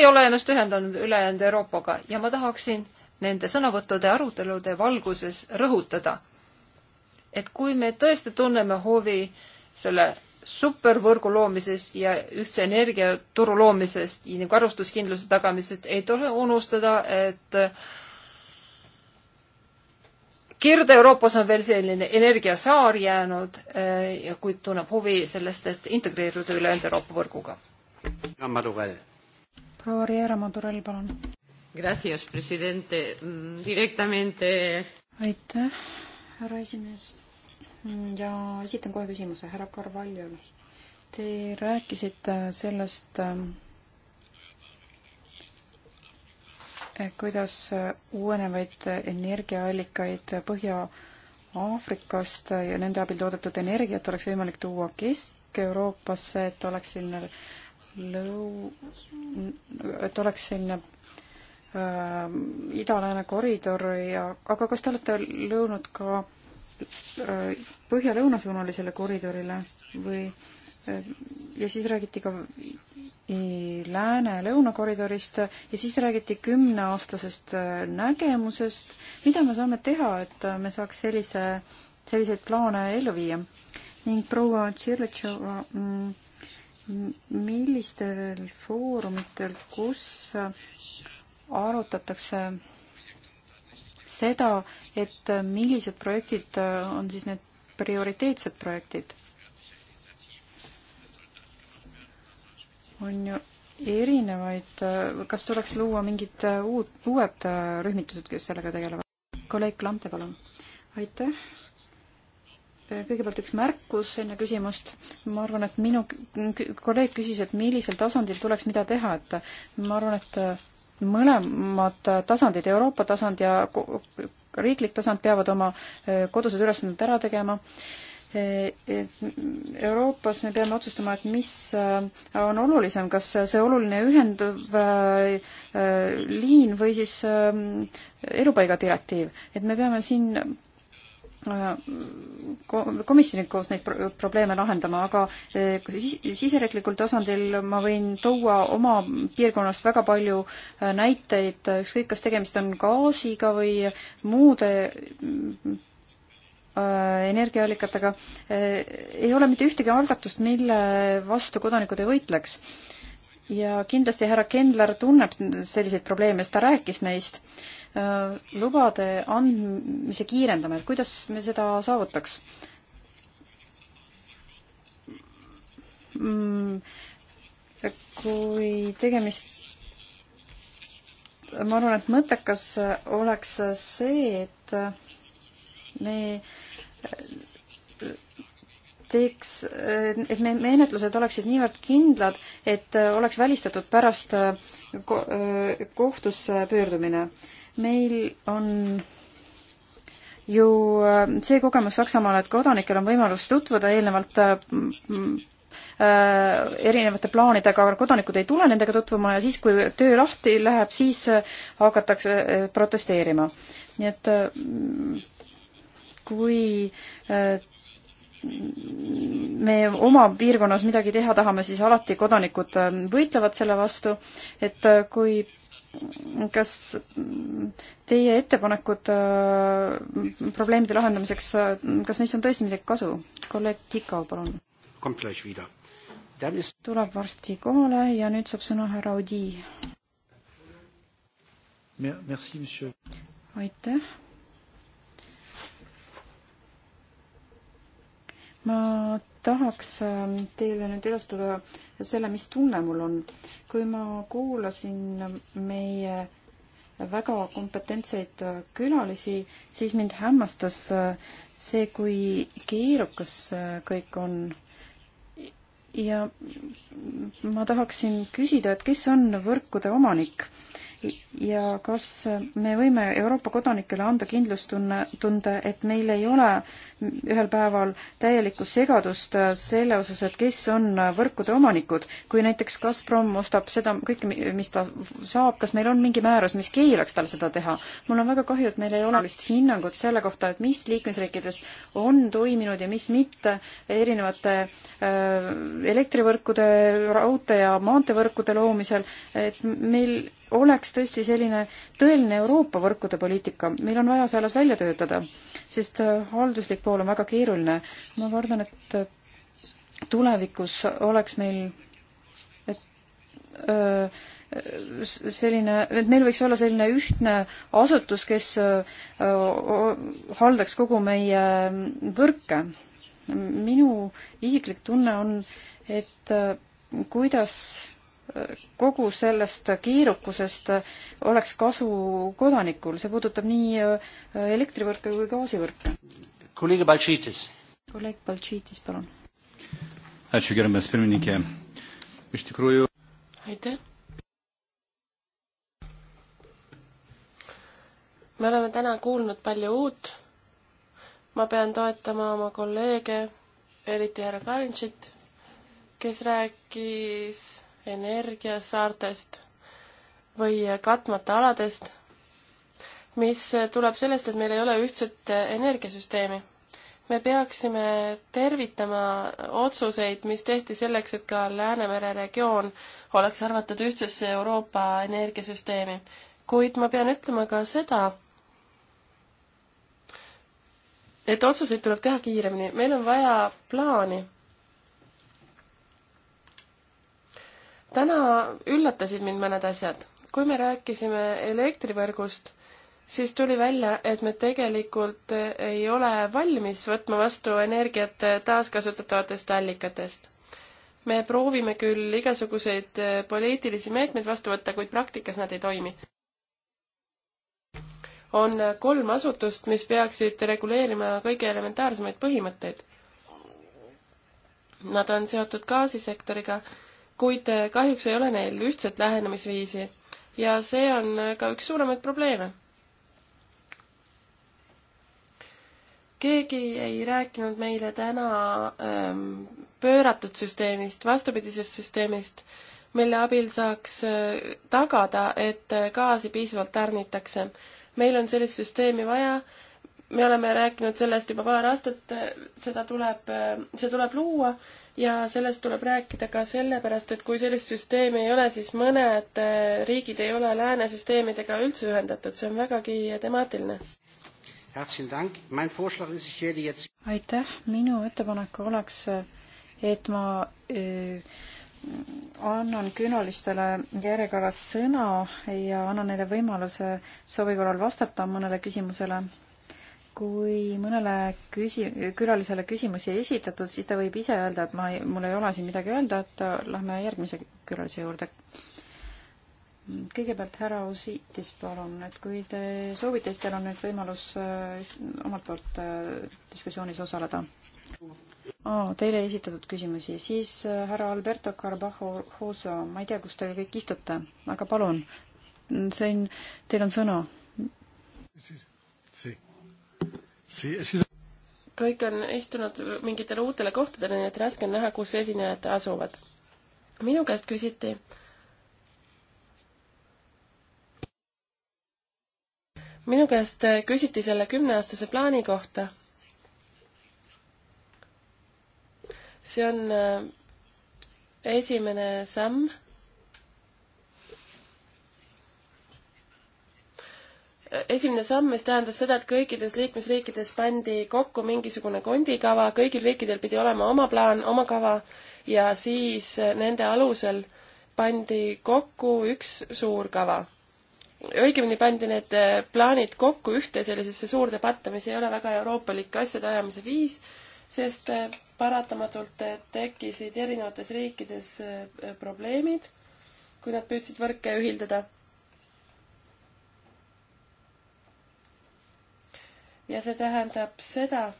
Speaker 1: ei ole ennast ühendanud ülejäänud Euroopaga ja ma tahaksin nende sõnavõttude arutelude valguses rõhutada, et kui me tõesti tunneme huvi selle supervõrgu loomisest ja ühtse energiaturu loomisest ja nagu varustuskindluse tagamisest ei tohi unustada, et Kirde-Euroopas on veel selline energiasaar jäänud eh, ja kuid tunneb huvi sellest, et integreeruda ülejäänud Euroopa võrguga.
Speaker 2: proua Riera Madurell, palun.
Speaker 1: Gracias, presidente, mm, directamente.
Speaker 2: aitäh, härra esimees ja esitan kohe küsimuse, härra Carvalho. Te rääkisite sellest, eh, kuidas uuenevaid energiaallikaid Põhja-Aafrikast ja nende abil toodetud energiat oleks võimalik tuua Kesk-Euroopasse, et oleks selline lõu, et oleks selline äh, ida-lääne koridor ja, aga kas te olete lõunud ka äh, Äh, põhja-lõunasuunalisele koridorile või äh, ja siis räägiti ka lääne-lõuna koridorist ja siis räägiti kümneaastasest äh, nägemusest, mida me saame teha, et me saaks sellise, selliseid plaane ellu viia. ning proua Tširletšova, mm, millistel foorumitel, kus arutatakse seda, et äh, millised projektid äh, on siis need prioriteetsed projektid? on ju erinevaid, äh, kas tuleks luua mingid uut, uued rühmitused, kes sellega tegelevad? kolleeg Lampe, palun. aitäh kõigepealt üks märkus enne küsimust. ma arvan, et minu kolleeg küsis, et millisel tasandil tuleks mida teha, et ma arvan, et mõlemad tasandid, Euroopa tasand ja ka riiklik tasand peavad oma kodused ülesanded ära tegema. E, e, Euroopas me peame otsustama, et mis on olulisem, kas see oluline ühenduv liin või siis elupaiga direktiiv, et me peame siin komisjonid koos neid probleeme lahendama, aga eh, siseriiklikul tasandil ma võin tuua oma piirkonnast väga palju eh, näiteid, ükskõik, kas tegemist on gaasiga või muude mm, eh, energiaallikatega, ei ole mitte ühtegi algatust, mille vastu kodanikud ei võitleks. ja kindlasti härra Kendler tunneb selliseid probleeme, sest ta rääkis neist Äh, lubade andmise kiirendame, et kuidas me seda saavutaks? Mm, kui tegemist, ma arvan, et mõttekas oleks see, et me teeks, et me menetlused oleksid niivõrd kindlad, et oleks välistatud pärast kohtusse pöördumine meil on ju äh, see kogemus Saksamaal, et kodanikel on võimalus tutvuda eelnevalt äh, äh, erinevate plaanidega, kodanikud ei tule nendega tutvuma ja siis, kui töö lahti läheb, siis hakatakse protesteerima. nii et kui me oma piirkonnas midagi teha tahame, siis alati kodanikud võitlevad selle vastu, et kui kas teie ettepanekud äh, probleemide lahendamiseks, äh, kas neist on tõesti midagi kasu? kolleeg Tikau, palun. tuleb varsti kohale ja nüüd saab sõna härra Odi. aitäh. ma tahaks ähm, teile nüüd edastada selle, mis tunne mul on. kui ma kuulasin meie väga kompetentseid äh, külalisi, siis mind hämmastas äh, see, kui keerukas äh, kõik on. ja ma tahaksin küsida, et kes on võrkude omanik? ja kas me võime Euroopa kodanikele anda kindlustunne, tunde, et meil ei ole ühel päeval täielikku segadust äh, selle osas, et kes on äh, võrkude omanikud. kui näiteks Gazprom ostab seda kõike, mis ta saab, kas meil on mingi määrus, mis keelaks tal seda teha? mul on väga kahju, et meil ei ole vist hinnangut selle kohta, et mis liikmesriikides on toiminud ja mis mitte erinevate äh, elektrivõrkude, raudtee ja maanteevõrkude loomisel, et meil oleks tõesti selline tõeline Euroopa võrkude poliitika, meil on vaja see alles välja töötada, sest halduslik pool on väga keeruline. ma kardan, et äh, tulevikus oleks meil, et öö, äh, selline, et meil võiks olla selline ühtne asutus, kes äh, haldaks kogu meie mm, võrke. minu isiklik tunne on, et kuidas kogu sellest keerukusest oleks kasu kodanikul, see puudutab nii elektrivõrke kui gaasivõrke
Speaker 1: kolleeg Baltšiitis.
Speaker 2: kolleeg Baltšiitis, palun.
Speaker 3: aitäh. me oleme täna kuulnud palju uut. ma pean toetama oma kolleege, eriti härra Karinšit, kes rääkis energiasaartest või katmata aladest, mis tuleb sellest, et meil ei ole ühtset energiasüsteemi me peaksime tervitama otsuseid, mis tehti selleks, et ka Läänemere regioon oleks arvatud ühtsesse Euroopa energiasüsteemi. kuid ma pean ütlema ka seda, et otsuseid tuleb teha kiiremini, meil on vaja plaani. täna üllatasid mind mõned asjad. kui me rääkisime elektrivõrgust siis tuli välja, et me tegelikult ei ole valmis võtma vastu energiat taaskasutatavatest allikatest. me proovime küll igasuguseid poliitilisi meetmeid vastu võtta, kuid praktikas nad ei toimi. on kolm asutust, mis peaksid reguleerima kõige elementaarsemaid põhimõtteid. Nad on seotud gaasisektoriga, kuid kahjuks ei ole neil ühtset lähenemisviisi ja see on ka üks suuremaid probleeme keegi ei rääkinud meile täna ähm, pööratud süsteemist, vastupidisest süsteemist, mille abil saaks äh, tagada, et äh, gaasi piisavalt tarnitakse. meil on sellist süsteemi vaja, me oleme rääkinud sellest juba paar aastat, äh, seda tuleb, äh, see tuleb luua ja sellest tuleb rääkida ka sellepärast, et kui sellist süsteemi ei ole, siis mõned riigid ei ole lääne süsteemidega üldse ühendatud, see on vägagi temaatiline aitäh,
Speaker 2: minu ettepanek oleks, et ma äh, annan külalistele järjekorras sõna ja annan neile võimaluse soovi korral vastata mõnele küsimusele. kui mõnele küsi-, külalisele küsimusi ei esitatud, siis ta võib ise öelda, et ma, mul ei ole siin midagi öelda, et äh, lähme järgmise külalise juurde kõigepealt härra Ositis, palun, et kui te soovite, siis teil on nüüd võimalus äh, omalt poolt äh, diskussioonis osaleda. Oh, teile esitatud küsimusi, siis äh, härra Alberto Carbajo Hoso, ma ei tea, kus te kõik istute, aga palun, siin, teil on
Speaker 3: sõna. kõik on istunud mingitele uutele kohtadele, nii et raske on näha, kus esinejad asuvad. minu käest küsiti äh, minu käest küsiti selle kümneaastase plaani kohta. see on äh, esimene samm. esimene samm, mis tähendas seda, et kõikides liikmesriikides pandi kokku mingisugune kondikava, kõigil riikidel pidi olema oma plaan, oma kava ja siis äh, nende alusel pandi kokku üks suur kava õigemini pandi need äh, plaanid kokku ühte sellisesse suurde patta, mis ei ole väga euroopalik asjade ajamise viis, sest äh, paratamatult äh, tekkisid erinevates riikides probleemid, kui nad püüdsid võrke ühildada. ja see tähendab seda,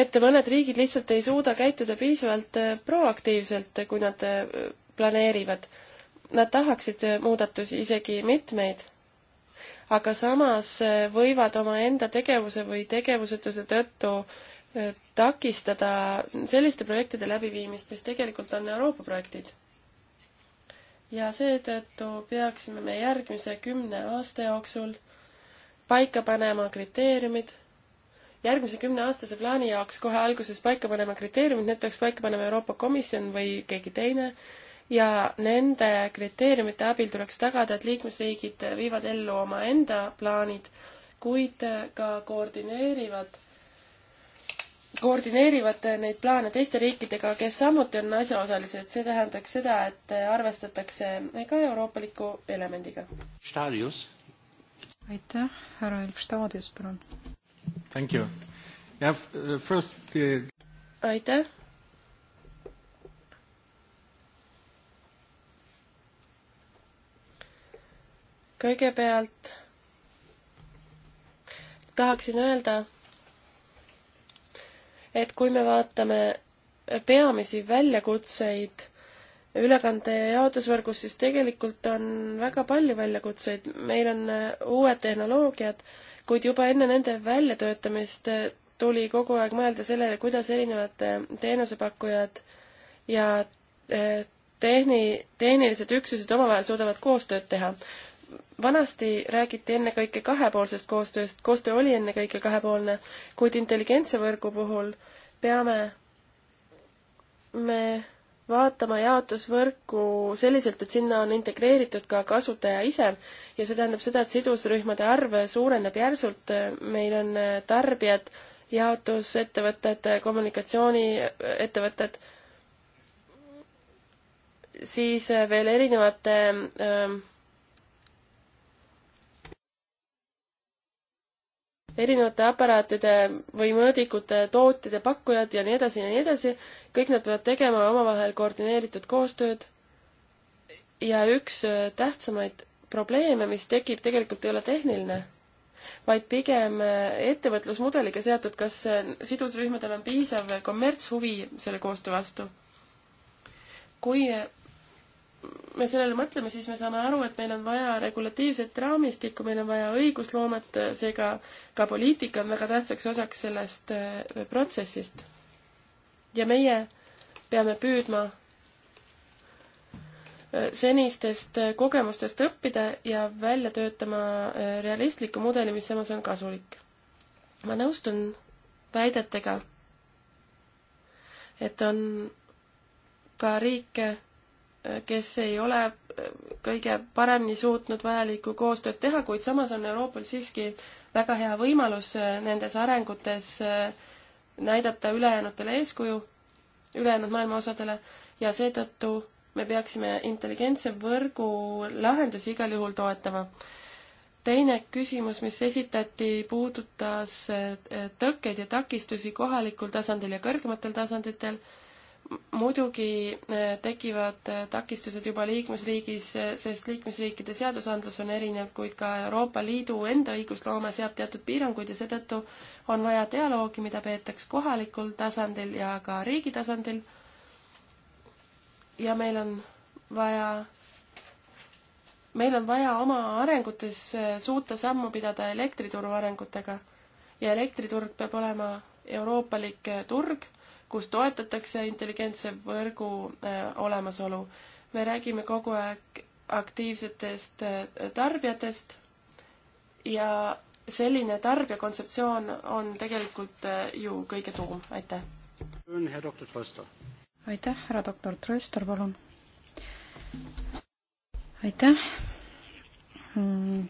Speaker 3: et mõned riigid lihtsalt ei suuda käituda piisavalt proaktiivselt, kui nad planeerivad nad tahaksid muudatusi, isegi mitmeid, aga samas võivad omaenda tegevuse või tegevusetuse tõttu eh, takistada selliste projektide läbiviimist, mis tegelikult on Euroopa projektid. ja seetõttu peaksime me järgmise kümne aasta jooksul paika panema kriteeriumid, järgmise kümneaastase plaani jaoks kohe alguses paika panema kriteeriumid, need peaks paika panema Euroopa Komisjon või keegi teine, ja nende kriteeriumite abil tuleks tagada, et liikmesriigid viivad ellu omaenda plaanid, kuid ka koordineerivad, koordineerivad neid plaane teiste riikidega, kes samuti on asjaosalised. see tähendaks seda, et arvestatakse ka euroopaliku elemendiga. aitäh, härra Elf Stadius, palun. Uh, uh, aitäh kõigepealt tahaksin öelda, et kui me vaatame peamisi väljakutseid ülekande jaotusvõrgus, siis tegelikult on väga palju väljakutseid. meil on uued tehnoloogiad, kuid juba enne nende väljatöötamist tuli kogu aeg mõelda sellele, kuidas erinevad teenusepakkujad ja eh, tehni, tehnilised üksused omavahel suudavad koostööd teha vanasti räägiti ennekõike kahepoolsest koostööst, koostöö oli ennekõike kahepoolne, kuid intelligentse võrgu puhul peame me vaatama jaotusvõrku selliselt, et sinna on integreeritud ka kasutaja ise ja see tähendab seda, et sidusrühmade arv suureneb järsult, meil on tarbijad, jaotusettevõtted, kommunikatsiooniettevõtted, siis veel erinevate öö, ähm, erinevate aparaatide või mõõdikute tootjad ja pakkujad ja nii edasi ja nii edasi, kõik nad peavad tegema omavahel koordineeritud koostööd. ja üks äh, tähtsamaid probleeme, mis tekib, tegelikult ei ole tehniline, vaid pigem äh, ettevõtlusmudeliga seotud, kas äh, sidusrühmadel on piisav kommertshuvi selle koostöö vastu. kui me sellele mõtleme, siis me saame aru, et meil on vaja regulatiivset raamistikku, meil on vaja õigusloomet, seega ka poliitika on väga tähtsaks osaks sellest äh, protsessist. ja meie peame püüdma äh, senistest äh, kogemustest õppida ja välja töötama realistliku mudeli, mis samas on kasulik. ma nõustun väidetega, et on ka riike, kes ei ole äh, kõige paremini suutnud vajalikku koostööd teha, kuid samas on Euroopal siiski väga hea võimalus äh, nendes arengutes äh, näidata ülejäänutele eeskuju, ülejäänud maailma osadele, ja seetõttu me peaksime intelligentse võrgu lahendusi igal juhul toetama. teine küsimus, mis esitati, puudutas tõkkeid ja takistusi kohalikul tasandil ja kõrgematel tasanditel muidugi äh, tekivad äh, takistused juba liikmesriigis, äh, sest liikmesriikide seadusandlus on erinev, kuid ka Euroopa Liidu enda õigusloome seab teatud piiranguid ja seetõttu on vaja dialoogi, mida peetakse kohalikul tasandil ja ka riigi tasandil. ja meil on vaja, meil on vaja oma arengutes suuta sammu pidada elektrituru arengutega ja elektriturg peab olema euroopalik turg kus toetatakse intelligentse võrgu äh, olemasolu. me räägime kogu aeg aktiivsetest äh, tarbijatest ja selline tarbija kontseptsioon on tegelikult äh, ju kõige tuum, aitäh.
Speaker 2: aitäh, härra doktor Tröster, palun. aitäh mm,.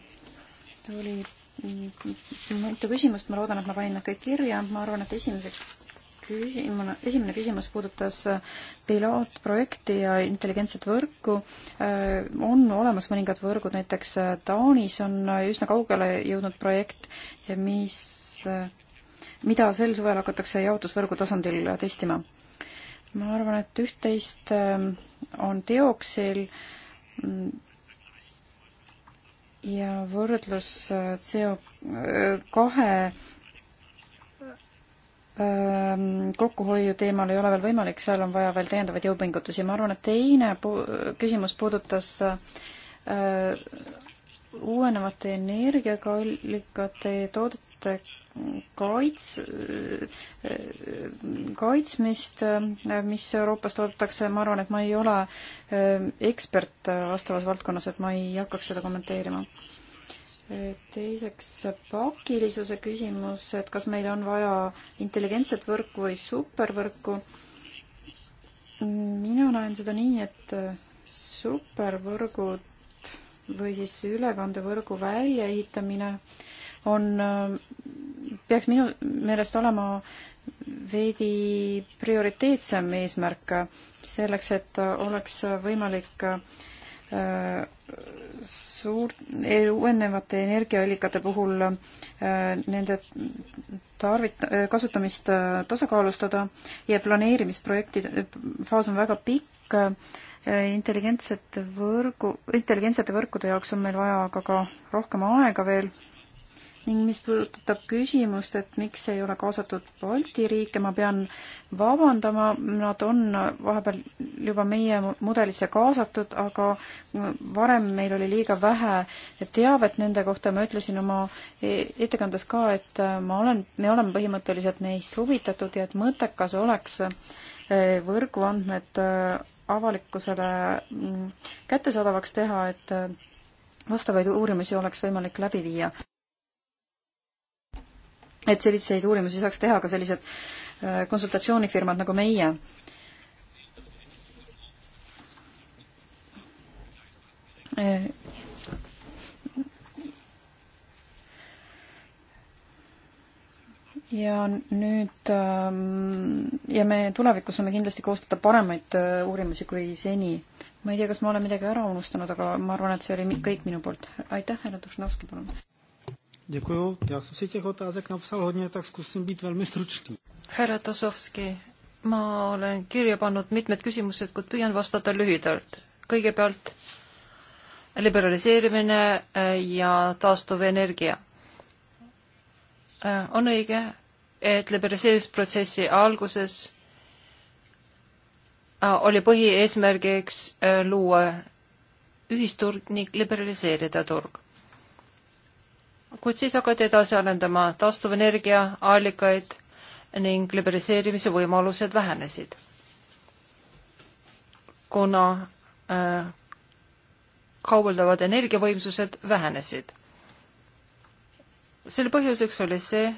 Speaker 2: tuli mm, mm, mitu küsimust, ma loodan, et ma panin nad kõik kirja, ma arvan, et esimeseks küsimune, esimene küsimus puudutas äh, pilootprojekti ja intelligentset võrku. Äh, on olemas mõningad võrgud, näiteks äh, Taanis on üsna kaugele jõudnud projekt, mis, mida sel suvel hakatakse jaotusvõrgu tasandil testima. ma arvan, et üht-teist on teoksil mm, ja võrdlus CO kahe kokkuhoiu teemal ei ole veel võimalik, seal on vaja veel täiendavaid jõupingutusi. ma arvan, et teine pu-, küsimus puudutas äh, uuenevate energiaallikate toodete kaits-, kaitsmist, mis Euroopas toodetakse, ma arvan, et ma ei ole ekspert vastavas valdkonnas, et ma ei hakkaks seda kommenteerima teiseks pakilisuse küsimus, et kas meil on vaja intelligentset võrku või supervõrku. mina näen seda nii, et supervõrgud või siis ülekandevõrgu väljaehitamine on, peaks minu meelest olema veidi prioriteetsem eesmärk selleks, et oleks võimalik äh, Äh, suur, e, uuenevate energiaallikate puhul äh, nende tarvit-, äh, kasutamist tasakaalustada ja planeerimisprojektide faas on väga pikk, intelligentsed võrgu, intelligentsete võrkude jaoks on meil vaja aga ka rohkem aega veel ning mis puudutab küsimust, et miks ei ole kaasatud Balti riike, ma pean vabandama, nad on vahepeal juba meie mudelisse kaasatud, aga varem meil oli liiga vähe teavet nende kohta, ma ütlesin oma e-, ettekandes ka, et ma olen, me oleme põhimõtteliselt neist huvitatud ja et mõttekas oleks e, võrguandmed e, avalikkusele mm, kättesaadavaks teha, et vastavaid uurimusi oleks võimalik läbi viia et selliseid uurimusi saaks teha ka sellised äh, konsultatsioonifirmad nagu meie. Äh, ja nüüd ähm, ja me tulevikus saame kindlasti koostada paremaid äh, uurimusi kui seni. ma ei tea, kas ma olen midagi ära unustanud, aga ma arvan, et see oli kõik minu poolt. aitäh, härra Dušnovski, palun!
Speaker 3: Děkuju. Já
Speaker 1: jsem si těch otázek napsal hodně, tak zkusím být velmi stručný. Härra Tasovski, ma olen kirja pannud mitmed küsimused, kuid püüan vastata lühidalt. Kõigepealt liberaliseerimine eh, ja taastuvenergia. Eh, on õige, et liberaliseerimisprotsessi alguses eh, oli põhieesmärgiks luua ühisturg ning liberaliseerida turg kuid siis hakati edasi arendama taastuvenergia allikaid ning liberaliseerimise võimalused vähenesid, kuna äh, kaubeldavad energiavõimsused vähenesid. selle põhjuseks oli see,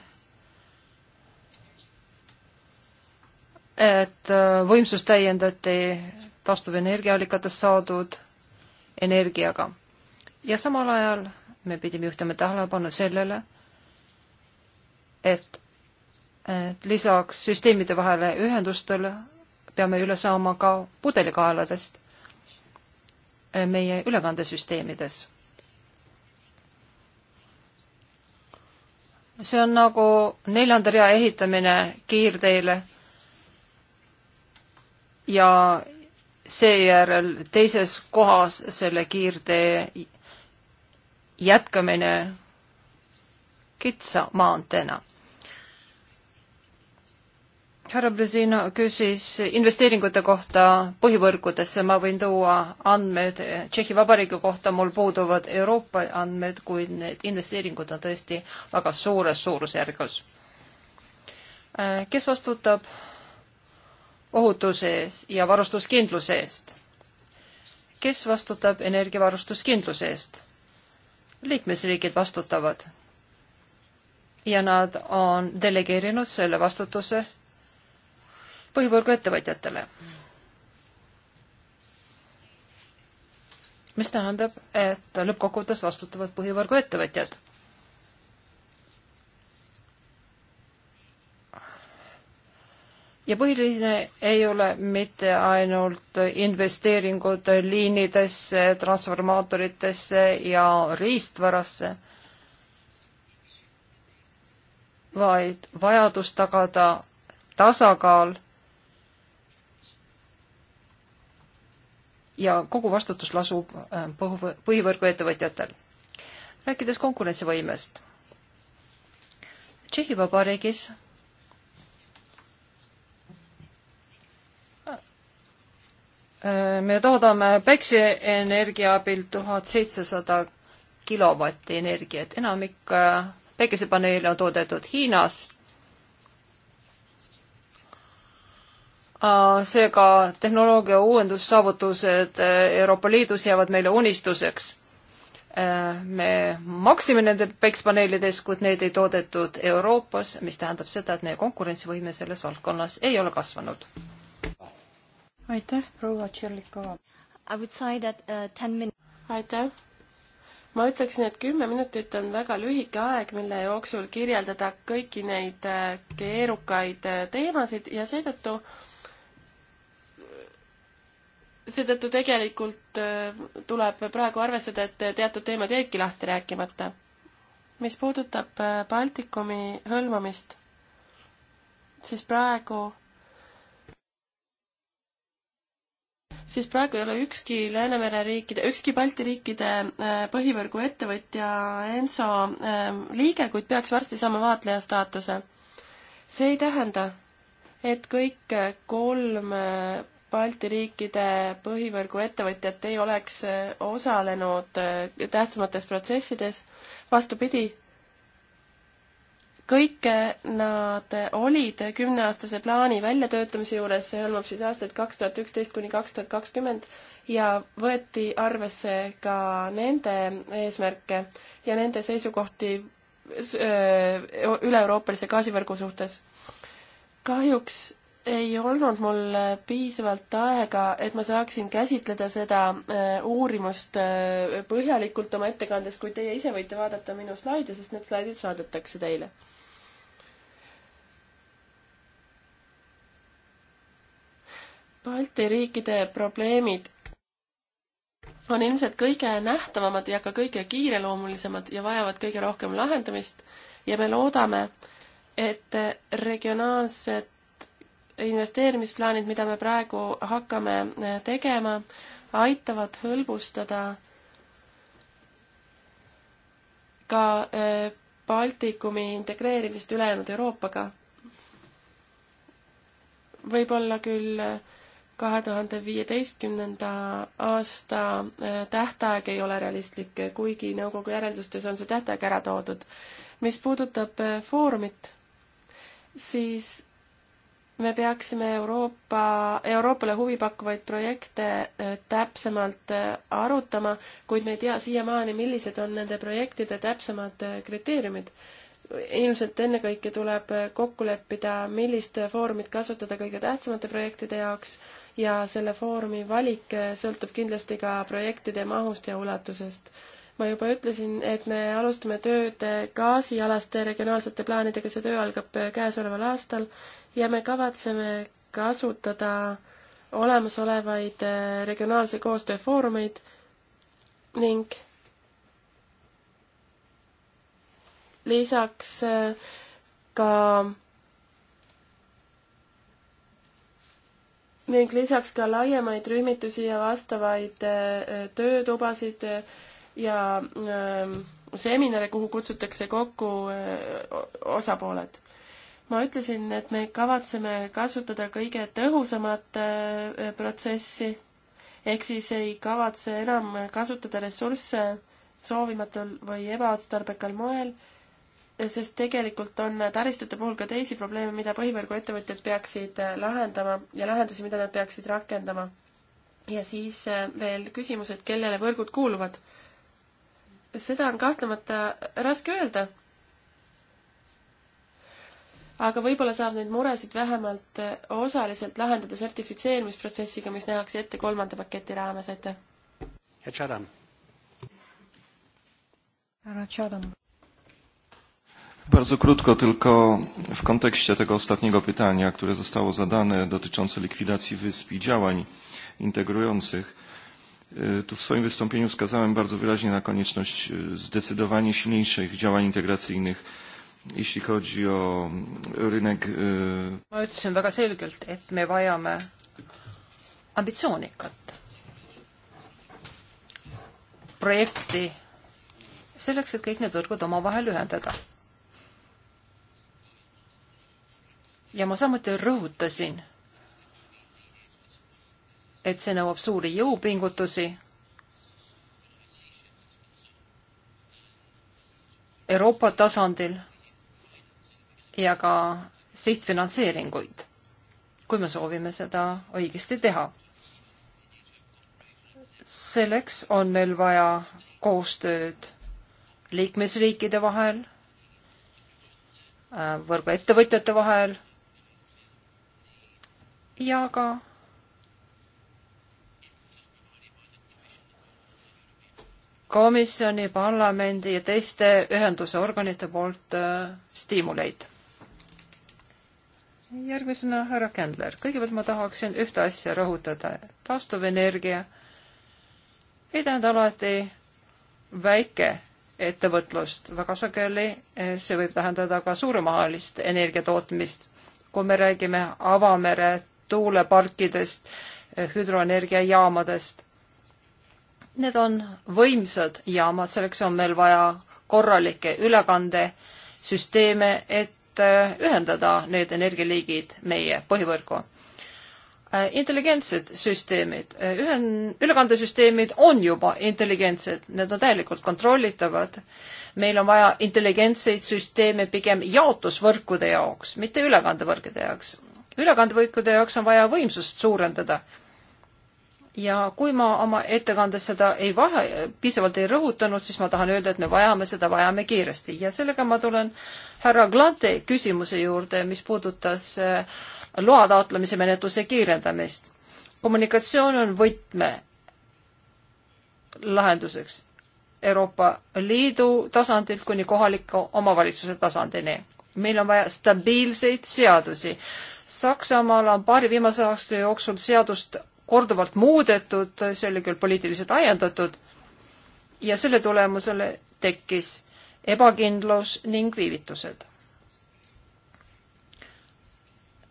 Speaker 1: et äh, võimsus täiendati taastuvenergiaallikatest saadud energiaga ja samal ajal me pidime juhtima tähelepanu sellele, et, et lisaks süsteemide vahele ühendustele peame üle saama ka pudelikaeladest eh, meie ülekandesüsteemides. see on nagu neljanda rea ehitamine kiirteile ja seejärel teises kohas selle kiirtee jätkamine kitsa maanteena. härra Brezina küsis investeeringute kohta põhivõrgudesse, ma võin tuua andmed Tšehhi Vabariigi kohta, mul puuduvad Euroopa andmed, kuid need investeeringud on tõesti väga suures suurusjärgus. kes vastutab ohutuse ees ja varustuskindluse eest? kes vastutab energiavarustuskindluse eest? liikmesriigid vastutavad ja nad on delegeerinud selle vastutuse põhivõrgu ettevõtjatele. mis tähendab, et lõppkokkuvõttes vastutavad põhivõrgu ettevõtjad ja põhiline ei ole mitte ainult investeeringud liinidesse, transformaatoritesse ja riistvarasse, vaid vajadus tagada tasakaal ja kogu vastutus lasub äh, põhivõrguettevõtjatel. rääkides konkurentsivõimest. Tšehhi Vabariigis me toodame päikseenergia abil tuhat seitsesada kilovatti energiat, enamik äh, päikesepaneele on toodetud Hiinas. Äh, seega tehnoloogia uuendussaavutused äh, Euroopa Liidus jäävad meile unistuseks. me maksime nende päiksepaneelides, kuid neid ei toodetud Euroopas, mis tähendab seda, et meie konkurentsivõime selles valdkonnas ei ole kasvanud
Speaker 2: aitäh, proua Tšerlikova.
Speaker 3: I would say that uh, ten min-. aitäh. ma ütleksin, et kümme minutit on väga lühike aeg, mille jooksul kirjeldada kõiki neid äh, keerukaid äh, teemasid ja seetõttu seetõttu tegelikult äh, tuleb praegu arvestada, et teatud teemad jäidki lahti rääkimata. mis puudutab Baltikumi hõlmamist, siis praegu siis praegu ei ole ükski Läänemere riikide, ükski Balti riikide äh, põhivõrgu ettevõtja ENSO ähm, liige, kuid peaks varsti saama vaatleja staatuse. see ei tähenda, et kõik äh, kolm äh, Balti riikide põhivõrgu ettevõtjat ei oleks osalenud tähtsamates protsessides. vastupidi, kõik nad olid kümneaastase plaani väljatöötamise juures, see hõlmab siis aastaid kaks tuhat üksteist kuni kaks tuhat kakskümmend, ja võeti arvesse ka nende eesmärke ja nende seisukohti üle-euroopalise gaasivõrgu suhtes. kahjuks ei olnud mul piisavalt aega, et ma saaksin käsitleda seda äh, uurimust äh, põhjalikult oma ettekandes, kuid teie ise võite vaadata minu slaide, sest need slaidid saadetakse teile Balti riikide probleemid on ilmselt kõige nähtavamad ja ka kõige kiireloomulisemad ja vajavad kõige rohkem lahendamist ja me loodame, et regionaalsed investeerimisplaanid, mida me praegu hakkame eh, tegema, aitavad hõlbustada ka eh, Baltikumi integreerimist ülejäänud Euroopaga. võib-olla küll eh, kahe tuhande viieteistkümnenda aasta tähtaeg ei ole realistlik, kuigi nõukogu järeldustes on see tähtaeg ära toodud. mis puudutab Foorumit, siis me peaksime Euroopa, Euroopale huvipakkuvaid projekte äh, täpsemalt äh, arutama, kuid me ei tea siiamaani, millised on nende projektide täpsemad äh, kriteeriumid. ilmselt ennekõike tuleb kokku leppida, millist foorumit kasutada kõige tähtsamate projektide jaoks ja selle foorumi valik sõltub kindlasti ka projektide mahust ja ulatusest ma juba ütlesin, et me alustame tööd gaasialaste regionaalsete plaanidega, see töö algab käesoleval aastal ja me kavatseme kasutada olemasolevaid äh, regionaalse koostöö foorumeid ning lisaks äh, ka ning lisaks ka laiemaid rühmitusi ja vastavaid äh, töötubasid ja ähm, seminare, kuhu kutsutakse kokku osapooled ma ütlesin, et me kavatseme kasutada kõige tõhusamat äh, protsessi, ehk siis ei kavatse enam kasutada ressursse soovimatul või ebaotstarbekal moel, sest tegelikult on taristute puhul ka teisi probleeme, mida põhivõrguettevõtjad peaksid äh, lahendama ja lahendusi, mida nad peaksid rakendama. ja siis äh, veel küsimus, et kellele võrgud kuuluvad. seda on kahtlemata raske öelda aga võib-olla saab neid muresid vähemalt eh, osaliselt lahendada sertifitseerimisprotsessiga, mis nähakse ette kolmanda paketi raames, aitäh. härra Tšadam.
Speaker 1: Bardzo krótko, tylko w kontekście tego ostatniego pytania, które zostało zadane dotyczące likwidacji wysp i działań integrujących. E, tu w swoim wystąpieniu wskazałem bardzo wyraźnie na konieczność e, zdecydowanie silniejszych działań integracyjnych jeśli chodzi o mm, rynek... ma ütlesin väga selgelt, et me vajame ambitsioonikat projekti selleks, et kõik need võrgud omavahel ühendada. ja ma samuti rõhutasin, et see nõuab suuri jõupingutusi Euroopa tasandil ja ka sihtfinantseeringuid, kui me soovime seda õigesti teha. selleks on meil vaja koostööd liikmesriikide vahel, äh, võrguettevõtjate vahel ja ka komisjoni, parlamendi ja teiste ühenduse organite poolt äh, stiimuleid järgmisena härra Kändler, kõigepealt ma tahaksin ühte asja rõhutada. taastuvenergia ei tähenda alati väikeettevõtlust, väga sageli eh, see võib tähendada ka suuremahalist energiatootmist. kui me räägime avamere tuuleparkidest, eh, hüdroenergiajaamadest, need on võimsad jaamad, selleks on meil vaja korralikke ülekandesüsteeme, et et äh, ühendada need energialiigid meie põhivõrgu. Äh, intelligentsed süsteemid, äh, ühen-, ülekandesüsteemid on juba intelligentsed, need on täielikult kontrollitavad. meil on vaja intelligentseid süsteeme pigem jaotusvõrkude jaoks, mitte ülekandevõrkude jaoks. ülekandevõrkude jaoks on vaja võimsust suurendada ja kui ma oma ettekandes seda ei vahe, piisavalt ei rõhutanud, siis ma tahan öelda, et me vajame seda, vajame kiiresti ja sellega ma tulen härra Glante küsimuse juurde, mis puudutas äh, loa taotlemise menetluse kiirendamist. kommunikatsioon on võtme lahenduseks Euroopa Liidu tasandilt kuni kohaliku omavalitsuse tasandini. meil on vaja stabiilseid seadusi. Saksamaal on paari viimase aasta jooksul seadust korduvalt muudetud, see oli küll poliitiliselt ajendatud, ja selle tulemusel tekkis ebakindlus ning viivitused.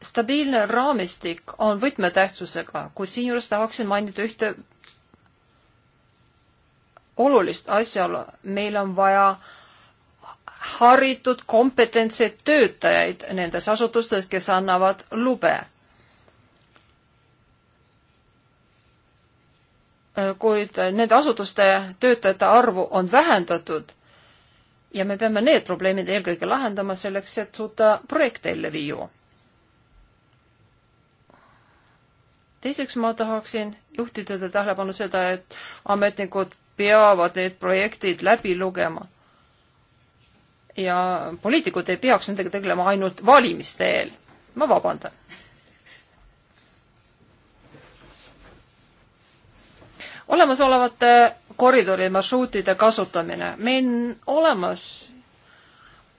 Speaker 1: stabiilne raamistik on võtmetähtsusega, kuid siinjuures tahaksin mainida ühte olulist asjaolu, meil on vaja haritud, kompetentseid töötajaid nendes asutustes, kes annavad lube. Äh, kuid nende asutuste töötajate arvu on vähendatud ja me peame need probleemid eelkõige lahendama selleks, et suuta projekte ellu viia. teiseks ma tahaksin juhtida teie tähelepanu seda, et ametnikud peavad need projektid läbi lugema. ja poliitikud ei peaks nendega tegelema ainult valimiste eel. ma vabandan olemasolevate koridori marsruutide kasutamine. meil on olemas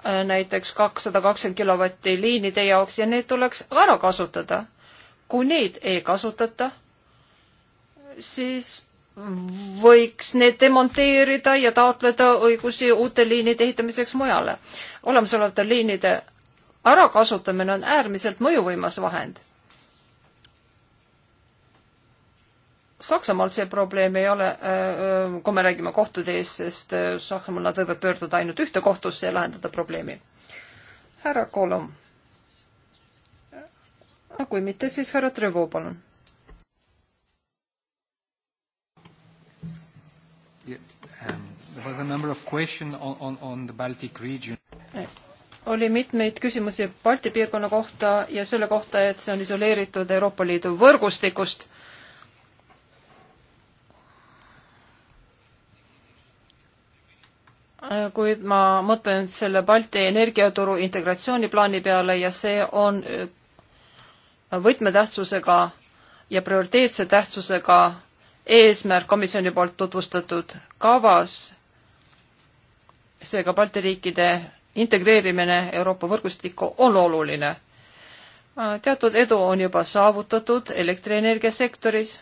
Speaker 1: äh, näiteks kakssada kakskümmend kilovatti liinide jaoks ja need tuleks ära kasutada. kui neid ei kasutata, siis võiks need demonteerida ja taotleda õigusi uute liinide ehitamiseks mujale. olemasolevate liinide ärakasutamine on äärmiselt mõjuvõimas vahend Saksamaal see probleem ei ole, äh, äh, kui me räägime kohtude ees, sest äh, Saksamaal nad võivad pöörduda ainult ühte kohtusse ja lahendada probleemi. härra Kolom. kui mitte, siis härra Trevo, palun. Um, eh, oli mitmeid küsimusi Balti piirkonna kohta ja selle kohta, et see on isoleeritud Euroopa Liidu võrgustikust Äh, kuid ma mõtlen selle Balti energiaturu integratsiooniplaani peale ja see on äh, võtmetähtsusega ja prioriteetse tähtsusega eesmärk komisjoni poolt tutvustatud kavas. seega Balti riikide integreerimine Euroopa võrgustikku on oluline. Äh, teatud edu on juba saavutatud elektrienergia sektoris.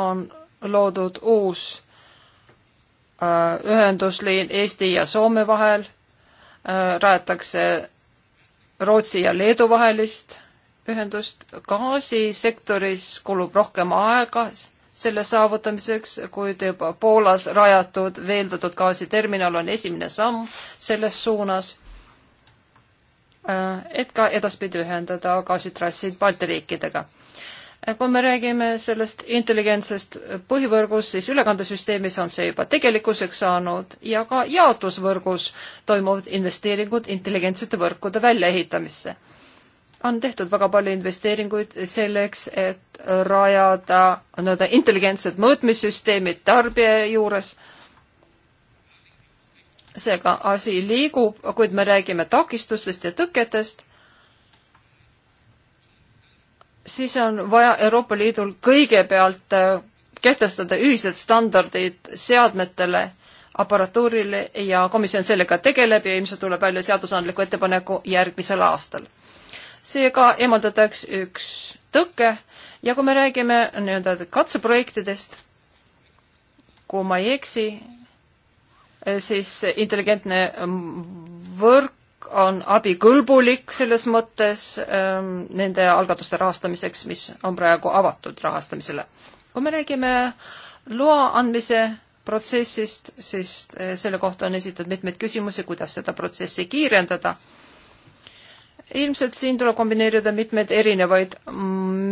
Speaker 1: on loodud uus Äh, ühendusliin Eesti ja Soome vahel, äh, rajatakse Rootsi ja Leedu vahelist ühendust, gaasisektoris kulub rohkem aega selle saavutamiseks, kuid juba Poolas rajatud veeldatud gaasiterminal on esimene samm selles suunas, äh, et ka edaspidi ühendada gaasitrassid Balti riikidega Äh, kui me räägime sellest intelligentsest põhivõrgust, siis ülekandesüsteemis on see juba tegelikkuseks saanud ja ka jaotusvõrgus toimuvad investeeringud intelligentsete võrkude väljaehitamisse. on tehtud väga palju investeeringuid selleks, et rajada nii-öelda intelligentsed mõõtmissüsteemid tarbija juures seega asi liigub, kuid me räägime takistustest ja tõketest siis on vaja Euroopa Liidul kõigepealt äh, kehtestada ühised standardid seadmetele, aparatuurile ja komisjon sellega tegeleb ja ilmselt tuleb välja seadusandliku ettepaneku järgmisel aastal. seega eemaldatakse üks tõke ja kui me räägime nii-öelda katseprojektidest, kui ma ei eksi, äh, siis intelligentne mm, võrk on abikõlbulik selles mõttes ähm, nende algatuste rahastamiseks, mis on praegu avatud rahastamisele. kui me räägime loa andmise protsessist, siis äh, selle kohta on esitatud mitmeid küsimusi, kuidas seda protsessi kiirendada. ilmselt siin tuleb kombineerida mitmeid erinevaid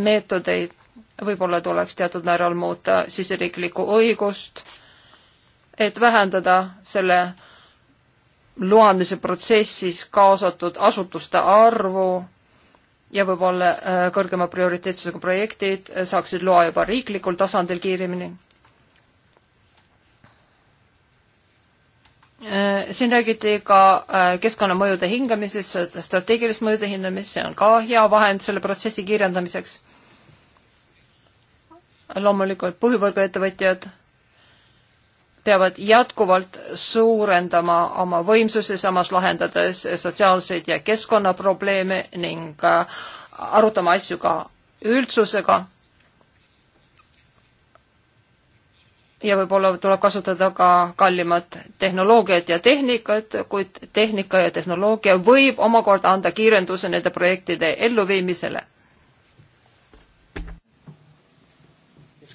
Speaker 1: meetodeid. võib-olla tuleks teatud määral muuta siseriiklikku õigust, et vähendada selle loa andmise protsessis kaasatud asutuste arvu ja võib-olla äh, kõrgema prioriteetsusega projektid äh, saaksid loa juba riiklikul tasandil kiiremini. Äh, siin räägiti ka keskkonnamõjude hingamisest, strateegilist mõjude hindamist, see on ka hea vahend selle protsessi kiirendamiseks. loomulikult põhivõrguettevõtjad peavad jätkuvalt suurendama oma võimsusi, samas lahendades sotsiaalseid ja keskkonnaprobleeme ning äh, arutama asju ka üldsusega. ja võib-olla tuleb kasutada ka kallimat tehnoloogiat ja tehnikat, kuid tehnika ja tehnoloogia võib omakorda anda kiirenduse nende projektide elluviimisele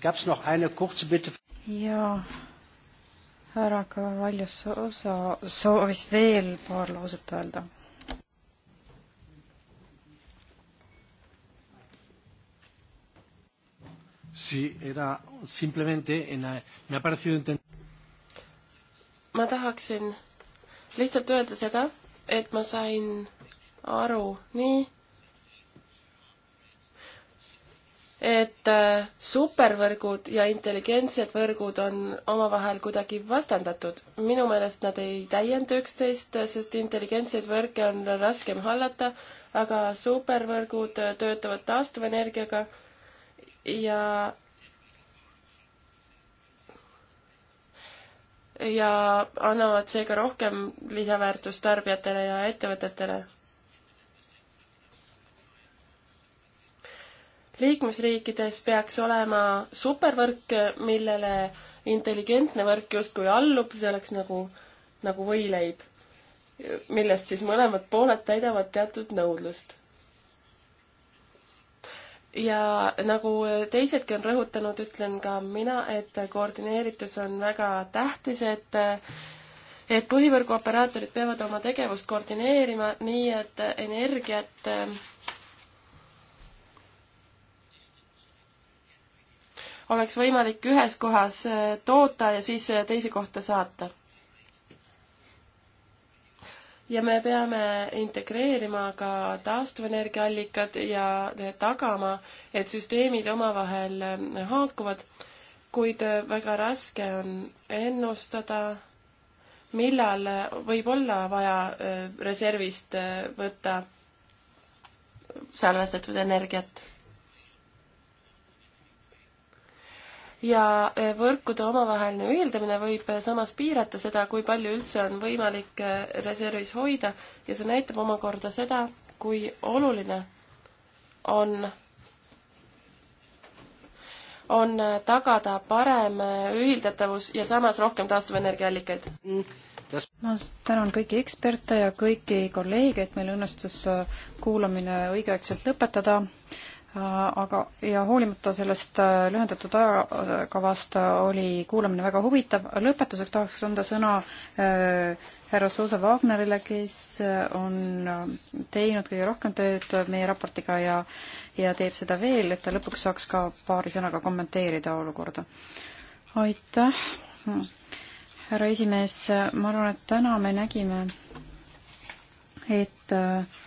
Speaker 1: gab es noch eine kurze Bitte.
Speaker 2: Ja, härra Kavaljus osa soovis veel paar lauset öelda.
Speaker 3: Sí, era simplemente en la, me ha parecido entender ma tahaksin lihtsalt öelda seda, et ma sain aru nii, et äh, supervõrgud ja intelligentsed võrgud on omavahel kuidagi vastandatud. minu meelest nad ei täienda üksteist, sest intelligentseid võrke on raskem hallata, aga supervõrgud äh, töötavad taastuvenergiaga ja ja annavad seega rohkem lisaväärtust tarbijatele ja ettevõtetele liikmesriikides peaks olema supervõrk, millele intelligentne võrk justkui allub, see oleks nagu, nagu võileib, millest siis mõlemad pooled täidavad teatud nõudlust. ja nagu teisedki on rõhutanud, ütlen ka mina, et koordineeritus on väga tähtis, et et põhivõrguoperaatorid peavad oma tegevust koordineerima nii, et energiat oleks võimalik ühes kohas äh, toota ja siis äh, teise kohta saata. ja me peame integreerima ka taastuvenergia allikad ja äh, tagama, et süsteemid omavahel haakuvad, kuid väga raske on ennustada, millal võib olla vaja reservist võtta salvestatud energiat ja eh, võrkude omavaheline ühildamine võib eh, samas piirata seda, kui palju üldse on võimalik eh, reservis hoida ja see näitab omakorda seda, kui oluline on, on tagada parem ühildatavus ja samas rohkem taastuvenergiaallikaid.
Speaker 2: ma tänan kõiki eksperte ja kõiki kolleege, et meil õnnestus kuulamine õigeaegselt lõpetada Äh, aga, ja hoolimata sellest äh, lühendatud ajakavast äh, oli kuulamine väga huvitav. lõpetuseks tahaks anda sõna härra Suusa Wagnerile, kes on teinud kõige rohkem tööd meie raportiga ja, ja teeb seda veel, et ta lõpuks saaks ka paari sõnaga kommenteerida olukorda. aitäh, härra esimees, ma arvan, et täna me nägime, et äh,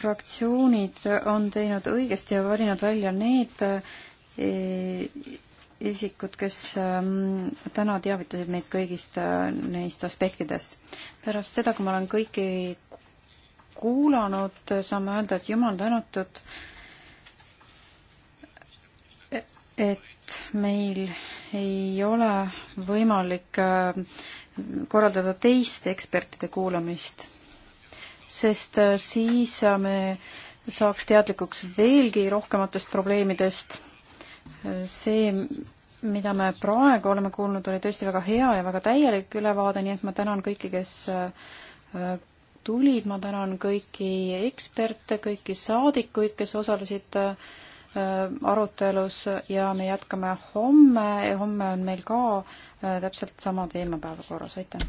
Speaker 2: fraktsioonid on teinud õigesti ja valinud välja need e, isikud, kes ähm, täna teavitasid meid kõigist äh, neist aspektidest. pärast seda, kui ma olen kõiki kuulanud, saame öelda, et jumal tänatud, et meil ei ole võimalik äh, korraldada teist ekspertide kuulamist sest äh, siis äh, me saaks teadlikuks veelgi rohkematest probleemidest. Äh, see, mida me praegu oleme kuulnud, oli tõesti väga hea ja väga täielik ülevaade, nii et ma tänan kõiki, kes tulid, ma tänan kõiki eksperte, kõiki saadikuid, kes osalesid arutelus ja me jätkame homme ja homme on meil ka täpselt sama teema päevakorras, aitäh!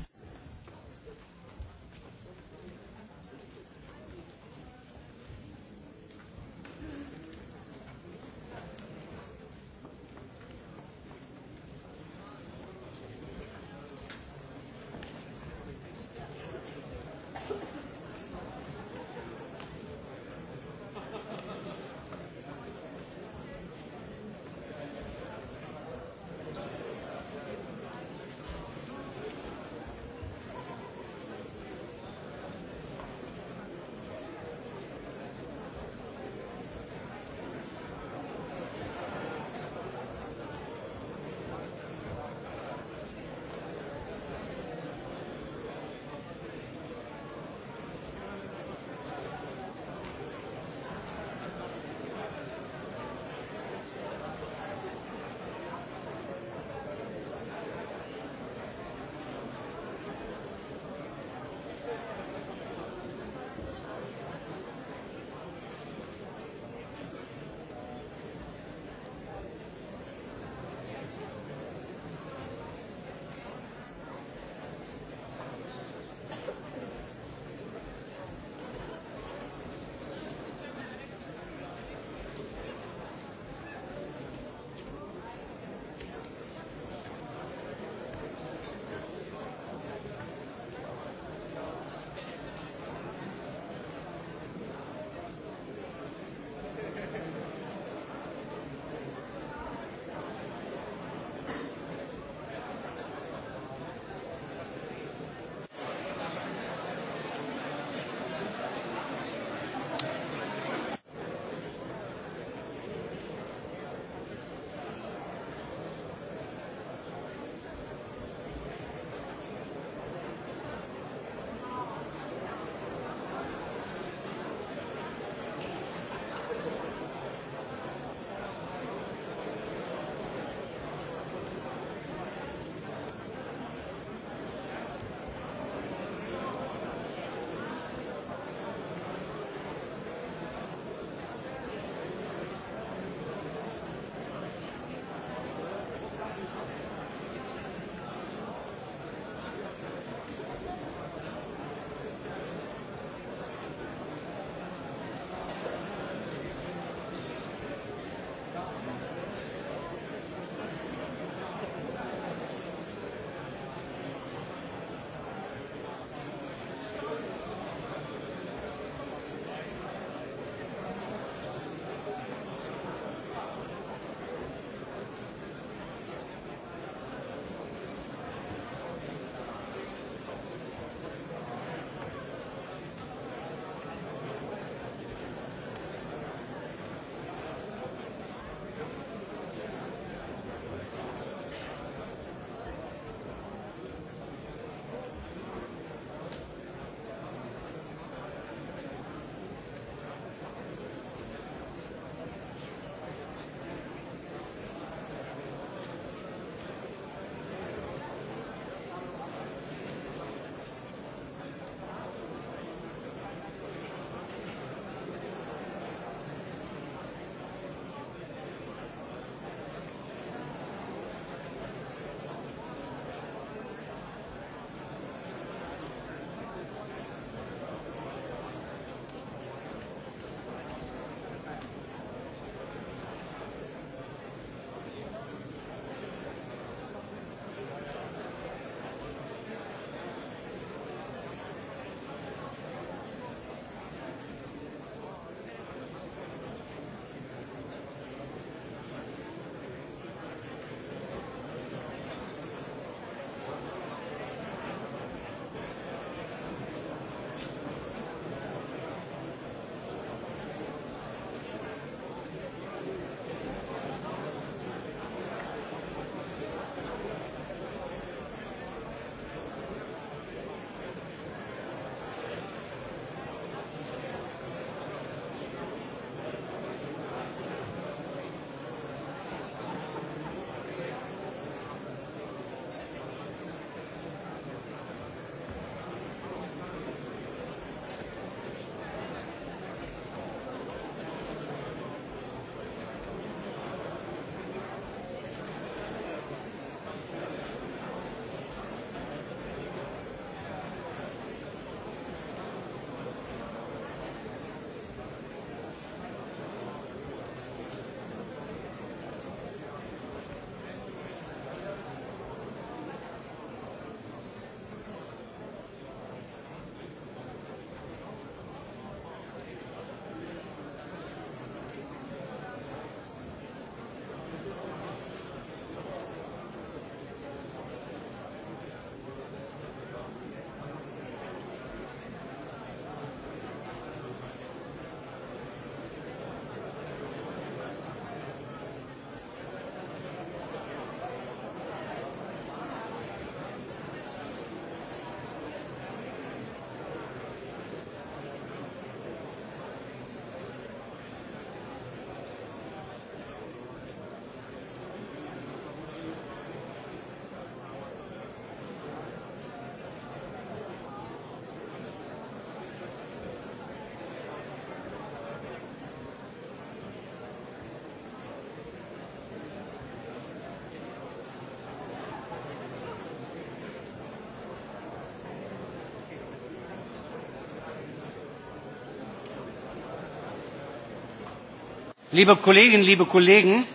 Speaker 2: Liebe Kolleginnen, liebe Kollegen,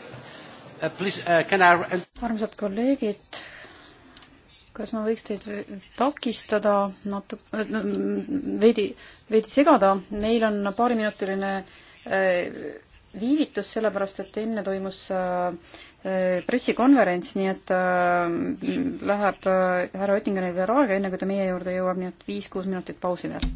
Speaker 2: äh, please, äh, can I... armsad kolleegid, kas ma võiks teid takistada natu-, äh, veidi, veidi segada, meil on paariminutiline viivitus, sellepärast et enne toimus pressikonverents, nii et läheb härra Oettingeril veel aega, enne kui ta meie juurde jõuab, nii et viis-kuus minutit pausi veel.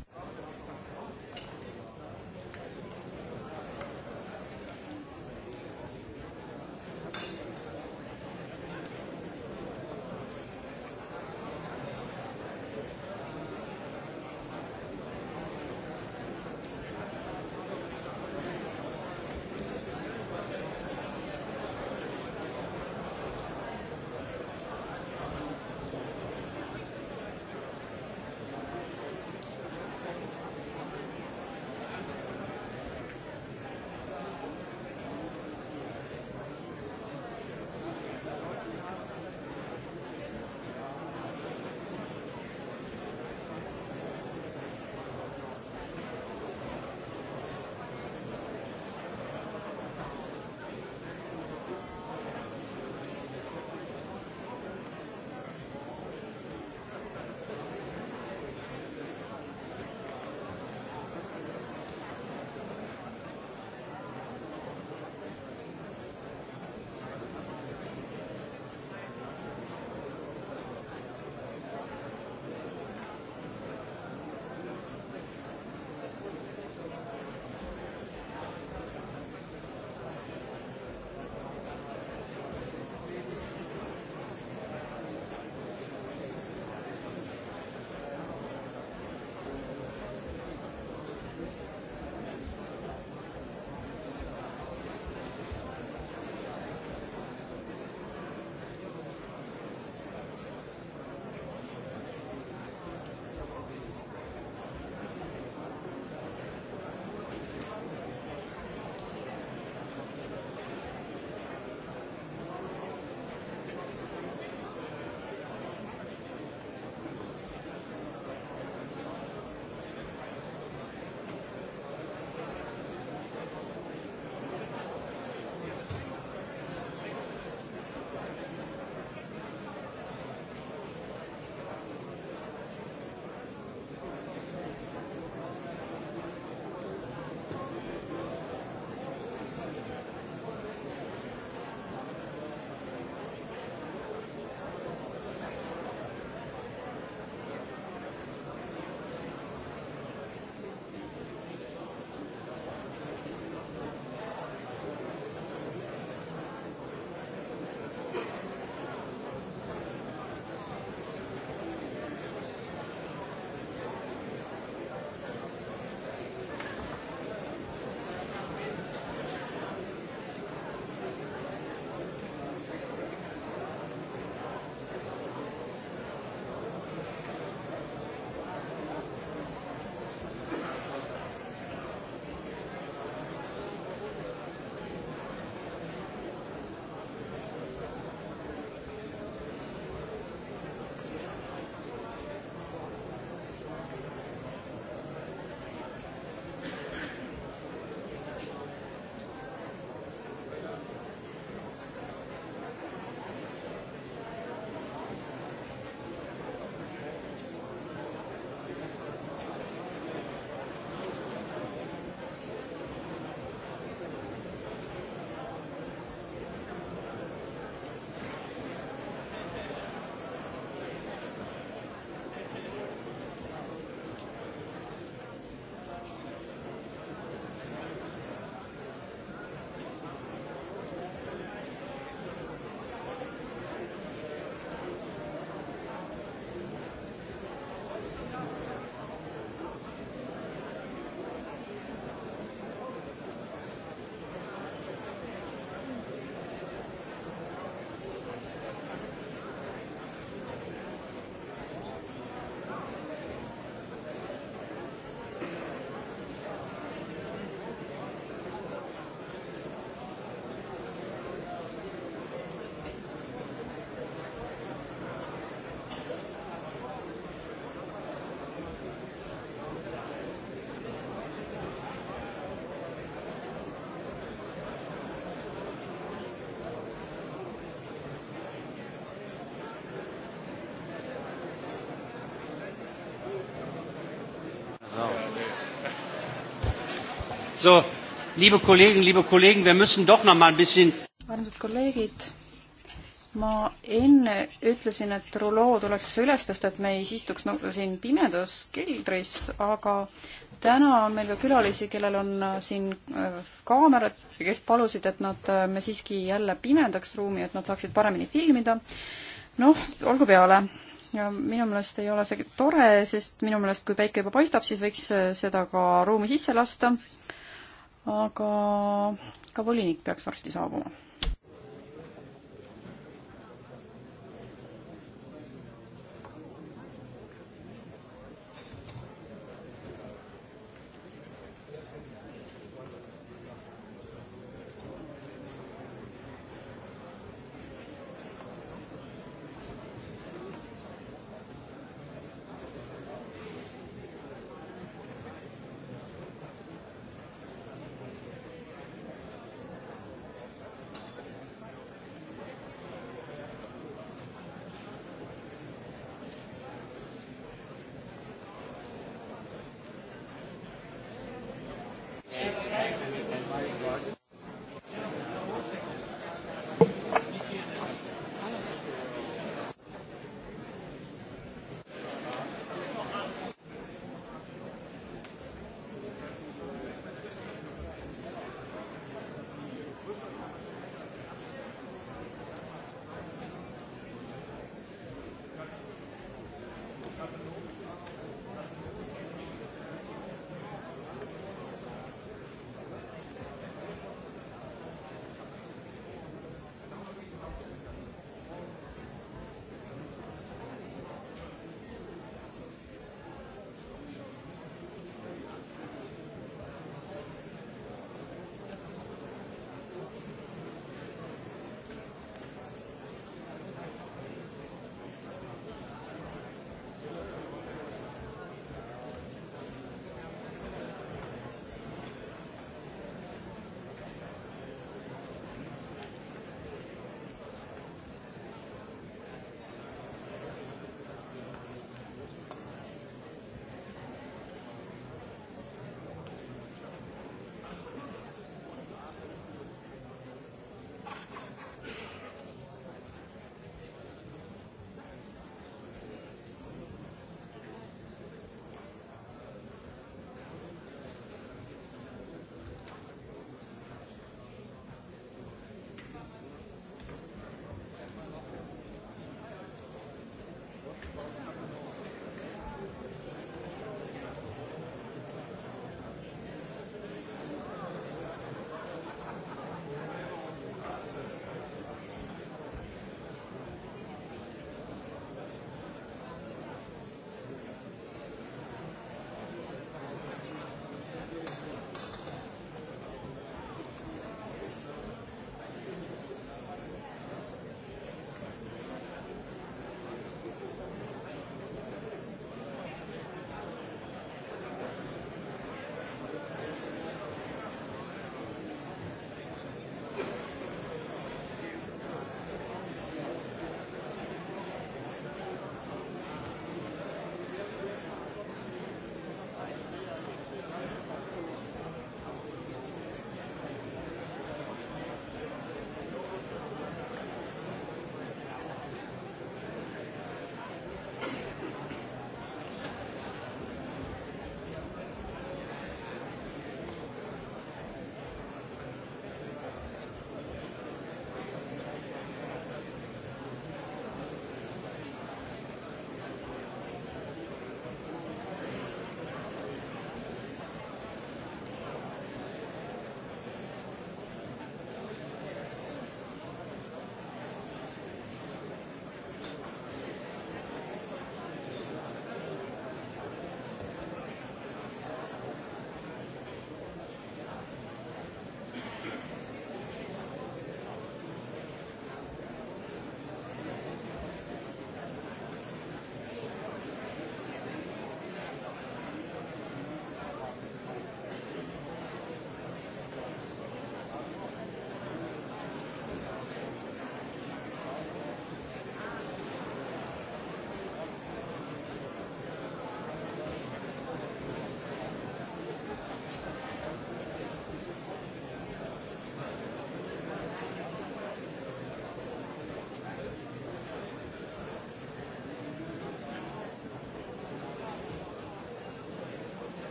Speaker 2: So, liebe Kollegen, liebe Kollegen, wir müssen doch noch mal ein bisschen armsad kolleegid, ma enne ütlesin, et ruloo tuleks üles tõsta, et me ei istuks nagu siin pimedas keldris, aga täna on meil ka külalisi, kellel on äh, siin äh, kaamerad, kes palusid, et nad, äh, me siiski jälle pimendaks ruumi, et nad saaksid paremini filmida. noh, olgu peale. ja minu meelest ei ole see tore, sest minu meelest, kui päike juba paistab, siis võiks seda ka ruumi sisse lasta aga ka volinik peaks varsti saabuma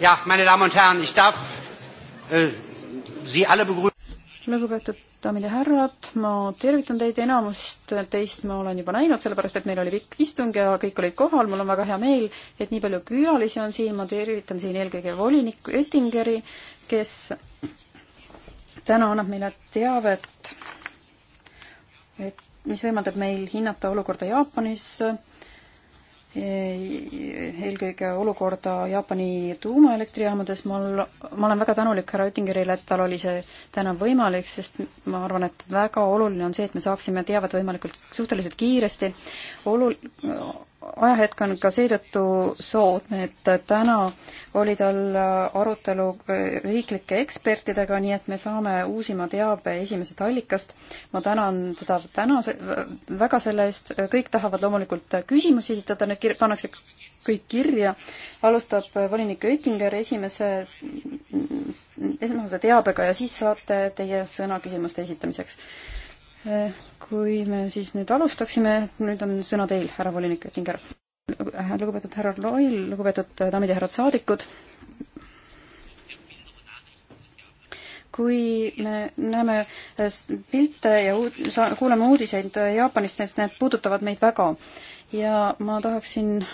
Speaker 1: Ja, meine Damen und Herren, ich darf äh, Sie alle begrüßen.
Speaker 2: lugupeetud daamid ja härrad, ma tervitan teid, enamust teist ma olen juba näinud, sellepärast et meil oli pikk istung ja kõik olid kohal, mul on väga hea meel, et nii palju külalisi on siin, ma tervitan siin eelkõige volinik Oettingeri, kes täna annab meile teavet, et mis võimaldab meil hinnata olukorda Jaapanis äh, eelkõige olukorda Jaapani tuumaelektrijaamades. mul, ma olen väga tänulik härra Oettingerile, et tal oli see täna võimalik, sest ma arvan, et väga oluline on see, et me saaksime teavet võimalikult suhteliselt kiiresti. Olul-, ajahetk on ka seetõttu soodne, et täna oli tal arutelu riiklike ekspertidega, nii et me saame uusima teabe esimesest allikast. ma tänan teda tänase, väga selle eest, kõik tahavad loomulikult küsimusi esitada, need kir-, pannakse kõik kirja. alustab volinik Oettinger esimese, esimese teabega ja siis saate teie sõna küsimuste esitamiseks kui me siis nüüd alustaksime, nüüd on sõna teil, härra volinik Oettinger. Äh, lugupeetud härra Loil, lugupeetud äh, daamid ja härrad saadikud, kui me näeme äh, pilte ja uud-, kuuleme uudiseid Jaapanist, siis need puudutavad meid väga. ja ma tahaksin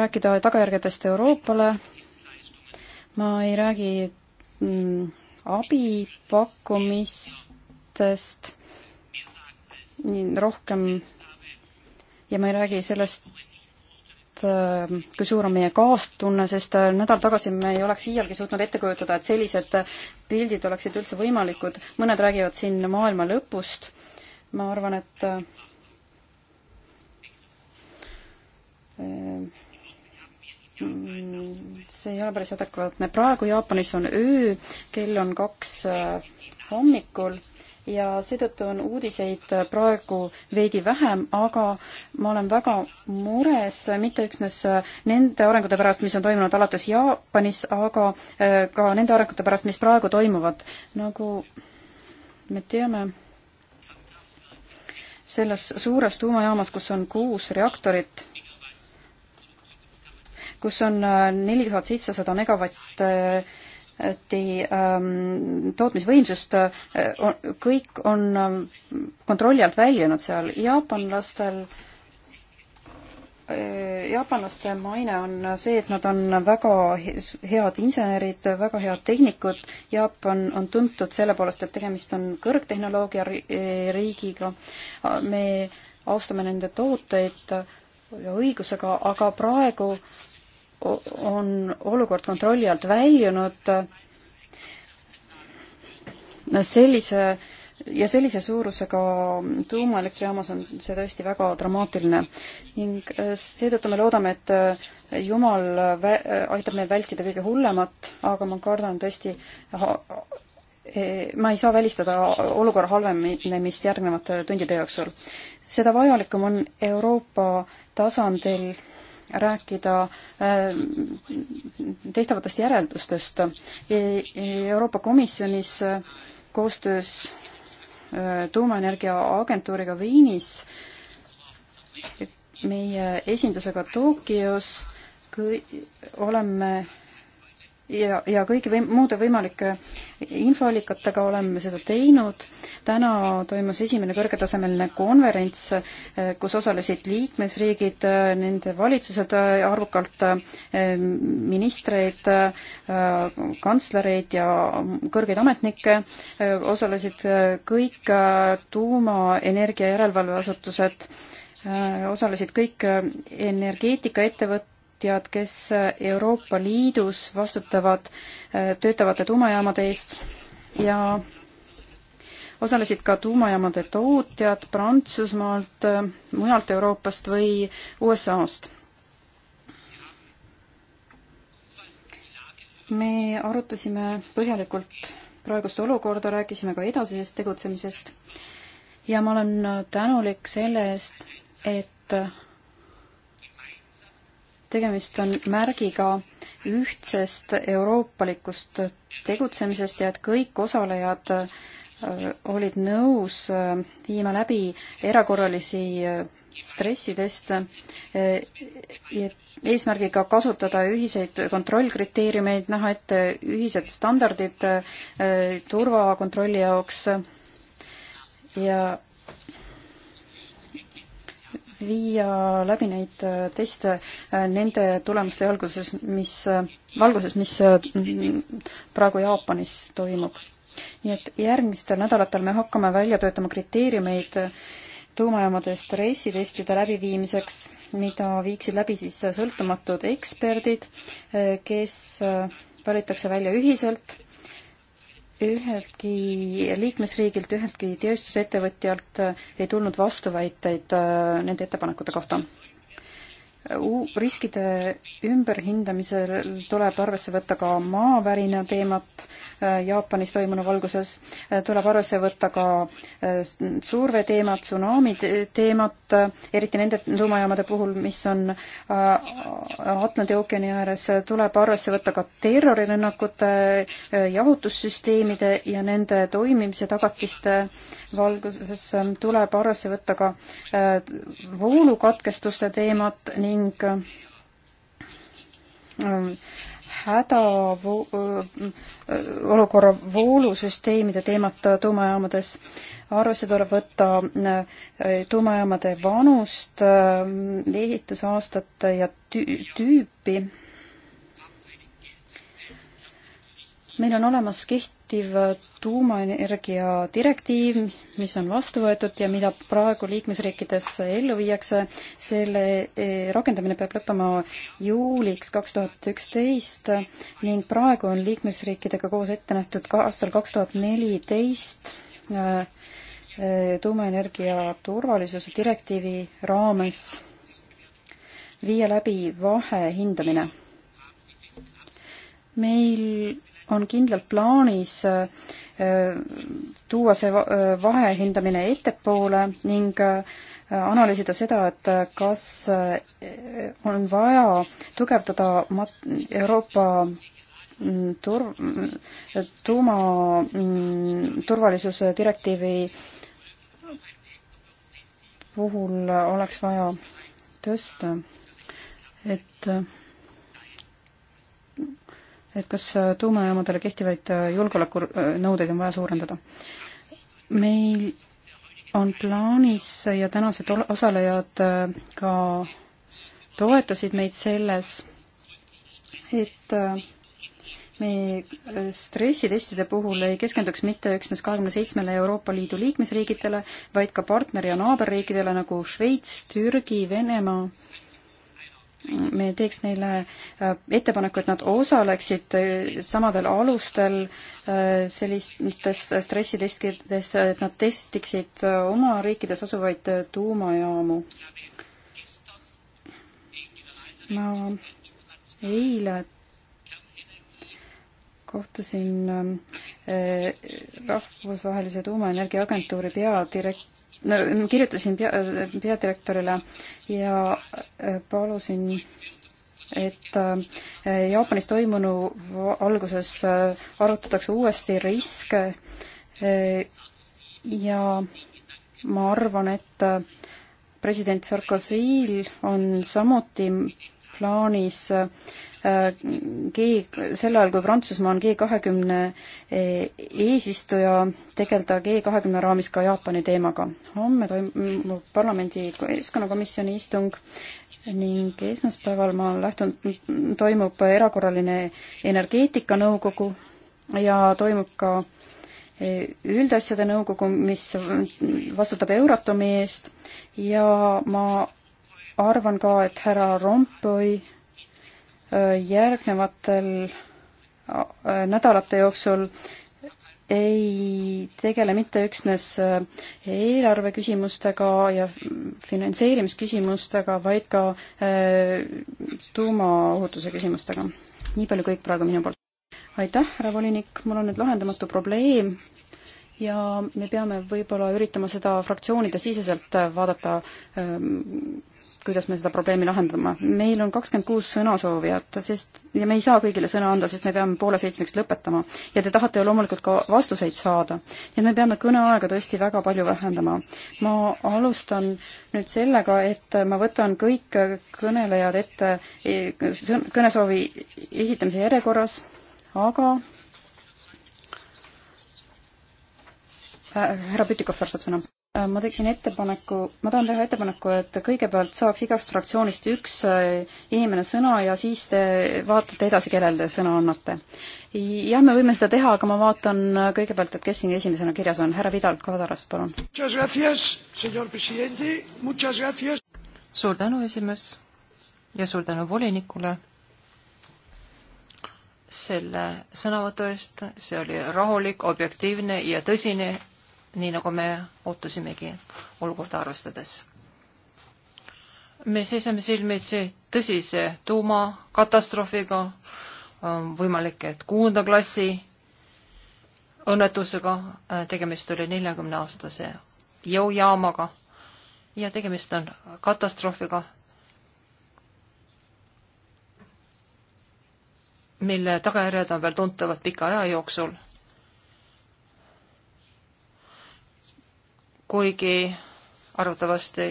Speaker 2: rääkida tagajärgedest Euroopale, ma ei räägi mm, abipakkumistest rohkem ja ma ei räägi sellest, äh, kui suur on meie kaastunne, sest äh, nädal tagasi me ei oleks iialgi suutnud ette kujutada, et sellised äh, pildid oleksid üldse võimalikud. mõned räägivad siin maailma lõpust. ma arvan, et see ei ole päris adekvaatne. praegu Jaapanis on öö, kell on kaks äh, hommikul ja seetõttu on uudiseid äh, praegu veidi vähem, aga ma olen väga mures äh, mitte üksnes nende arengute pärast, mis on toimunud alates Jaapanis, aga ka nende arengute pärast, mis praegu toimuvad. nagu me teame, selles suures tuumajaamas, kus on kuus reaktorit, kus on äh, neli tuhat seitsesada megavatti äh, ähm, tootmisvõimsust, äh, kõik on kontrolli alt väljunud seal, jaapanlastel jaapanlaste maine on see, et nad on väga head insenerid, väga head tehnikud. Jaapan on tuntud selle poolest, et tegemist on kõrgtehnoloogia riigiga. me austame nende tooteid ja õigusega, aga praegu on olukord kontrolli alt väljunud sellise ja sellise suurusega tuumaelektrijaamas on see tõesti väga dramaatiline ning äh, seetõttu me loodame, et äh, Jumal vä-, aitab meil vältida kõige hullemat, aga ma kardan tõesti, e-, ma ei saa välistada olukorra halvenemist järgnevate tundide jooksul. seda vajalikum on Euroopa tasandil rääkida äh, tehtavatest järeldustest. E-, e-, Euroopa Komisjonis äh, koostöös äh, tuumaenergia agentuuriga Viinis, meie esindusega Tokyos oleme ja, ja kõigi võim-, muude võimalike infoallikatega oleme seda teinud. täna toimus esimene kõrgetasemeline konverents, eh, kus osalesid liikmesriigid, eh, nende valitsused eh, arvukalt, ministreid, kantslereid ja kõrgeid ametnikke, osalesid kõik tuumaenergia järelevalveasutused, osalesid kõik energeetikaettevõtted, ettevõtjad, kes Euroopa Liidus vastutavad äh, töötavate tuumajaamade eest ja osalesid ka tuumajaamade tootjad Prantsusmaalt, äh, mujalt Euroopast või USA-st. me arutasime põhjalikult praegust olukorda, rääkisime ka edasisest tegutsemisest ja ma olen tänulik selle eest, et tegemist on märgiga ühtsest euroopalikust tegutsemisest ja et kõik osalejad äh, olid nõus äh, viima läbi erakorralisi äh, stressiteste eesmärgiga kasutada ühiseid kontrollkriteeriumeid, näha ette ühised standardid turvakontrolli jaoks ja viia läbi neid äh, teste äh, nende tulemuste alguses, mis, äh, valguses, mis praegu Jaapanis toimub. nii et järgmistel nädalatel me hakkame välja töötama kriteeriumeid tuumajaamade stressitestide läbiviimiseks, mida viiksid läbi siis sõltumatud eksperdid, kes valitakse välja ühiselt üheltki liikmesriigilt, üheltki tööstusettevõtjalt ei tulnud vastuväiteid äh, nende ettepanekute kohta. riskide ümberhindamisel tuleb arvesse võtta ka maavärina teemat, Äh, Jaapanis toimunu valguses. Äh, tuleb arvesse võtta ka äh, surve teemat, tsunami teemat, eriti nende tuumajaamade puhul, mis on Atlandi ookeani ääres. tuleb arvesse võtta ka terrorirünnakute, jahutussüsteemide ja nende toimimise tagatiste valguses. tuleb arvesse võtta ka voolukatkestuste teemat ning hädaolukorra voolusüsteemide teemat tuumajaamades. arvesse tuleb võtta tuumajaamade vanust, ehitusaastat ja tü-, tüüpi. meil on olemas kehtiv tuumaenergia direktiiv, mis on vastu võetud ja mida praegu liikmesriikides ellu viiakse, selle eh, rakendamine peab lõppema juuliks kaks tuhat üksteist ning praegu on liikmesriikidega koos ette nähtud ka aastal kaks tuhat neliteist eh, eh, tuumaenergia turvalisuse direktiivi raames viia läbi vahehindamine. meil on kindlalt plaanis äh, Äh, tuua see äh, vahehindamine ettepoole ning äh, analüüsida seda, et kas on vaja tugevdada Euroopa mm, tur-, mm, tuumaturvalisuse mm, direktiivi puhul oleks vaja tõsta, et et kas äh, tuumajaamadele kehtivaid äh, julgeolekunõudeid on vaja suurendada. meil on plaanis ja tänased osalejad äh, ka toetasid meid selles, et me stressitestide puhul ei keskenduks mitte üksnes kahekümne seitsmele Euroopa Liidu liikmesriigidele, vaid ka partner- ja naaberriikidele nagu Šveits, Türgi, Venemaa me teeks neile äh, ettepaneku, et nad osaleksid äh, samadel alustel äh, sellistes stressitestides, et nad testiksid oma riikides asuvaid tuumajaamu. ma eile kohtusin Rahvusvahelise Tuumaenergia Agentuuri peadirek-, no, kirjutasin pea, peadirektorile ja äh, palusin et äh, Jaapanis toimunu alguses äh, arutatakse uuesti riske ja ma arvan, et president Sarkozyl on samuti plaanis G, sel ajal, kui Prantsusmaa on G kahekümne eesistuja, tegeleda G kahekümne raamis ka Jaapani teemaga. homme toimub parlamendi keskkonnakomisjoni istung ning esmaspäeval ma lähtun, toimub erakorraline energeetikanõukogu ja toimub ka üldasjade nõukogu, mis vastutab Euratomi eest ja ma arvan ka, et härra Rompuy järgnevatel nädalate jooksul ei tegele mitte üksnes e, eelarve küsimustega ja finantseerimisküsimustega, vaid ka e, tuumaohutuse küsimustega. nii palju kõik praegu minu poolt. aitäh, härra volinik, mul on nüüd lahendamatu probleem ja me peame võib-olla üritama seda fraktsioonide siseselt vaadata e, kuidas me seda probleemi lahendame. meil on kakskümmend kuus sõnasoovijat, sest ja me ei saa kõigile sõna anda, sest me peame poole seitsmeks lõpetama. ja te tahate ju loomulikult ka vastuseid saada. nii et me peame kõneaega tõesti väga palju vähendama. ma alustan nüüd sellega, et ma võtan kõik kõnelejad ette e, kõnesoovi esitamise järjekorras, aga äh, härra Pütikofer saab sõna Äh, ma tegin ettepaneku, ma tahan teha ettepaneku, et kõigepealt saaks igast fraktsioonist üks äh, inimene sõna ja siis te vaatate edasi, kellele te sõna annate. jah, me võime seda teha, aga ma vaatan äh, kõigepealt, et kes siin esimesena kirjas on. härra Vidal Kadarast, palun.
Speaker 1: suur tänu, esimees, ja suur tänu volinikule selle sõnavõtu eest, see oli rahulik, objektiivne ja tõsine nii nagu me ootasimegi olukorda arvestades. me seisame silmitsi tõsise tuumakatastroofiga, võimalik, et kuuenda klassi õnnetusega, äh, tegemist oli neljakümne aastase jõujaamaga ja tegemist on katastroofiga, mille tagajärjed on veel tuntavad pika aja jooksul kuigi arvatavasti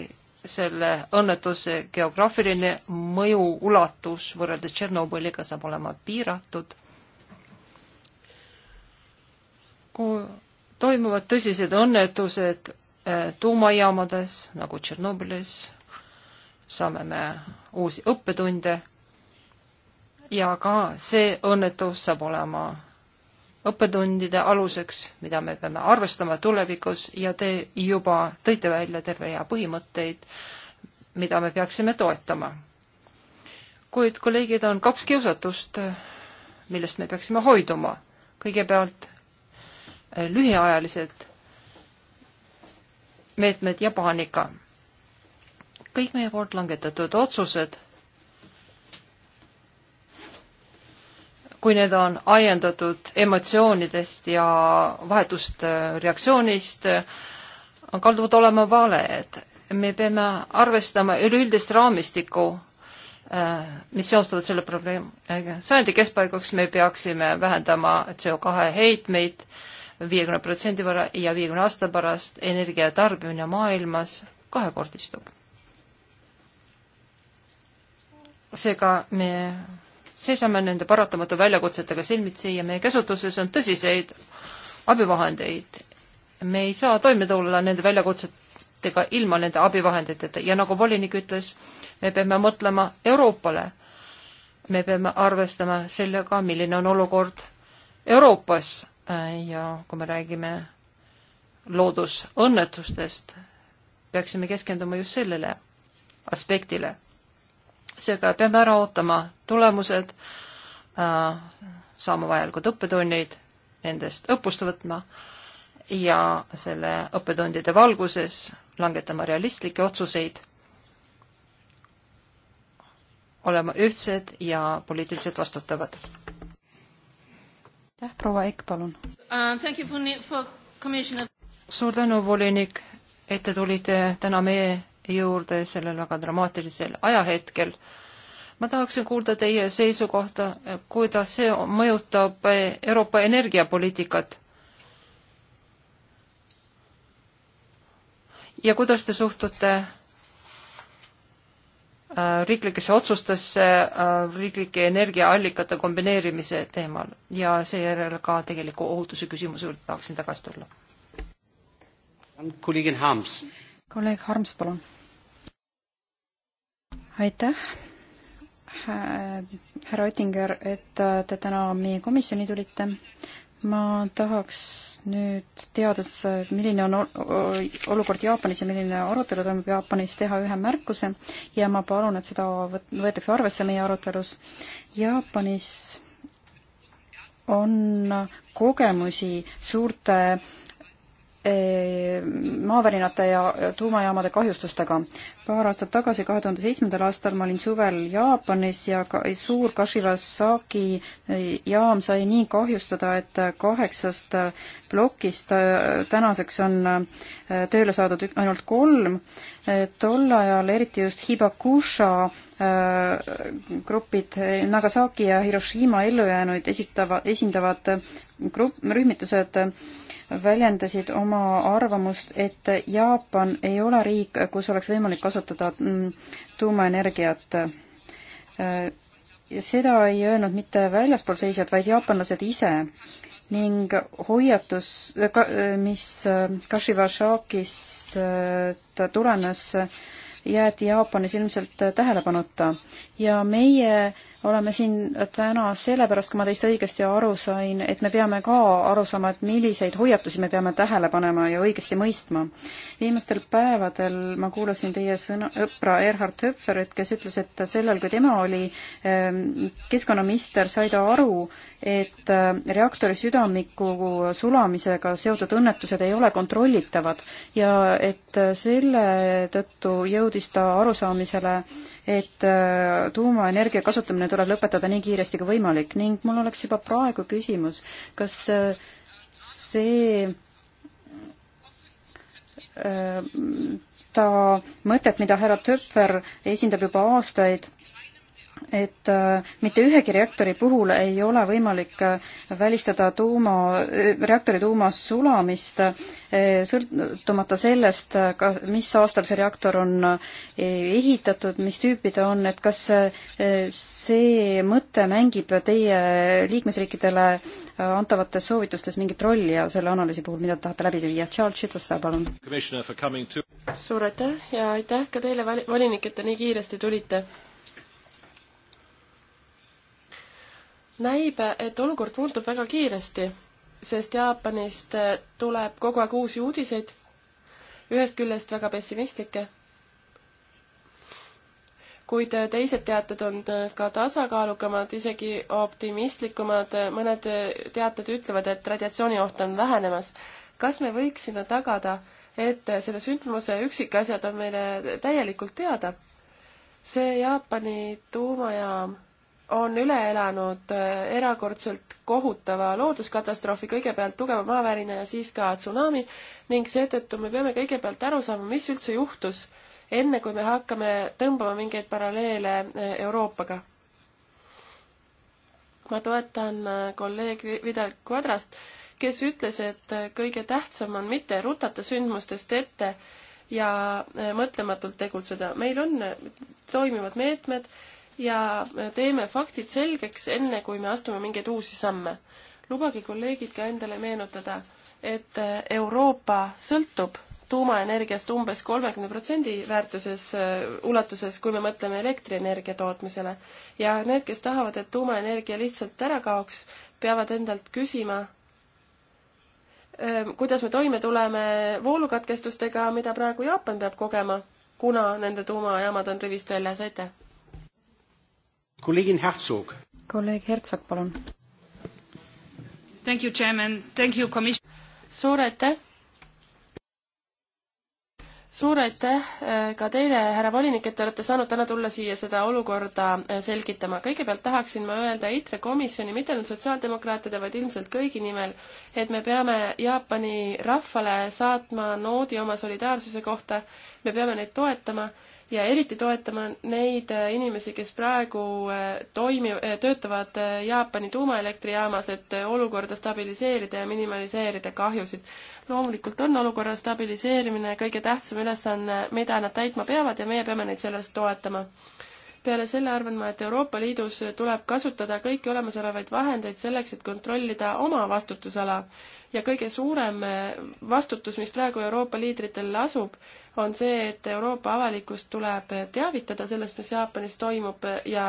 Speaker 1: selle õnnetuse geograafiline mõju ulatus võrreldes Tšernobõliga saab olema piiratud. kui toimuvad tõsised õnnetused eh, tuumajaamades nagu Tšernobõlis, saame me uusi õppetunde ja ka see õnnetus saab olema õppetundide aluseks, mida me peame arvestama tulevikus ja te juba tõite välja terve rea põhimõtteid, mida me peaksime toetama. kuid kolleegid, on kaks kiusatust, millest me peaksime hoiduma. kõigepealt eh, lühiajalised meetmed ja paanika. kõik meie poolt langetatud otsused kui need on ajendatud emotsioonidest ja vahetust äh, reaktsioonist, äh, kalduvad olema valed. me peame arvestama üleüldist raamistikku, äh, mis seostuvad selle probleemi. sajandi keskpaigaks me peaksime vähendama CO2 heitmeid viiekümne protsendi võrra ja viiekümne aasta pärast energia tarbimine maailmas kahekordistub. seega me seisame nende paratamatu väljakutsetega silmitsi ja meie käsutuses on tõsiseid abivahendeid. me ei saa toime tulla nende väljakutsetega ilma nende abivahenditeta ja nagu volinik ütles, me peame mõtlema Euroopale. me peame arvestama sellega, milline on olukord Euroopas ja kui me räägime loodusõnnetustest, peaksime keskenduma just sellele aspektile seega peame ära ootama tulemused, äh, saama vajalikud õppetunnid, nendest õppust võtma ja selle õppetundide valguses langetama realistlikke otsuseid, olema ühtsed ja poliitiliselt vastutavad.
Speaker 3: aitäh,
Speaker 2: proua
Speaker 1: Eik, palun
Speaker 3: uh,!
Speaker 1: suur tänu, volinik, et te tulite täna meie juurde sellel väga dramaatilisel ajahetkel. ma tahaksin kuulda teie seisukohta, kuidas see mõjutab Euroopa energiapoliitikat. ja kuidas te suhtute äh, riiklikesse otsustesse äh, riiklike energiaallikate kombineerimise teemal ja seejärel ka tegeliku ohutuse küsimuse juurde tahaksin tagasi tulla. kolleeg
Speaker 2: Harms, palun aitäh, härra Oettinger, et äh, te täna meie komisjoni tulite. ma tahaks nüüd teades, milline on olukord Jaapanis ja milline arutelu toimub Jaapanis, teha ühe märkuse ja ma palun, et seda võetakse arvesse meie arutelus. Jaapanis on kogemusi suurte äh, maavärinate ja tuumajaamade kahjustustega. paar aastat tagasi, kahe tuhande seitsmendal aastal ma olin suvel Jaapanis ja ka suur Kashiwasaki jaam sai nii kahjustada, et kaheksast plokist tänaseks on tööle saadud ainult kolm. tol ajal eriti just Hibakusha grupid, Nagasaki ja Hiroshima ellujäänuid esitava, esindavad grupp, rühmitused väljendasid oma arvamust, et Jaapan ei ole riik, kus oleks võimalik kasutada mm, tuumaenergiat. seda ei öelnud mitte väljaspool seisjad, vaid jaapanlased ise ning hoiatus, mis Kashiwashakis tulenes, jäeti Jaapanis ilmselt tähelepanuta ja meie oleme siin täna sellepärast, kui ma teist õigesti aru sain, et me peame ka aru saama, et milliseid hoiatusi me peame tähele panema ja õigesti mõistma. viimastel päevadel ma kuulasin teie sõna, õpra Erhard Höpferit, kes ütles, et sellel, kui tema oli ehm, keskkonnaminister, sai ta aru, et äh, reaktori südamiku sulamisega seotud õnnetused ei ole kontrollitavad ja et äh, selle tõttu jõudis ta arusaamisele, et äh, tuumaenergia kasutamine tuleb lõpetada nii kiiresti kui võimalik ning mul oleks juba praegu küsimus, kas see ta mõtet, mida härra Töpfer esindab juba aastaid, et äh, mitte ühegi reaktori puhul ei ole võimalik äh, välistada tuuma, äh, reaktori tuuma sulamist, sõltumata sellest, ka mis aastal see reaktor on ehitatud, mis tüüpi ta on, et kas see mõte mängib teie liikmesriikidele antavates soovitustes mingit rolli ja selle analüüsi puhul, mida te tahate läbi viia? Charles Chitsaste, palun!
Speaker 3: suur aitäh ja aitäh ka teile, volinik, et te nii kiiresti tulite! näib, et olukord muutub väga kiiresti, sest Jaapanist äh, tuleb kogu aeg uusi uudiseid, ühest küljest väga pessimistlikke, kuid äh, teised teated on äh, ka tasakaalukamad, isegi optimistlikumad, mõned teated ütlevad, et radiatsioonioht on vähenemas. kas me võiksime tagada, et selle sündmuse üksikasjad on meile täielikult teada? see Jaapani tuumajaam on üle elanud äh, erakordselt kohutava looduskatastroofi, kõigepealt tugeva maavärina ja siis ka tsunami ning seetõttu me peame kõigepealt aru saama, mis üldse juhtus, enne kui me hakkame tõmbama mingeid paralleele äh, Euroopaga. ma toetan äh, kolleeg Vidal Quadrast, kes ütles, et kõige tähtsam on mitte rutata sündmustest ette ja mõtlematult tegutseda. meil on toimivad meetmed ja teeme faktid selgeks, enne kui me astume mingeid uusi samme. lubage kolleegid ka endale meenutada, et Euroopa sõltub tuumaenergiast umbes kolmekümne protsendi väärtuses, äh, ulatuses, kui me mõtleme elektrienergia tootmisele. ja need, kes tahavad, et tuumaenergia lihtsalt ära kaoks, peavad endalt küsima, äh, kuidas me toime tuleme voolukatkestustega, mida praegu Jaapan peab kogema, kuna nende tuumajaamad on rivist väljas, aitäh! kolleegin Herzog. kolleeg
Speaker 2: Herzog, palun.
Speaker 3: Thank you, chairman, thank you, commission. suur aitäh suur aitäh äh, ka teile, härra volinik, et te olete saanud täna tulla siia seda olukorda äh, selgitama. kõigepealt tahaksin ma öelda ITRE komisjoni, mitte ainult sotsiaaldemokraatide, vaid ilmselt kõigi nimel, et me peame Jaapani rahvale saatma noodi oma solidaarsuse kohta, me peame neid toetama ja eriti toetama neid äh, inimesi, kes praegu äh, toimi-, äh, töötavad Jaapani tuumaelektrijaamas, et olukorda stabiliseerida ja minimaliseerida kahjusid. loomulikult on olukorra stabiliseerimine kõige tähtsam ülesanne, mida nad täitma peavad ja meie peame neid selles toetama peale selle arvan ma, et Euroopa Liidus tuleb kasutada kõiki olemasolevaid vahendeid selleks, et kontrollida oma vastutusala. ja kõige suurem vastutus, mis praegu Euroopa liidritel lasub, on see, et Euroopa avalikkust tuleb teavitada sellest, mis Jaapanis toimub ja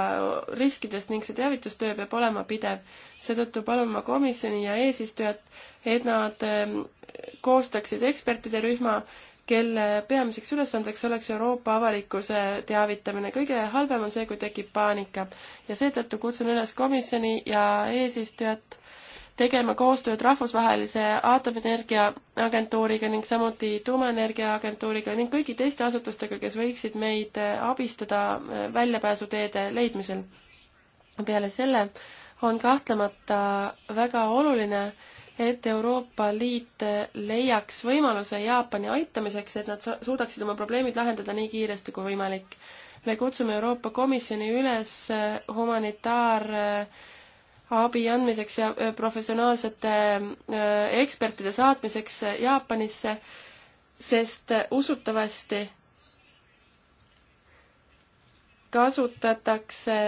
Speaker 3: riskidest ning see teavitustöö peab olema pidev. seetõttu palun ma komisjoni ja eesistujat, et nad koostaksid ekspertide rühma, kelle peamiseks ülesandeks oleks Euroopa avalikkuse teavitamine. kõige halvem on see, kui tekib paanika ja seetõttu kutsun üles komisjoni ja eesistujat tegema koostööd Rahvusvahelise Aatomienergia Agentuuriga ning samuti Tuumaenergia Agentuuriga ning kõigi teiste asutustega, kes võiksid meid abistada äh, väljapääsuteede leidmisel. peale selle on kahtlemata väga oluline, et Euroopa Liit leiaks võimaluse Jaapani aitamiseks, et nad suudaksid oma probleemid lahendada nii kiiresti kui võimalik. me kutsume Euroopa Komisjoni üles äh, humanitaarabi äh, andmiseks ja äh, professionaalsete ekspertide saatmiseks Jaapanisse, sest usutavasti kasutatakse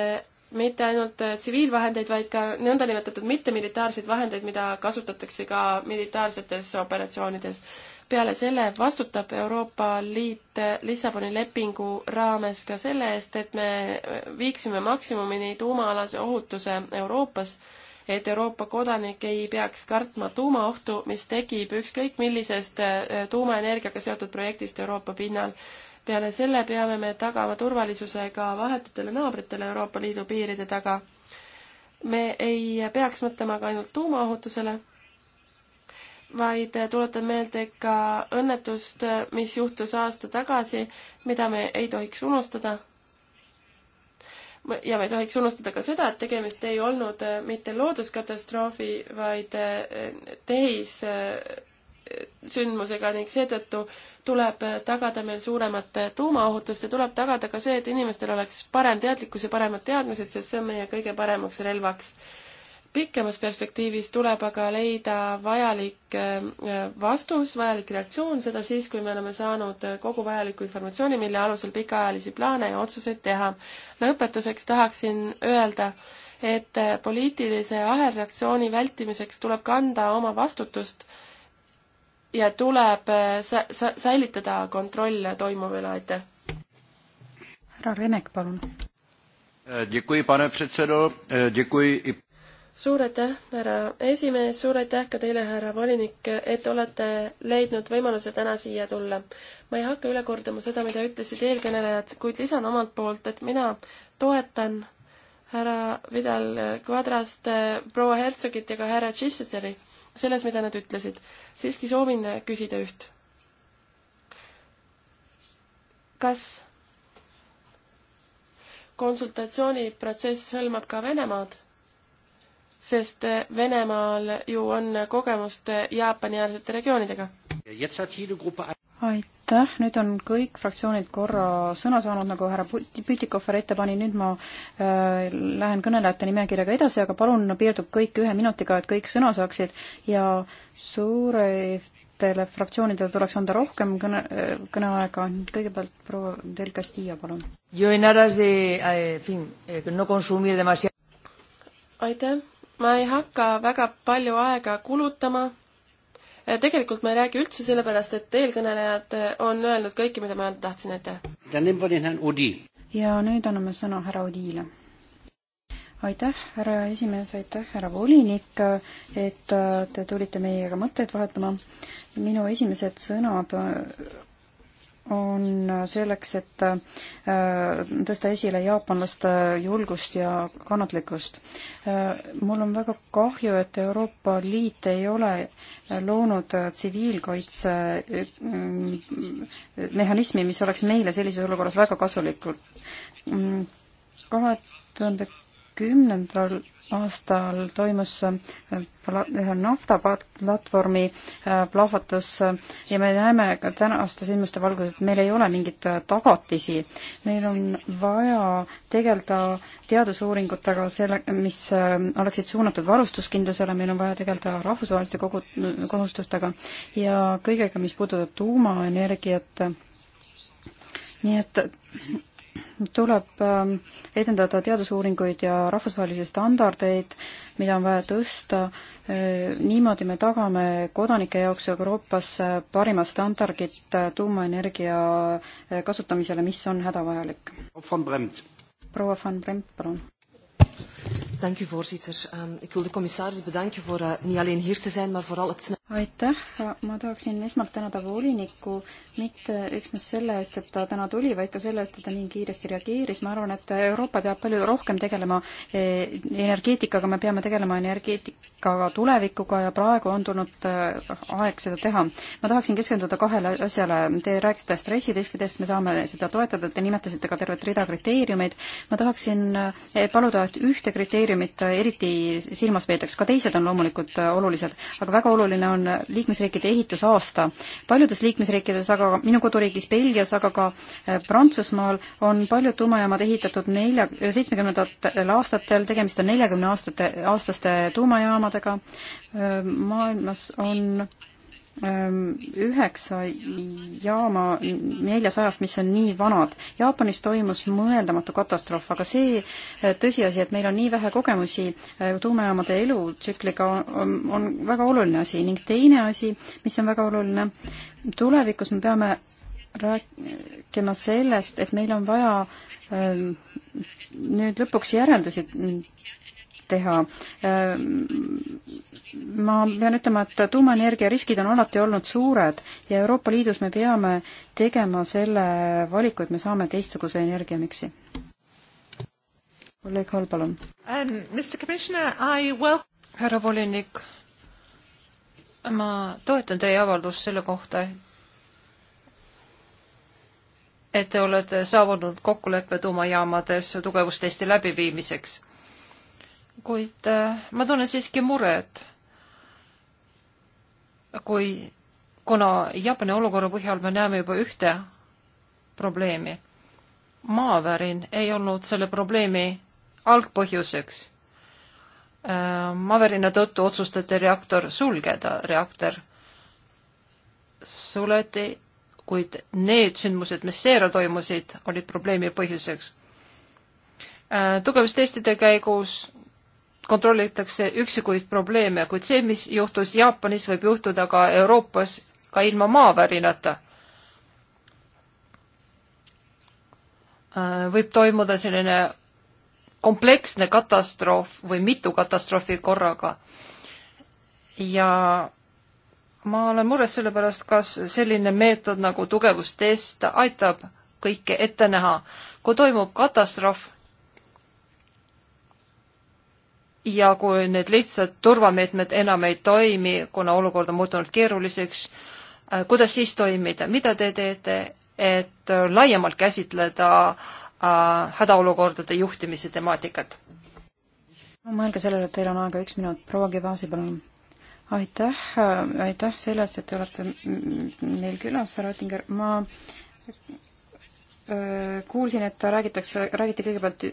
Speaker 3: mitte ainult äh, tsiviilvahendeid, vaid ka nõndanimetatud mittemilitaarseid vahendeid, mida kasutatakse ka militaarsetes operatsioonides. peale selle vastutab Euroopa Liit äh, Lissaboni lepingu raames ka selle eest, et me äh, viiksime maksimumini tuumaalase ohutuse Euroopas, et Euroopa kodanik ei peaks kartma tuumaohtu, mis tekib ükskõik millisest tuumaenergiaga seotud projektist Euroopa pinnal peale selle peame me tagama turvalisuse ka vahetutele naabritele Euroopa Liidu piiride taga. me ei peaks mõtlema ka ainult tuumaohutusele, vaid tuletan meelde ka õnnetust, mis juhtus aasta tagasi, mida me ei tohiks unustada. ja me ei tohiks unustada ka seda, et tegemist ei olnud mitte looduskatastroofi, vaid tehis sündmusega ning seetõttu tuleb tagada meil suuremat tuumaohutust ja tuleb tagada ka see, et inimestel oleks parem teadlikkus ja paremad teadmised, sest see on meie kõige paremaks relvaks. pikemas perspektiivis tuleb aga leida vajalik äh, vastus, vajalik reaktsioon, seda siis, kui me oleme saanud kogu vajaliku informatsiooni, mille alusel pikaajalisi plaane ja otsuseid teha. lõpetuseks tahaksin öelda, et poliitilise ahelreaktsiooni vältimiseks tuleb kanda oma vastutust ja tuleb äh, sä-, sä-, säilitada kontroll toimuva üle, aitäh! härra Remek, palun!
Speaker 2: Äh, äh,
Speaker 3: suur aitäh, härra esimees, suur aitäh ka teile, härra volinik, et olete leidnud võimaluse täna siia tulla. ma ei hakka üle kordama seda, mida ütlesid eelkõnelejad, kuid lisan omalt poolt, et mina toetan härra Vidal Quadrast, proua Herzogit ja ka härra Chichesteri selles, mida nad ütlesid. siiski soovin küsida üht. kas konsultatsiooniprotsess hõlmab ka Venemaad? sest Venemaal ju on kogemust Jaapani-äärsete regioonidega.
Speaker 2: aitäh! aitäh, nüüd on kõik fraktsioonid korra sõna saanud, nagu härra Pütikofer ette pani, nüüd ma äh, lähen kõnelejate nimekirjaga edasi, aga palun piirdub kõik ühe minutiga, et kõik sõna saaksid ja suuretele fraktsioonidele tuleks anda rohkem kõne, äh, kõneaega, kõigepealt proua Del Castillo, palun.
Speaker 1: Eh, eh,
Speaker 3: aitäh, ma ei hakka väga palju aega kulutama Äh, tegelikult ma ei räägi üldse, sellepärast et eelkõnelejad äh, on öelnud kõike, mida ma öelda tahtsin, aitäh.
Speaker 2: ja nüüd anname sõna härra Odile. aitäh, härra esimees, aitäh, härra volinik, et äh, te tulite meiega mõtteid vahetama. minu esimesed sõnad on selleks, et äh, tõsta esile jaapanlaste julgust ja kannatlikkust. Äh, mul on väga kahju, et Euroopa Liit ei ole loonud tsiviilkaitse äh, mehhanismi, mis oleks meile sellises olukorras väga kasulikult. Mm, kahe tuhande kümnendal aastal toimus äh, ühe naftaplatvormi äh, plahvatus äh, ja me näeme ka tänaste sündmuste valguses, et meil ei ole mingeid tagatisi. meil on vaja tegeleda teadusuuringutega selle, mis oleksid suunatud varustuskindlusele, meil on vaja tegeleda rahvusvaheliste kogu-, kohustustega ja kõigega, mis puudutab tuumaenergiat. nii et tuleb ähm, edendada teadusuuringuid ja rahvusvahelisi standardeid, mida on vaja tõsta. Äh, niimoodi me tagame kodanike jaoks Euroopas parimad standardid tuumaenergia äh, kasutamisele, mis on hädavajalik. proua von Brempt, palun. Dank u voorzitter. Um, ik wil de commissaris bedanken voor uh, niet alleen hier te zijn, maar vooral het snel... aitäh, ma tahaksin esmalt tänada volinikku mitte üksnes selle eest, et ta täna tuli, vaid ka selle eest, et ta nii kiiresti reageeris. ma arvan, et Euroopa peab palju rohkem tegelema eh, energeetikaga, me peame tegelema energeetikaga tulevikuga ja praegu on tulnud eh, aeg seda teha. ma tahaksin keskenduda kahele asjale. Te rääkisite stressitestidest, me saame seda toetada, te nimetasite ka tervet rida kriteeriumeid. ma tahaksin paluda, et ühte kriteeriumi kriteeriumit äh, eriti silmas peetakse, ka teised on loomulikult äh, olulised, aga väga oluline on liikmesriikide ehitusaasta. paljudes liikmesriikides, aga minu koduriigis Belgias, aga ka äh, Prantsusmaal on paljud tuumajaamad ehitatud nelja, seitsmekümnendatel aastatel, tegemist on neljakümne aastate, aastaste tuumajaamadega, maailmas on üheksa jaama neljasajast, mis on nii vanad. Jaapanis toimus mõeldamatu katastroof, aga see äh, tõsiasi, et meil on nii vähe kogemusi äh, tuumajaamade elutsükliga, on, on väga oluline asi ning teine asi, mis on väga oluline, tulevikus me peame rääkima sellest, et meil on vaja ähm, nüüd lõpuks järeldusi teha. ma pean ütlema, et tuumaenergia riskid on alati olnud suured ja Euroopa Liidus me peame tegema selle valiku, et me saame teistsuguse energiamiksi. kolleeg Hall, palun
Speaker 1: um,. härra volinik, ma toetan teie avaldust selle kohta, et te olete saavutanud kokkuleppe tuumajaamades tugevustesti läbiviimiseks kuid äh, ma tunnen siiski muret, kui, kuna Jaapani olukorra põhjal me näeme juba ühte probleemi. maavärin ei olnud selle probleemi algpõhjuseks. Äh, maavärina tõttu otsustati reaktor sulgeda, reaktor suleti, kuid need sündmused, mis seejärel toimusid, olid probleemi põhjuseks äh, tugevustestide käigus kontrollitakse üksikuid probleeme, kuid see, mis juhtus Jaapanis, võib juhtuda ka Euroopas ka ilma maavärinata. Äh, võib toimuda selline kompleksne katastroof või mitu katastroofi korraga. ja ma olen mures selle pärast, kas selline meetod nagu tugevustest aitab kõike ette näha. kui toimub katastroof, ja kui need lihtsad turvameetmed enam ei toimi, kuna olukord on muutunud keeruliseks, äh, kuidas siis toimida, mida te teete, et äh, laiemalt käsitleda äh, hädaolukordade juhtimise temaatikat?
Speaker 2: no mõelge sellele, et teil on aega üks minut, proua Kivasi, palun. aitäh, aitäh selle eest, et te olete meil külas, härra Oettinger, ma Äh, kuulsin, et räägitakse, räägiti kõigepealt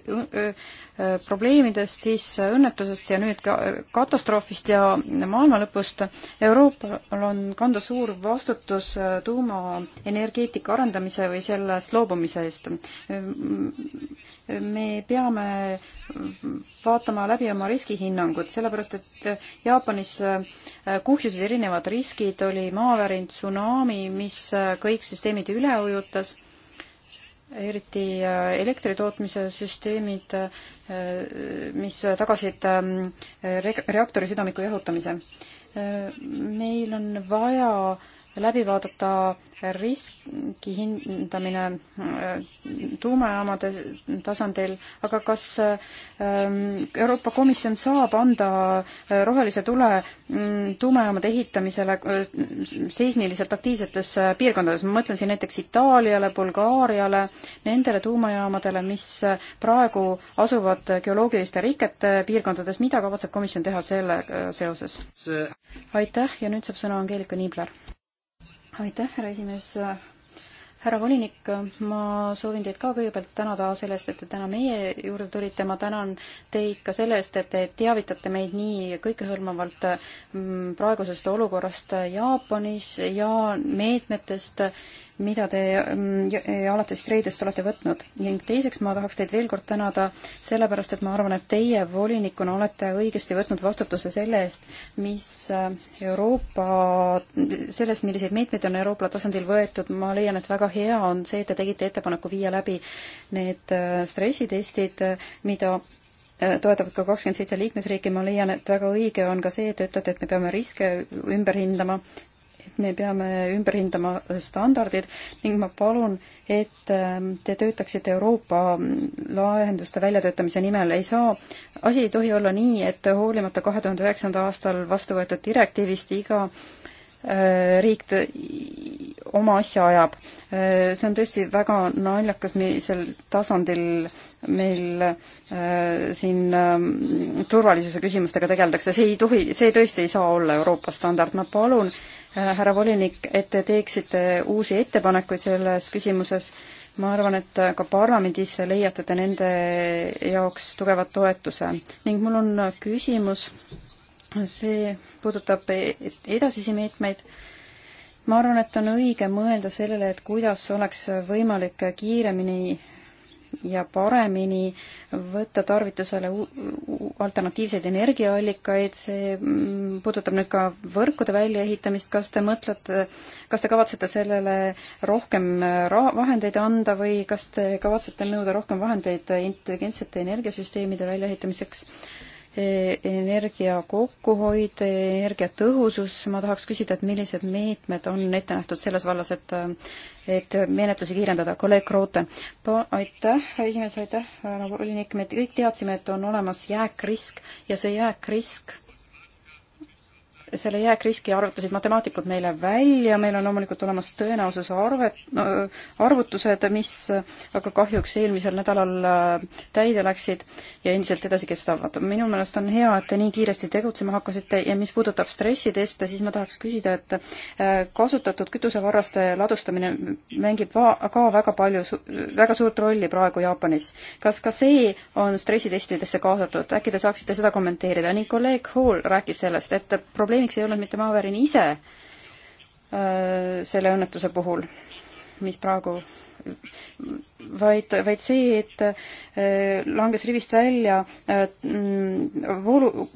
Speaker 2: probleemidest, siis õnnetusest ja nüüd ka katastroofist ja maailmalõpust. Euroopal on kanda suur vastutus äh, tuumaenergeetika arendamise või sellest loobumise eest. Äh, me peame vaatama läbi oma riskihinnangud, sellepärast et Jaapanis kuhjusid erinevad riskid, oli maavärin, tsunami, mis kõik süsteemid üle ujutas eriti äh, elektritootmise süsteemid, äh, mis tagasid ähm, reaktori südamiku jahutamise. Äh, meil on vaja läbi vaadata riski hindamine äh, tuumajaamade tasandil, aga kas ähm, Euroopa Komisjon saab anda äh, rohelise tule mm, tuumajaamade ehitamisele äh, seismiliselt aktiivsetes piirkondades, ma mõtlen siin näiteks Itaaliale, Bulgaariale, nendele tuumajaamadele, mis praegu asuvad geoloogiliste rikete piirkondades, mida kavatseb komisjon teha sellega seoses? aitäh ja nüüd saab sõna Angeelika Niibler aitäh, härra esimees. härra volinik, ma soovin teid ka kõigepealt tänada selle eest, et te täna meie juurde tulite, ma tänan teid ka selle eest, et te teavitate meid nii kõikehõlmavalt mm, praegusest olukorrast Jaapanis ja meetmetest, mida te mm, alates reedest olete võtnud. ning teiseks ma tahaks teid veel kord tänada, sellepärast et ma arvan, et teie volinikuna olete õigesti võtnud vastutuse selle eest, mis äh, Euroopa, sellest, milliseid meetmeid on Euroopa tasandil võetud, ma leian, et väga hea on see, et te tegite ettepaneku viia läbi need äh, stressitestid, mida äh, toetavad ka kakskümmend seitse liikmesriiki, ma leian, et väga õige on ka see, et te ütlete, et me peame riske ümber hindama me peame ümber hindama standardid ning ma palun, et ähm, te töötaksite Euroopa mm, lahenduste väljatöötamise nimel. ei saa, asi ei tohi olla nii, et hoolimata kahe tuhande üheksanda aastal vastu võetud direktiivist iga äh, riik oma asja ajab. Äh, see on tõesti väga naljakas, millisel tasandil meil äh, siin ähm, turvalisuse küsimustega tegeldakse, see ei tohi, see tõesti ei saa olla Euroopa standard, ma palun, Äh, härra volinik, et te teeksite uusi ettepanekuid selles küsimuses. ma arvan, et ka parlamendis leiate te nende jaoks tugevat toetuse ning mul on küsimus, see puudutab edasisi meetmeid ma arvan, et on õige mõelda sellele, et kuidas oleks võimalik kiiremini ja paremini võtta tarvitusele alternatiivseid energiaallikaid, see mm, puudutab nüüd ka võrkude väljaehitamist, kas te mõtlete, kas te kavatsete sellele rohkem äh, raha, vahendeid anda või kas te kavatsete nõuda rohkem vahendeid intelligentsete energiasüsteemide väljaehitamiseks? energia kokkuhoid, energiatõhusus, ma tahaks küsida, et millised meetmed on ette nähtud selles vallas, et et menetlusi kiirendada, kolleeg Roote. aitäh, esimees, aitäh, nagu volinik, me kõik teadsime, et on olemas jääkrisk ja see jääkrisk selle jääkriski arvutasid matemaatikud meile välja, meil on loomulikult olemas tõenäosuse arvet no,, arvutused, mis aga kahjuks eelmisel nädalal äh, täide läksid ja endiselt edasi kestavad. minu meelest on hea, et te nii kiiresti tegutsema hakkasite ja mis puudutab stressiteste, siis ma tahaks küsida, et äh, kasutatud kütusevarraste ladustamine mängib va-, ka väga palju, väga suurt rolli praegu Jaapanis. kas ka see on stressitestidesse kaasatud, äkki te saaksite seda kommenteerida ning kolleeg Hall rääkis sellest, et probleemi õnneks ei olnud mitte Maavärin ise selle õnnetuse puhul, mis praegu vaid, vaid see, et langes rivist välja mm, voolu,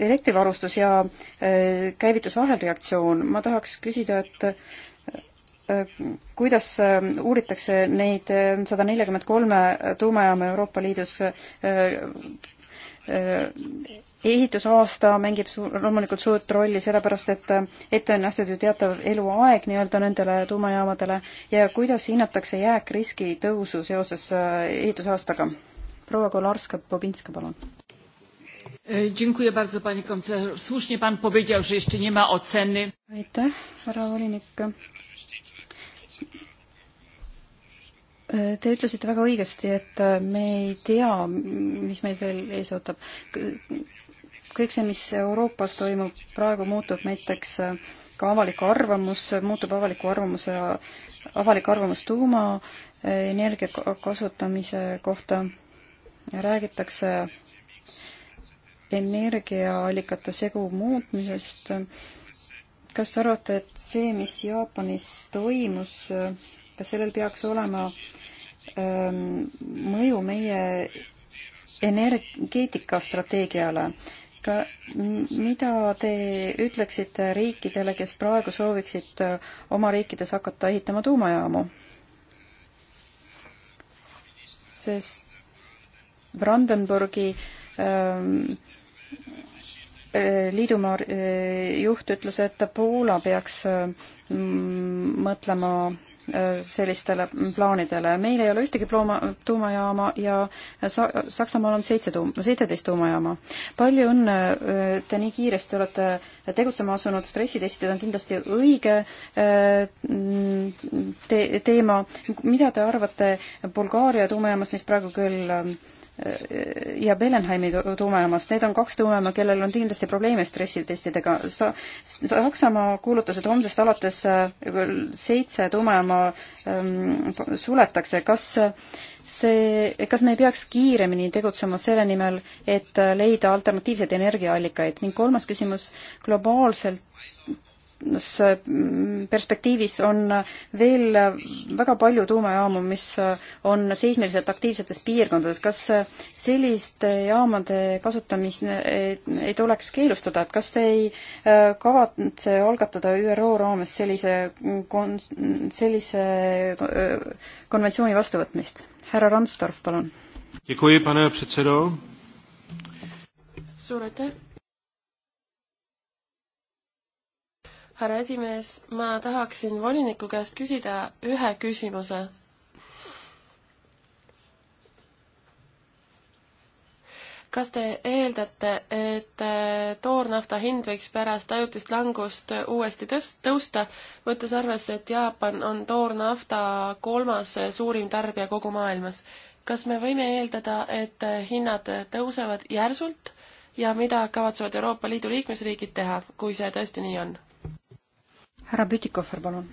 Speaker 2: elektrivarustus ja käivitus ahelreaktsioon. ma tahaks küsida, et kuidas uuritakse neid sada nelikümmend kolme tuumajaama Euroopa Liidus ehitusaasta mängib suur, loomulikult suurt rolli, sellepärast et ette on nähtud ju teatav eluaeg nii-öelda nendele tuumajaamadele ja kuidas hinnatakse jääkriski tõusu seoses äh, ehitusaastaga? proua Kolarska-Bobinska, palun.
Speaker 1: E, dziękuję bardzo, pani komisarz. Słusznie pan powiedział, że jeszcze nie ma oceny. aitäh,
Speaker 2: härra volinik. E, te ütlesite väga õigesti, et äh, me ei tea, mis meid veel ees ootab kõik see, mis Euroopas toimub praegu, muutub näiteks äh, ka avalik arvamus, muutub avaliku arvamuse, avalik arvamus tuumaenergia äh, kasutamise kohta, räägitakse energiaallikate segu muutmisest. kas te arvate, et see, mis Jaapanis toimus, kas sellel peaks olema ähm, mõju meie energeetikastrateegiale? mida te ütleksite riikidele, kes praegu sooviksid äh, oma riikides hakata ehitama tuumajaamu? sest Brandenburgi ähm, äh, liidumaa äh, juht ütles, et Poola peaks mõtlema Äh, sellistele plaanidele. meil ei ole ühtegi plooma, tuumajaama ja Sa-, Saksamaal on seitse tuum-, seitseteist tuumajaama. palju õnne, äh, te nii kiiresti olete tegutsema asunud, stressitestid on kindlasti õige äh, te-, teema. mida te arvate Bulgaaria tuumajaamast, mis praegu küll ja Bellenheimi tuumajaamast, need on kaks tuumajaama, kellel on kindlasti probleeme stressitestidega. Sa-, Saksamaa kuulutas, et homsest alates äh, seitse tuumajaama ähm, suletakse, kas see, kas me ei peaks kiiremini tegutsema selle nimel, et leida alternatiivseid energiaallikaid ning kolmas küsimus, globaalselt Mm, perspektiivis on veel väga palju tuumajaamu, mis on seismiliselt aktiivsetes piirkondades. kas selliste jaamade kasutamist ei tuleks keelustada, et kas te ei äh, kavatse algatada ÜRO raames sellise kon-, sellise äh, konventsiooni vastuvõtmist? härra Randstorf, palun.
Speaker 3: suur aitäh härra esimees, ma tahaksin voliniku käest küsida ühe küsimuse kas te eeldate, et äh, toornafta hind võiks pärast ajutist langust uuesti tõst-, tõusta, võttes arvesse, et Jaapan on toornafta kolmas suurim tarbija kogu maailmas? kas me võime eeldada, et äh, hinnad tõusevad järsult ja mida kavatsevad Euroopa Liidu liikmesriigid teha, kui see tõesti nii on?
Speaker 2: härra Pütikofer, palun.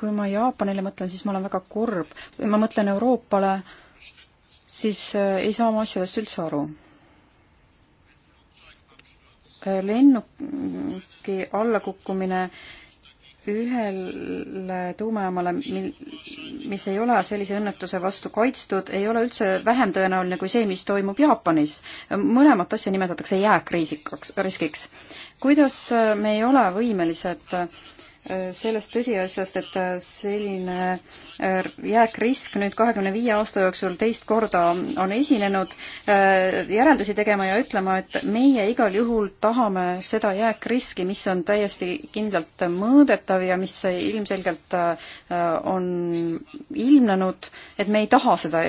Speaker 2: kui ma Jaapanile mõtlen, siis ma olen väga kurb. kui ma mõtlen Euroopale, siis äh, ei saa ma asjadest üldse aru. Äh, lennuki allakukkumine äh, ühele tuumajaamale, mil, mis ei ole sellise õnnetuse vastu kaitstud, ei ole üldse vähem tõenäoline kui see, mis toimub Jaapanis. mõlemat asja nimetatakse jääkriisikaks, riskiks. kuidas me ei ole võimelised äh, sellest tõsiasjast, et äh, selline äh, jääkrisk nüüd kahekümne viie aasta jooksul teist korda on esinenud, äh, järeldusi tegema ja ütlema, et meie igal juhul tahame seda jääkriski, mis on täiesti kindlalt mõõdetav ja mis ilmselgelt on ilmnenud, et me ei taha seda,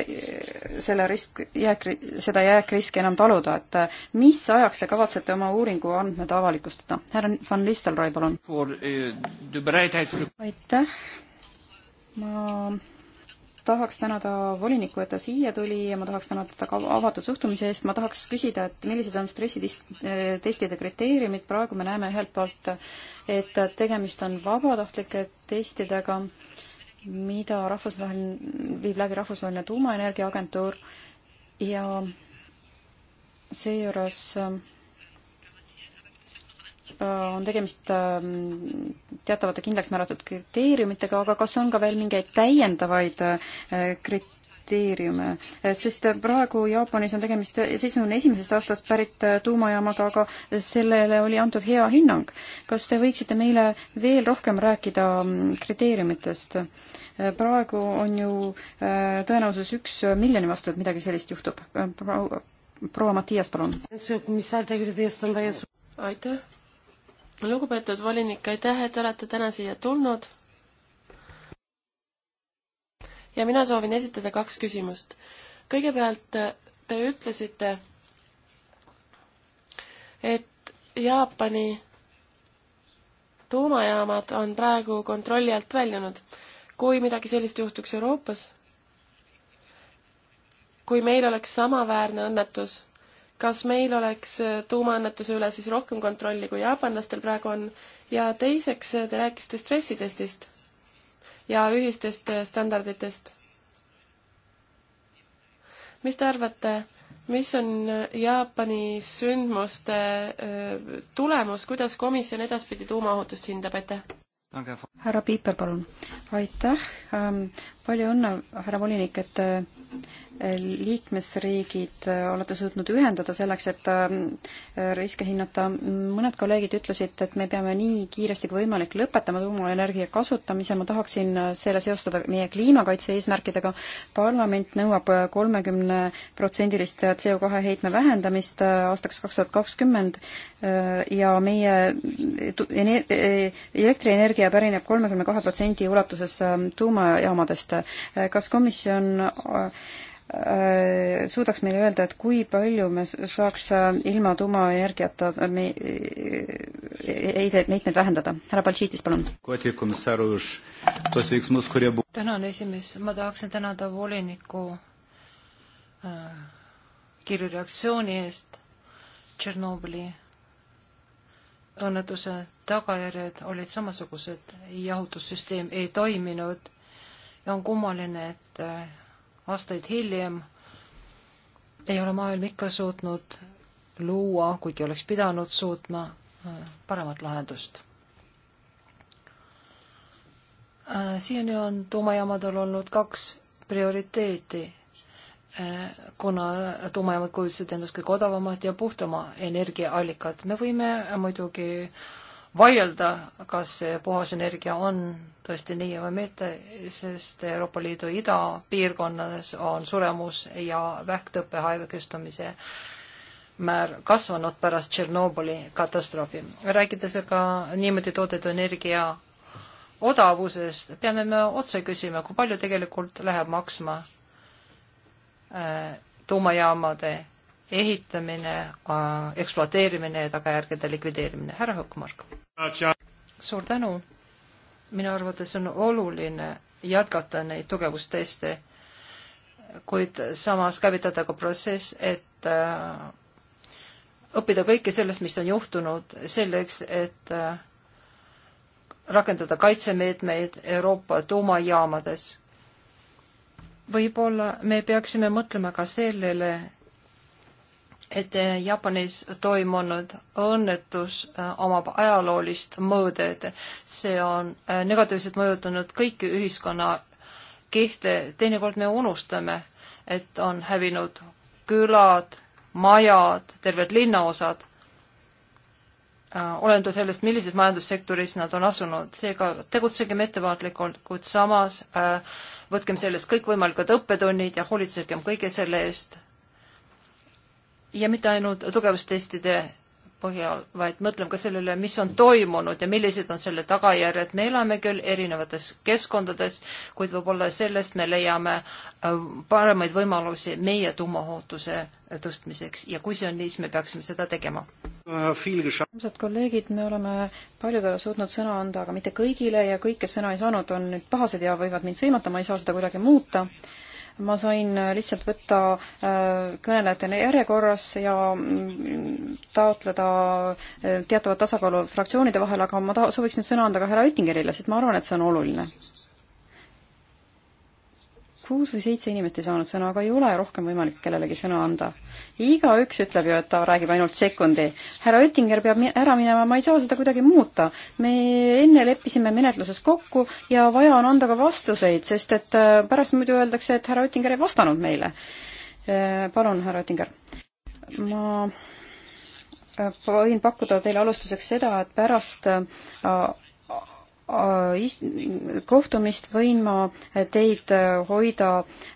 Speaker 2: selle risk, jääkri-, seda jääkriski enam taluda, et mis ajaks te kavatsete oma uuringu andmed avalikustada? härra Van Listelrooy, palun.
Speaker 1: Eh, aitäh,
Speaker 2: ma tahaks tänada volinikku, et ta siia tuli ja ma tahaks tänada ta ka avatud suhtumise eest. ma tahaks küsida, et millised on stressitestide eh, kriteeriumid. praegu me näeme ühelt poolt, et tegemist on vabatahtlike testidega, mida rahvusvaheline, viib läbi Rahvusvaheline Tuumaenergiaagentuur ja seejuures äh, Äh, on tegemist ähm, teatavate kindlaks määratud kriteeriumitega, aga kas on ka veel mingeid täiendavaid äh, kriteeriume, äh, sest praegu Jaapanis on tegemist seitsmekümne esimesest aastast pärit tuumajaamaga, aga sellele oli antud hea hinnang. kas te võiksite meile veel rohkem rääkida mm, kriteeriumitest? praegu on ju tõenäosus üks miljoni vastu, et midagi sellist juhtub. proua Mattias, palun.
Speaker 3: aitäh lugupeetud volinik, aitäh, et olete täna siia tulnud. ja mina soovin esitada kaks küsimust. kõigepealt te ütlesite, et Jaapani tuumajaamad on praegu kontrolli alt väljunud. kui midagi sellist juhtuks Euroopas, kui meil oleks samaväärne õnnetus kas meil oleks äh, tuumaannetuse üle siis rohkem kontrolli, kui jaapanlastel praegu on? ja teiseks, äh, te rääkisite stressitestist ja ühistest äh, standarditest. mis te arvate, mis on Jaapani sündmuste tulemus, kuidas komisjon edaspidi tuumaohutust hindab, aitäh?
Speaker 2: härra Piiper, palun. aitäh ähm,, palju õnne, härra volinik, et liikmesriigid äh, olete suutnud ühendada selleks, et äh, riske hinnata. mõned kolleegid ütlesid, et me peame nii kiiresti kui võimalik lõpetama tuumaenergia kasutamise, ma tahaksin äh, selle seostada meie kliimakaitse eesmärkidega. parlament nõuab kolmekümneprotsendilist CO kahe heitme vähendamist aastaks kaks tuhat kakskümmend ja meie elektrienergia pärineb kolmekümne kahe protsendi ulatuses tuumajaamadest. kas komisjon Äh, suudaks meile öelda, et kui palju me saaks äh, ilma tuumaenergiata äh, me
Speaker 1: heidet, meetmeid vähendada. härra Baltšiitis, palun. tänan, esimees. ma tahaksin tänada voliniku kirju reaktsiooni eest Tšernobõli õnnetuse tagajärjed olid samasugused, jahutussüsteem ei toiminud ja on kummaline, et aastaid hiljem ei ole maailm ikka suutnud luua, kuigi oleks pidanud suutma paremat lahendust. siiani on tuumajaamadel olnud kaks prioriteeti, kuna tuumajaamad kujutasid endast kõige odavamad ja puhtama energiaallikad. me võime muidugi vaielda, kas see puhas energia on tõesti nii või mitte, sest Euroopa Liidu idapiirkonnas on suremus ja vähktõppe haevekestumise määr kasvanud pärast Tšernobõli katastroofi. rääkides aga niimoodi toodetud energia odavusest, peame me otse küsima, kui palju tegelikult läheb maksma äh, tuumajaamade ehitamine äh,, ekspluateerimine ja tagajärgede likvideerimine. härra Hökmark suur tänu. minu arvates on oluline jätkata neid tugevusteste, kuid samas käivitada ka protsess, et äh, õppida kõike sellest, mis on juhtunud, selleks, et äh, rakendada kaitsemeetmeid Euroopa tuumajaamades. võib-olla me peaksime mõtlema ka sellele, et eh, Jaapanis toimunud õnnetus eh, omab ajaloolist mõõdet. see on eh, negatiivselt mõjutanud kõiki ühiskonna kihte, teinekord me unustame, et on hävinud külad, majad, terved linnaosad. olendu sellest, millises majandussektoris nad on asunud, seega tegutsegem ettevaatlikult, kuid samas äh, võtkem sellest kõikvõimalikud õppetunnid ja hoolitsegem kõige selle eest ja mitte ainult tugevustestide põhjal, vaid mõtleme ka sellele, mis on toimunud ja millised on selle tagajärjed. me elame küll erinevates keskkondades, kuid võib-olla sellest me leiame äh, paremaid võimalusi meie tuumaohutuse tõstmiseks ja kui see on nii, siis me peaksime seda tegema. armsad
Speaker 2: kolleegid, me oleme paljudele suutnud sõna anda, aga mitte kõigile ja kõik, kes sõna ei saanud, on nüüd pahased ja võivad mind sõimata, ma ei saa seda kuidagi muuta ma sain äh, lihtsalt võtta äh, kõnelejate järjekorras ja mm, taotleda äh, teatavat tasakaalu fraktsioonide vahel, aga ma taha, sooviks nüüd sõna anda ka härra Oettingerile, sest ma arvan, et see on oluline kuus või seitse inimest ei saanud sõna, aga ei ole rohkem võimalik kellelegi sõna anda. igaüks ütleb ju, et ta räägib ainult sekundi. härra Oettinger peab ära minema, ma ei saa seda kuidagi muuta. me enne leppisime menetluses kokku ja vaja on anda ka vastuseid, sest et äh, pärast muidu öeldakse, et härra Oettinger ei vastanud meile. Äh, palun, härra Oettinger. ma äh, võin pakkuda teile alustuseks seda, et pärast Äh, kohtumist võin ma teid äh, hoida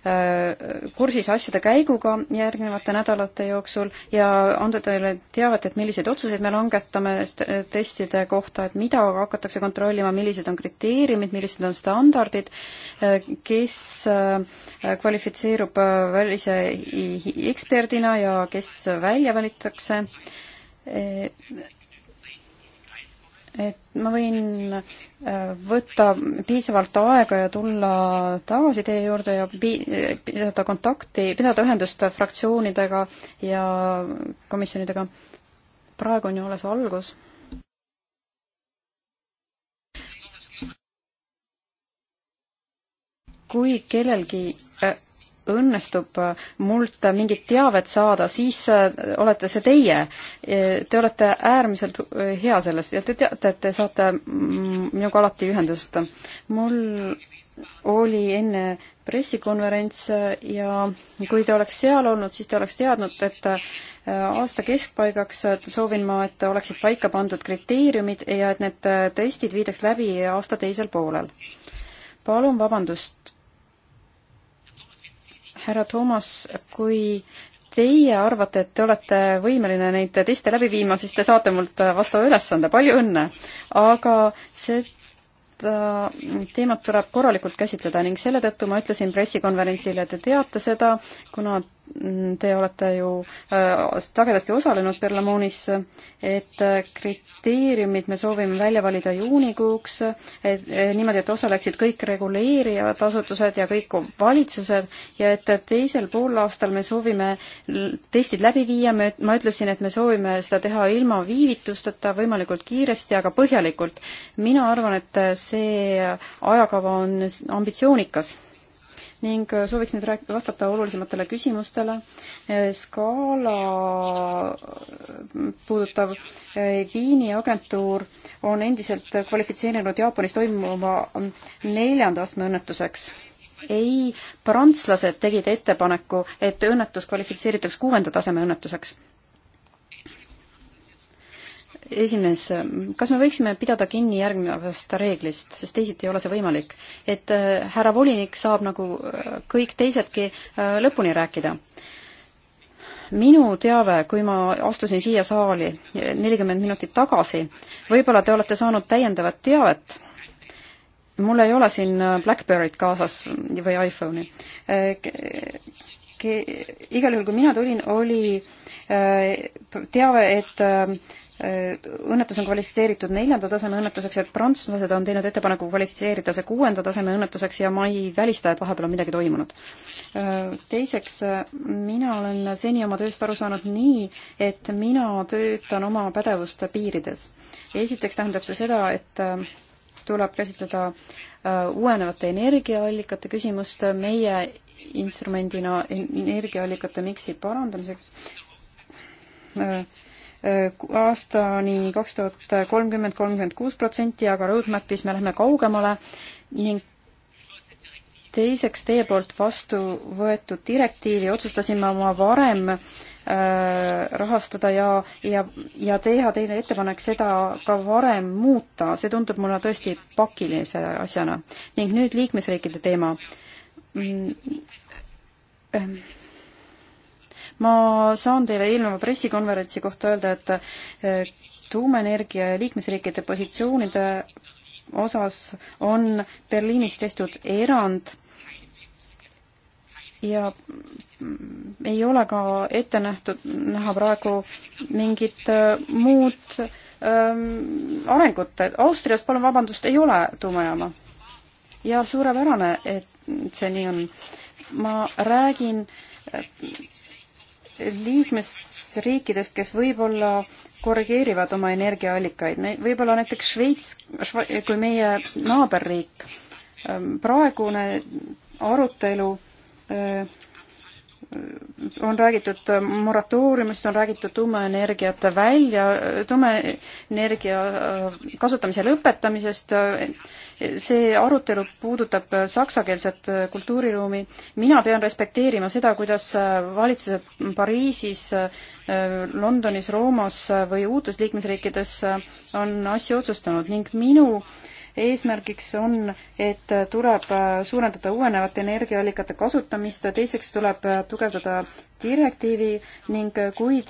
Speaker 2: äh, kursis asjade käiguga järgnevate nädalate jooksul ja anda teile teavet, et milliseid otsuseid me langetame testide kohta, et mida hakatakse kontrollima, millised on kriteeriumid, millised on standardid, kes kvalifitseerub välise eksperdina ja kes välja valitakse et ma võin äh, võtta piisavalt aega ja tulla tagasi teie juurde ja pidada kontakti, pidada ühendust fraktsioonidega ja komisjonidega. praegu on ju alles algus. kui kellelgi äh, õnnestub mult mingit teavet saada, siis äh, olete see teie. Te olete äärmiselt äh, hea selles ja te teate, et te saate minuga alati ühendust. mul oli enne pressikonverents äh, ja kui te oleks seal olnud, siis te oleks teadnud, et aasta keskpaigaks soovin ma, et oleksid paika pandud kriteeriumid ja et need testid viidaks läbi aasta teisel poolel. palun vabandust härra Toomas, kui teie arvate, et te olete võimeline neid teste läbi viima, siis te saate mult vastava ülesande, palju õnne! aga seda teemat tuleb korralikult käsitleda ning selle tõttu ma ütlesin pressikonverentsil, et te teate seda, kuna te olete ju äh, sagedasti osalenud Berlamoonis, et äh, kriteeriumid me soovime välja valida juunikuuks, et äh, niimoodi, et osaleksid kõik reguleerivad asutused ja kõik valitsused ja et teisel poolaastal me soovime testid läbi viia, me, ma ütlesin, et me soovime seda teha ilma viivitusteta, võimalikult kiiresti, aga põhjalikult. mina arvan, et see ajakava on ambitsioonikas ning äh, sooviks nüüd rääk-, vastata olulisematele küsimustele. Äh, skaala äh, puudutav Viini agentuur on endiselt kvalifitseerinud Jaapanis toimuva neljanda astme õnnetuseks ei, prantslased tegid ettepaneku, et õnnetus kvalifitseeritakse kuuenda taseme õnnetuseks esimees, kas me võiksime pidada kinni järgnevast reeglist, sest teisiti ei ole see võimalik, et äh, härra volinik saab nagu äh, kõik teisedki äh, lõpuni rääkida? minu teave, kui ma astusin siia saali nelikümmend minutit tagasi, võib-olla te olete saanud täiendavat teavet, mul ei ole siin BlackBerry't kaasas või iPhone'i. igal juhul, kui mina tulin, oli teave, et Äh, õnnetus on kvalifitseeritud neljanda taseme õnnetuseks ja prantslased on teinud ettepaneku kvalifitseerida see kuuenda taseme õnnetuseks ja ma ei välista, et vahepeal on midagi toimunud. Äh, teiseks, äh, mina olen seni oma tööst aru saanud nii, et mina töötan oma pädevuste piirides. esiteks tähendab see seda, et tuleb käsitleda uuenevate energiaallikate küsimust meie instrumendina energiaallikate miksi parandamiseks aastani kaks tuhat kolmkümmend, kolmkümmend kuus protsenti, aga roadmap'is me lähme kaugemale ning teiseks teie poolt vastu võetud direktiivi otsustasime oma varem äh, rahastada ja, ja, ja teha teile ettepanek seda ka varem muuta, see tundub mulle tõesti pakilise asjana. ning nüüd liikmesriikide teema mm, ähm, ma saan teile eelneva pressikonverentsi kohta öelda, et eh, tuumaenergia ja liikmesriikide positsioonide osas on Berliinis tehtud erand ja mm, ei ole ka ette nähtud, näha praegu mingit eh, muud ähm, arengut. Austrias, palun vabandust, ei ole tuumajaama. ja suurepärane, et see nii on. ma räägin eh, liikmesriikidest, kes võib-olla korrigeerivad oma energiaallikaid, võib-olla näiteks Šveits, kui meie naaberriik. Ähm, praegune arutelu äh, on räägitud moratooriumist, on räägitud tuumaenergiat välja, tuumaenergia kasutamise lõpetamisest, see arutelu puudutab saksakeelset kultuuriruumi. mina pean respekteerima seda, kuidas valitsused Pariisis, Londonis, Roomas või uutes liikmesriikides on asju otsustanud ning minu äh, eesmärgiks on, et tuleb suurendada uuenevate energiaallikate kasutamist, teiseks tuleb tugevdada direktiivi ning kui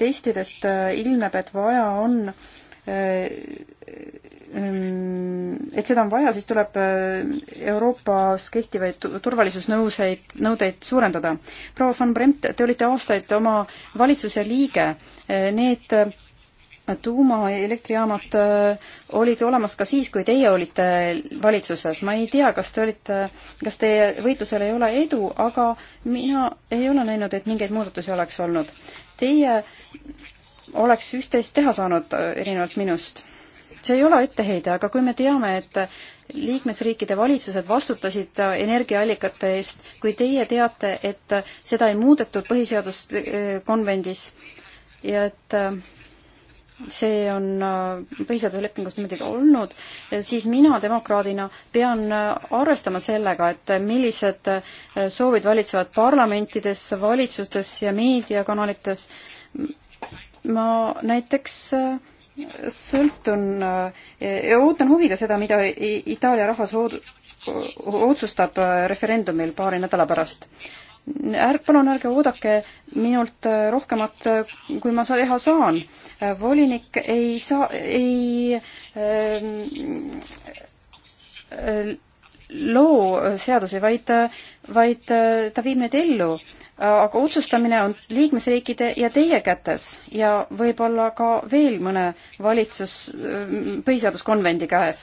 Speaker 2: testidest ilmneb, et vaja on ehm, et seda on vaja, siis tuleb Euroopas kehtivaid turvalisusnõuseid, nõudeid suurendada. proua von Bremt, te olite aastaid oma valitsuse liige. Need tuumaelektrijaamad äh, olid olemas ka siis, kui teie olite valitsuses. ma ei tea, kas te olite, kas teie võitlusel ei ole edu, aga mina ei ole näinud, et mingeid muudatusi oleks olnud. Teie oleks üht-teist teha saanud, äh, erinevalt minust. see ei ole etteheide, aga kui me teame, et liikmesriikide valitsused vastutasid energiaallikate eest, kui teie teate, et seda ei muudetud põhiseaduskonvendis äh, ja et äh, see on äh, põhiseaduse lepingus muidugi olnud, siis mina demokraadina pean äh, arvestama sellega, et äh, millised soovid valitsevad parlamentides, valitsustes ja meediakanalites. ma näiteks sõltun ja ootan huviga seda, mida Itaalia rahvas otsustab referendumil paari nädala pärast ärg-, palun ärge oodake minult rohkemat, kui ma teha saan volinik ei saa, ei ähm, loo seadusi, vaid, vaid äh, ta viib need ellu. aga otsustamine on liikmesriikide ja teie kätes ja võib-olla ka veel mõne valitsus, äh, põhiseaduskonvendi käes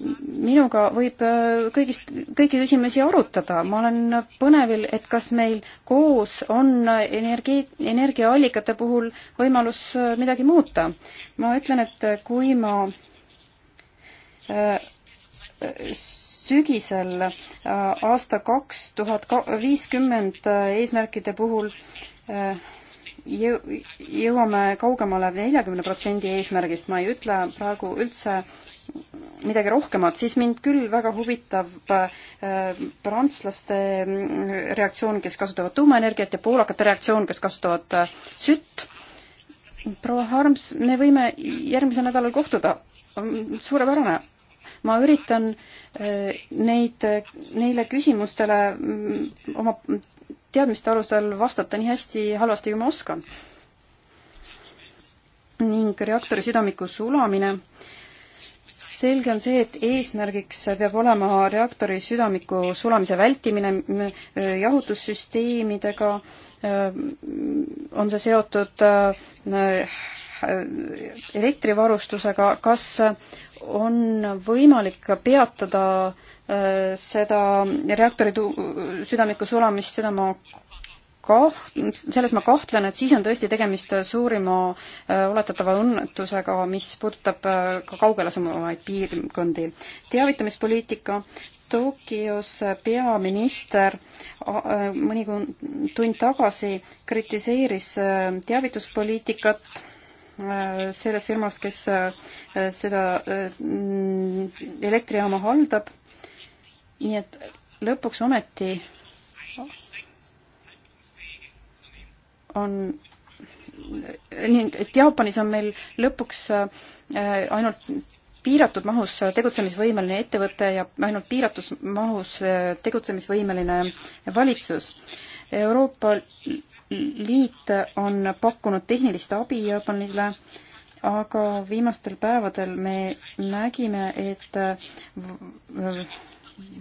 Speaker 2: minuga võib äh, kõigist, kõiki küsimusi arutada. ma olen põnevil, et kas meil koos on energi-, energiaallikate puhul võimalus äh, midagi muuta. ma ütlen, et kui ma äh, sügisel aasta kaks tuhat viiskümmend eesmärkide puhul jõu-, jõuame kaugemale neljakümne protsendi eesmärgist, ma ei ütle praegu üldse midagi rohkemat, siis mind küll väga huvitab äh, prantslaste mm, reaktsioon, kes kasutavad tuumaenergiat ja poolakate reaktsioon, kes kasutavad äh, sütt. proua Harms, me võime järgmisel nädalal kohtuda, suurepärane. ma üritan äh, neid, neile küsimustele mm, oma teadmiste alusel vastata nii hästi, halvasti, kui ma oskan. ning reaktori südamiku sulamine äh, selge on see, et eesmärgiks peab olema reaktori südamiku sulamise vältimine jahutussüsteemidega, äh, on see seotud äh, elektrivarustusega, kas on võimalik peatada äh, seda reaktori tu-, südamiku sulamist, seda ma kaht-, selles ma kahtlen, et siis on tõesti tegemist suurima oletatava äh, õnnetusega, mis puudutab äh, ka kaugele asuvaid piirkondi. teavitamispoliitika, Tokyos äh, peaminister mõni tund tagasi kritiseeris teavituspoliitikat selles firmas, kes seda mm, elektrijaama haldab, nii et lõpuks ometi on nii et Jaapanis on meil lõpuks äh, ainult piiratud mahus tegutsemisvõimeline ettevõte ja ainult piiratud mahus äh, tegutsemisvõimeline valitsus. Euroopa Liit on pakkunud tehnilist abi Jaapanile, aga viimastel päevadel me nägime, et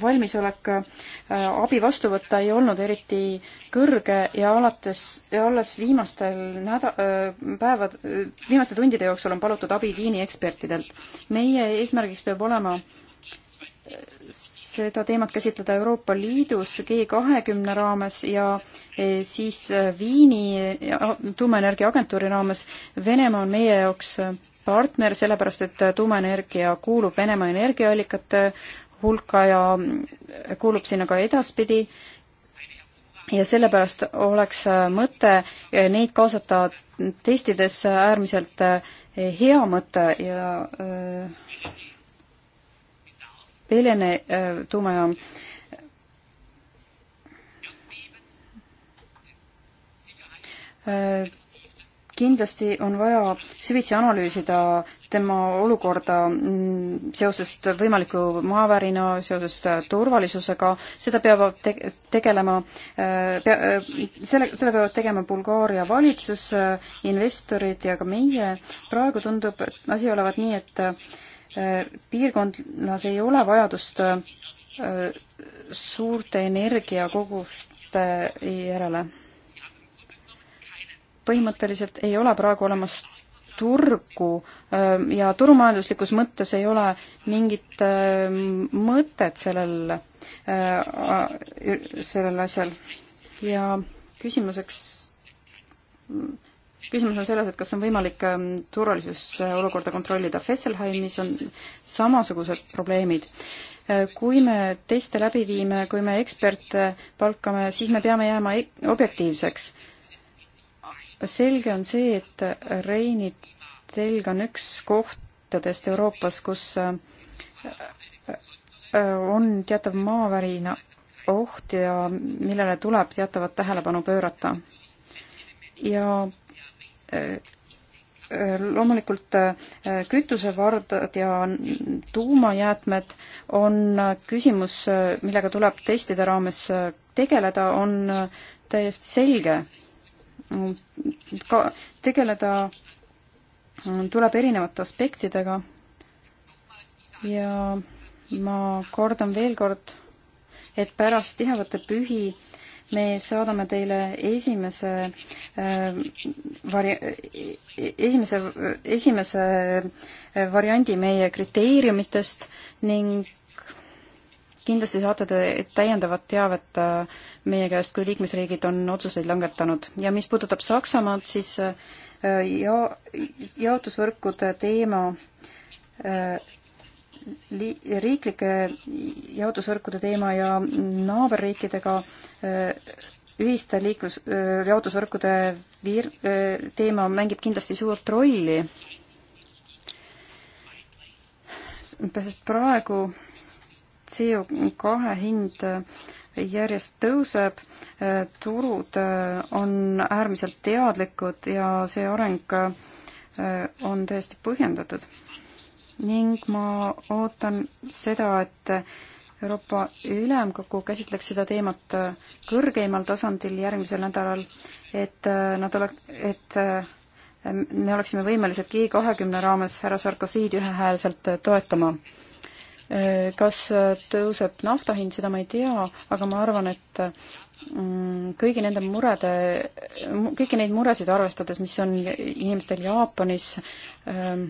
Speaker 2: valmisolek äh, abi vastu võtta ei olnud eriti kõrge ja alates, alles viimastel näda-, äh, päevad, äh, viimaste tundide jooksul on palutud abi Viini ekspertidelt. meie eesmärgiks peab olema seda teemat käsitleda Euroopa Liidus G kahekümne raames ja e, siis Viini tuumaenergia agentuuri raames. Venemaa on meie jaoks partner, sellepärast et tuumaenergia kuulub Venemaa energiaallikate hulka ja kuulub sinna ka edaspidi ja sellepärast oleks äh, mõte äh, neid kaasata testidesse äärmiselt äh, hea mõte ja Pelene tuumajaam kindlasti on vaja süvitsi analüüsida tema olukorda mm, seoses võimaliku maavärina, seoses turvalisusega, seda peavad te-, tegelema, äh, pea-, äh, selle, seda peavad tegema Bulgaaria valitsus, äh, investorid ja ka meie. praegu tundub, et asi olevat nii, et piirkondlas ei ole vajadust suurte energiakoguste järele põhimõtteliselt ei ole praegu olemas turgu ähm, ja turumajanduslikus mõttes ei ole mingit ähm, mõtet sellel, äh, sellel asjal. ja küsimuseks, küsimus on selles, et kas on võimalik ähm, turvalisusolukorda kontrollida. Fesselheimis on samasugused probleemid äh, kui me teste läbi viime, kui me eksperte palkame, siis me peame jääma e-, objektiivseks selge on see, et Reini telg on üks kohtadest Euroopas, kus äh, äh, on teatav maavärina oht ja millele tuleb teatavat tähelepanu pöörata. ja äh, loomulikult kütusevardad ja tuumajäätmed on küsimus, millega tuleb testide raames tegeleda, on täiesti selge ka tegeleda tuleb erinevate aspektidega ja ma kordan veel kord, et pärast tihedate pühi me saadame teile esimese äh, vari-, esimese, esimese äh, variandi meie kriteeriumitest ning kindlasti saate te täiendavat teavet äh, meie käest, kui liikmesriigid on otsuseid langetanud. ja mis puudutab Saksamaad, siis äh, ja-, jaotusvõrkude teema äh, li-, riiklike jaotusvõrkude teema ja naaberriikidega ühiste liiklus, jaotusvõrkude viir-, teema mängib kindlasti suurt rolli, sest praegu CO2 hind järjest tõuseb, turud äh, on äärmiselt teadlikud ja see areng äh, on täiesti põhjendatud. ning ma ootan seda, et Euroopa Ülemkogu käsitleks seda teemat äh, kõrgeimal tasandil järgmisel nädalal, et nad oleks, et me oleksime võimelised G kahekümne raames härra Sarkozy'd ühehäälselt toetama kas tõuseb nafta hind, seda ma ei tea, aga ma arvan, et mm, kõigi nende murede, kõiki neid muresid arvestades, mis on inimestel Jaapanis, ähm,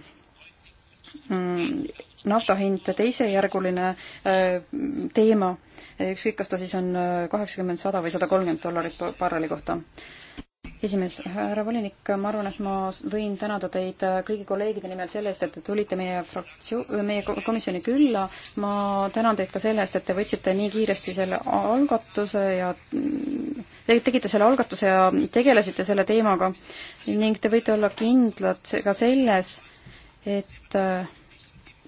Speaker 2: mm, nafta hind teisejärguline äh, teema, ükskõik, kas ta siis on äh, kaheksakümmend, sada või sada kolmkümmend dollarit barreli kohta esimees, härra volinik, ma arvan, et ma võin tänada teid kõigi kolleegide nimel selle eest, et te tulite meie fraktsioon, meie komisjoni külla. ma tänan teid ka selle eest, et te võtsite nii kiiresti selle algatuse ja tegite selle algatuse ja tegelesite selle teemaga ning te võite olla kindlad ka selles, et äh,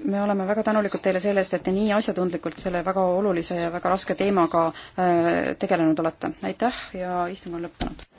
Speaker 2: me oleme väga tänulikud teile selle eest, et te nii asjatundlikult selle väga olulise ja väga raske teemaga äh, tegelenud olete. aitäh ja istung on lõppenud.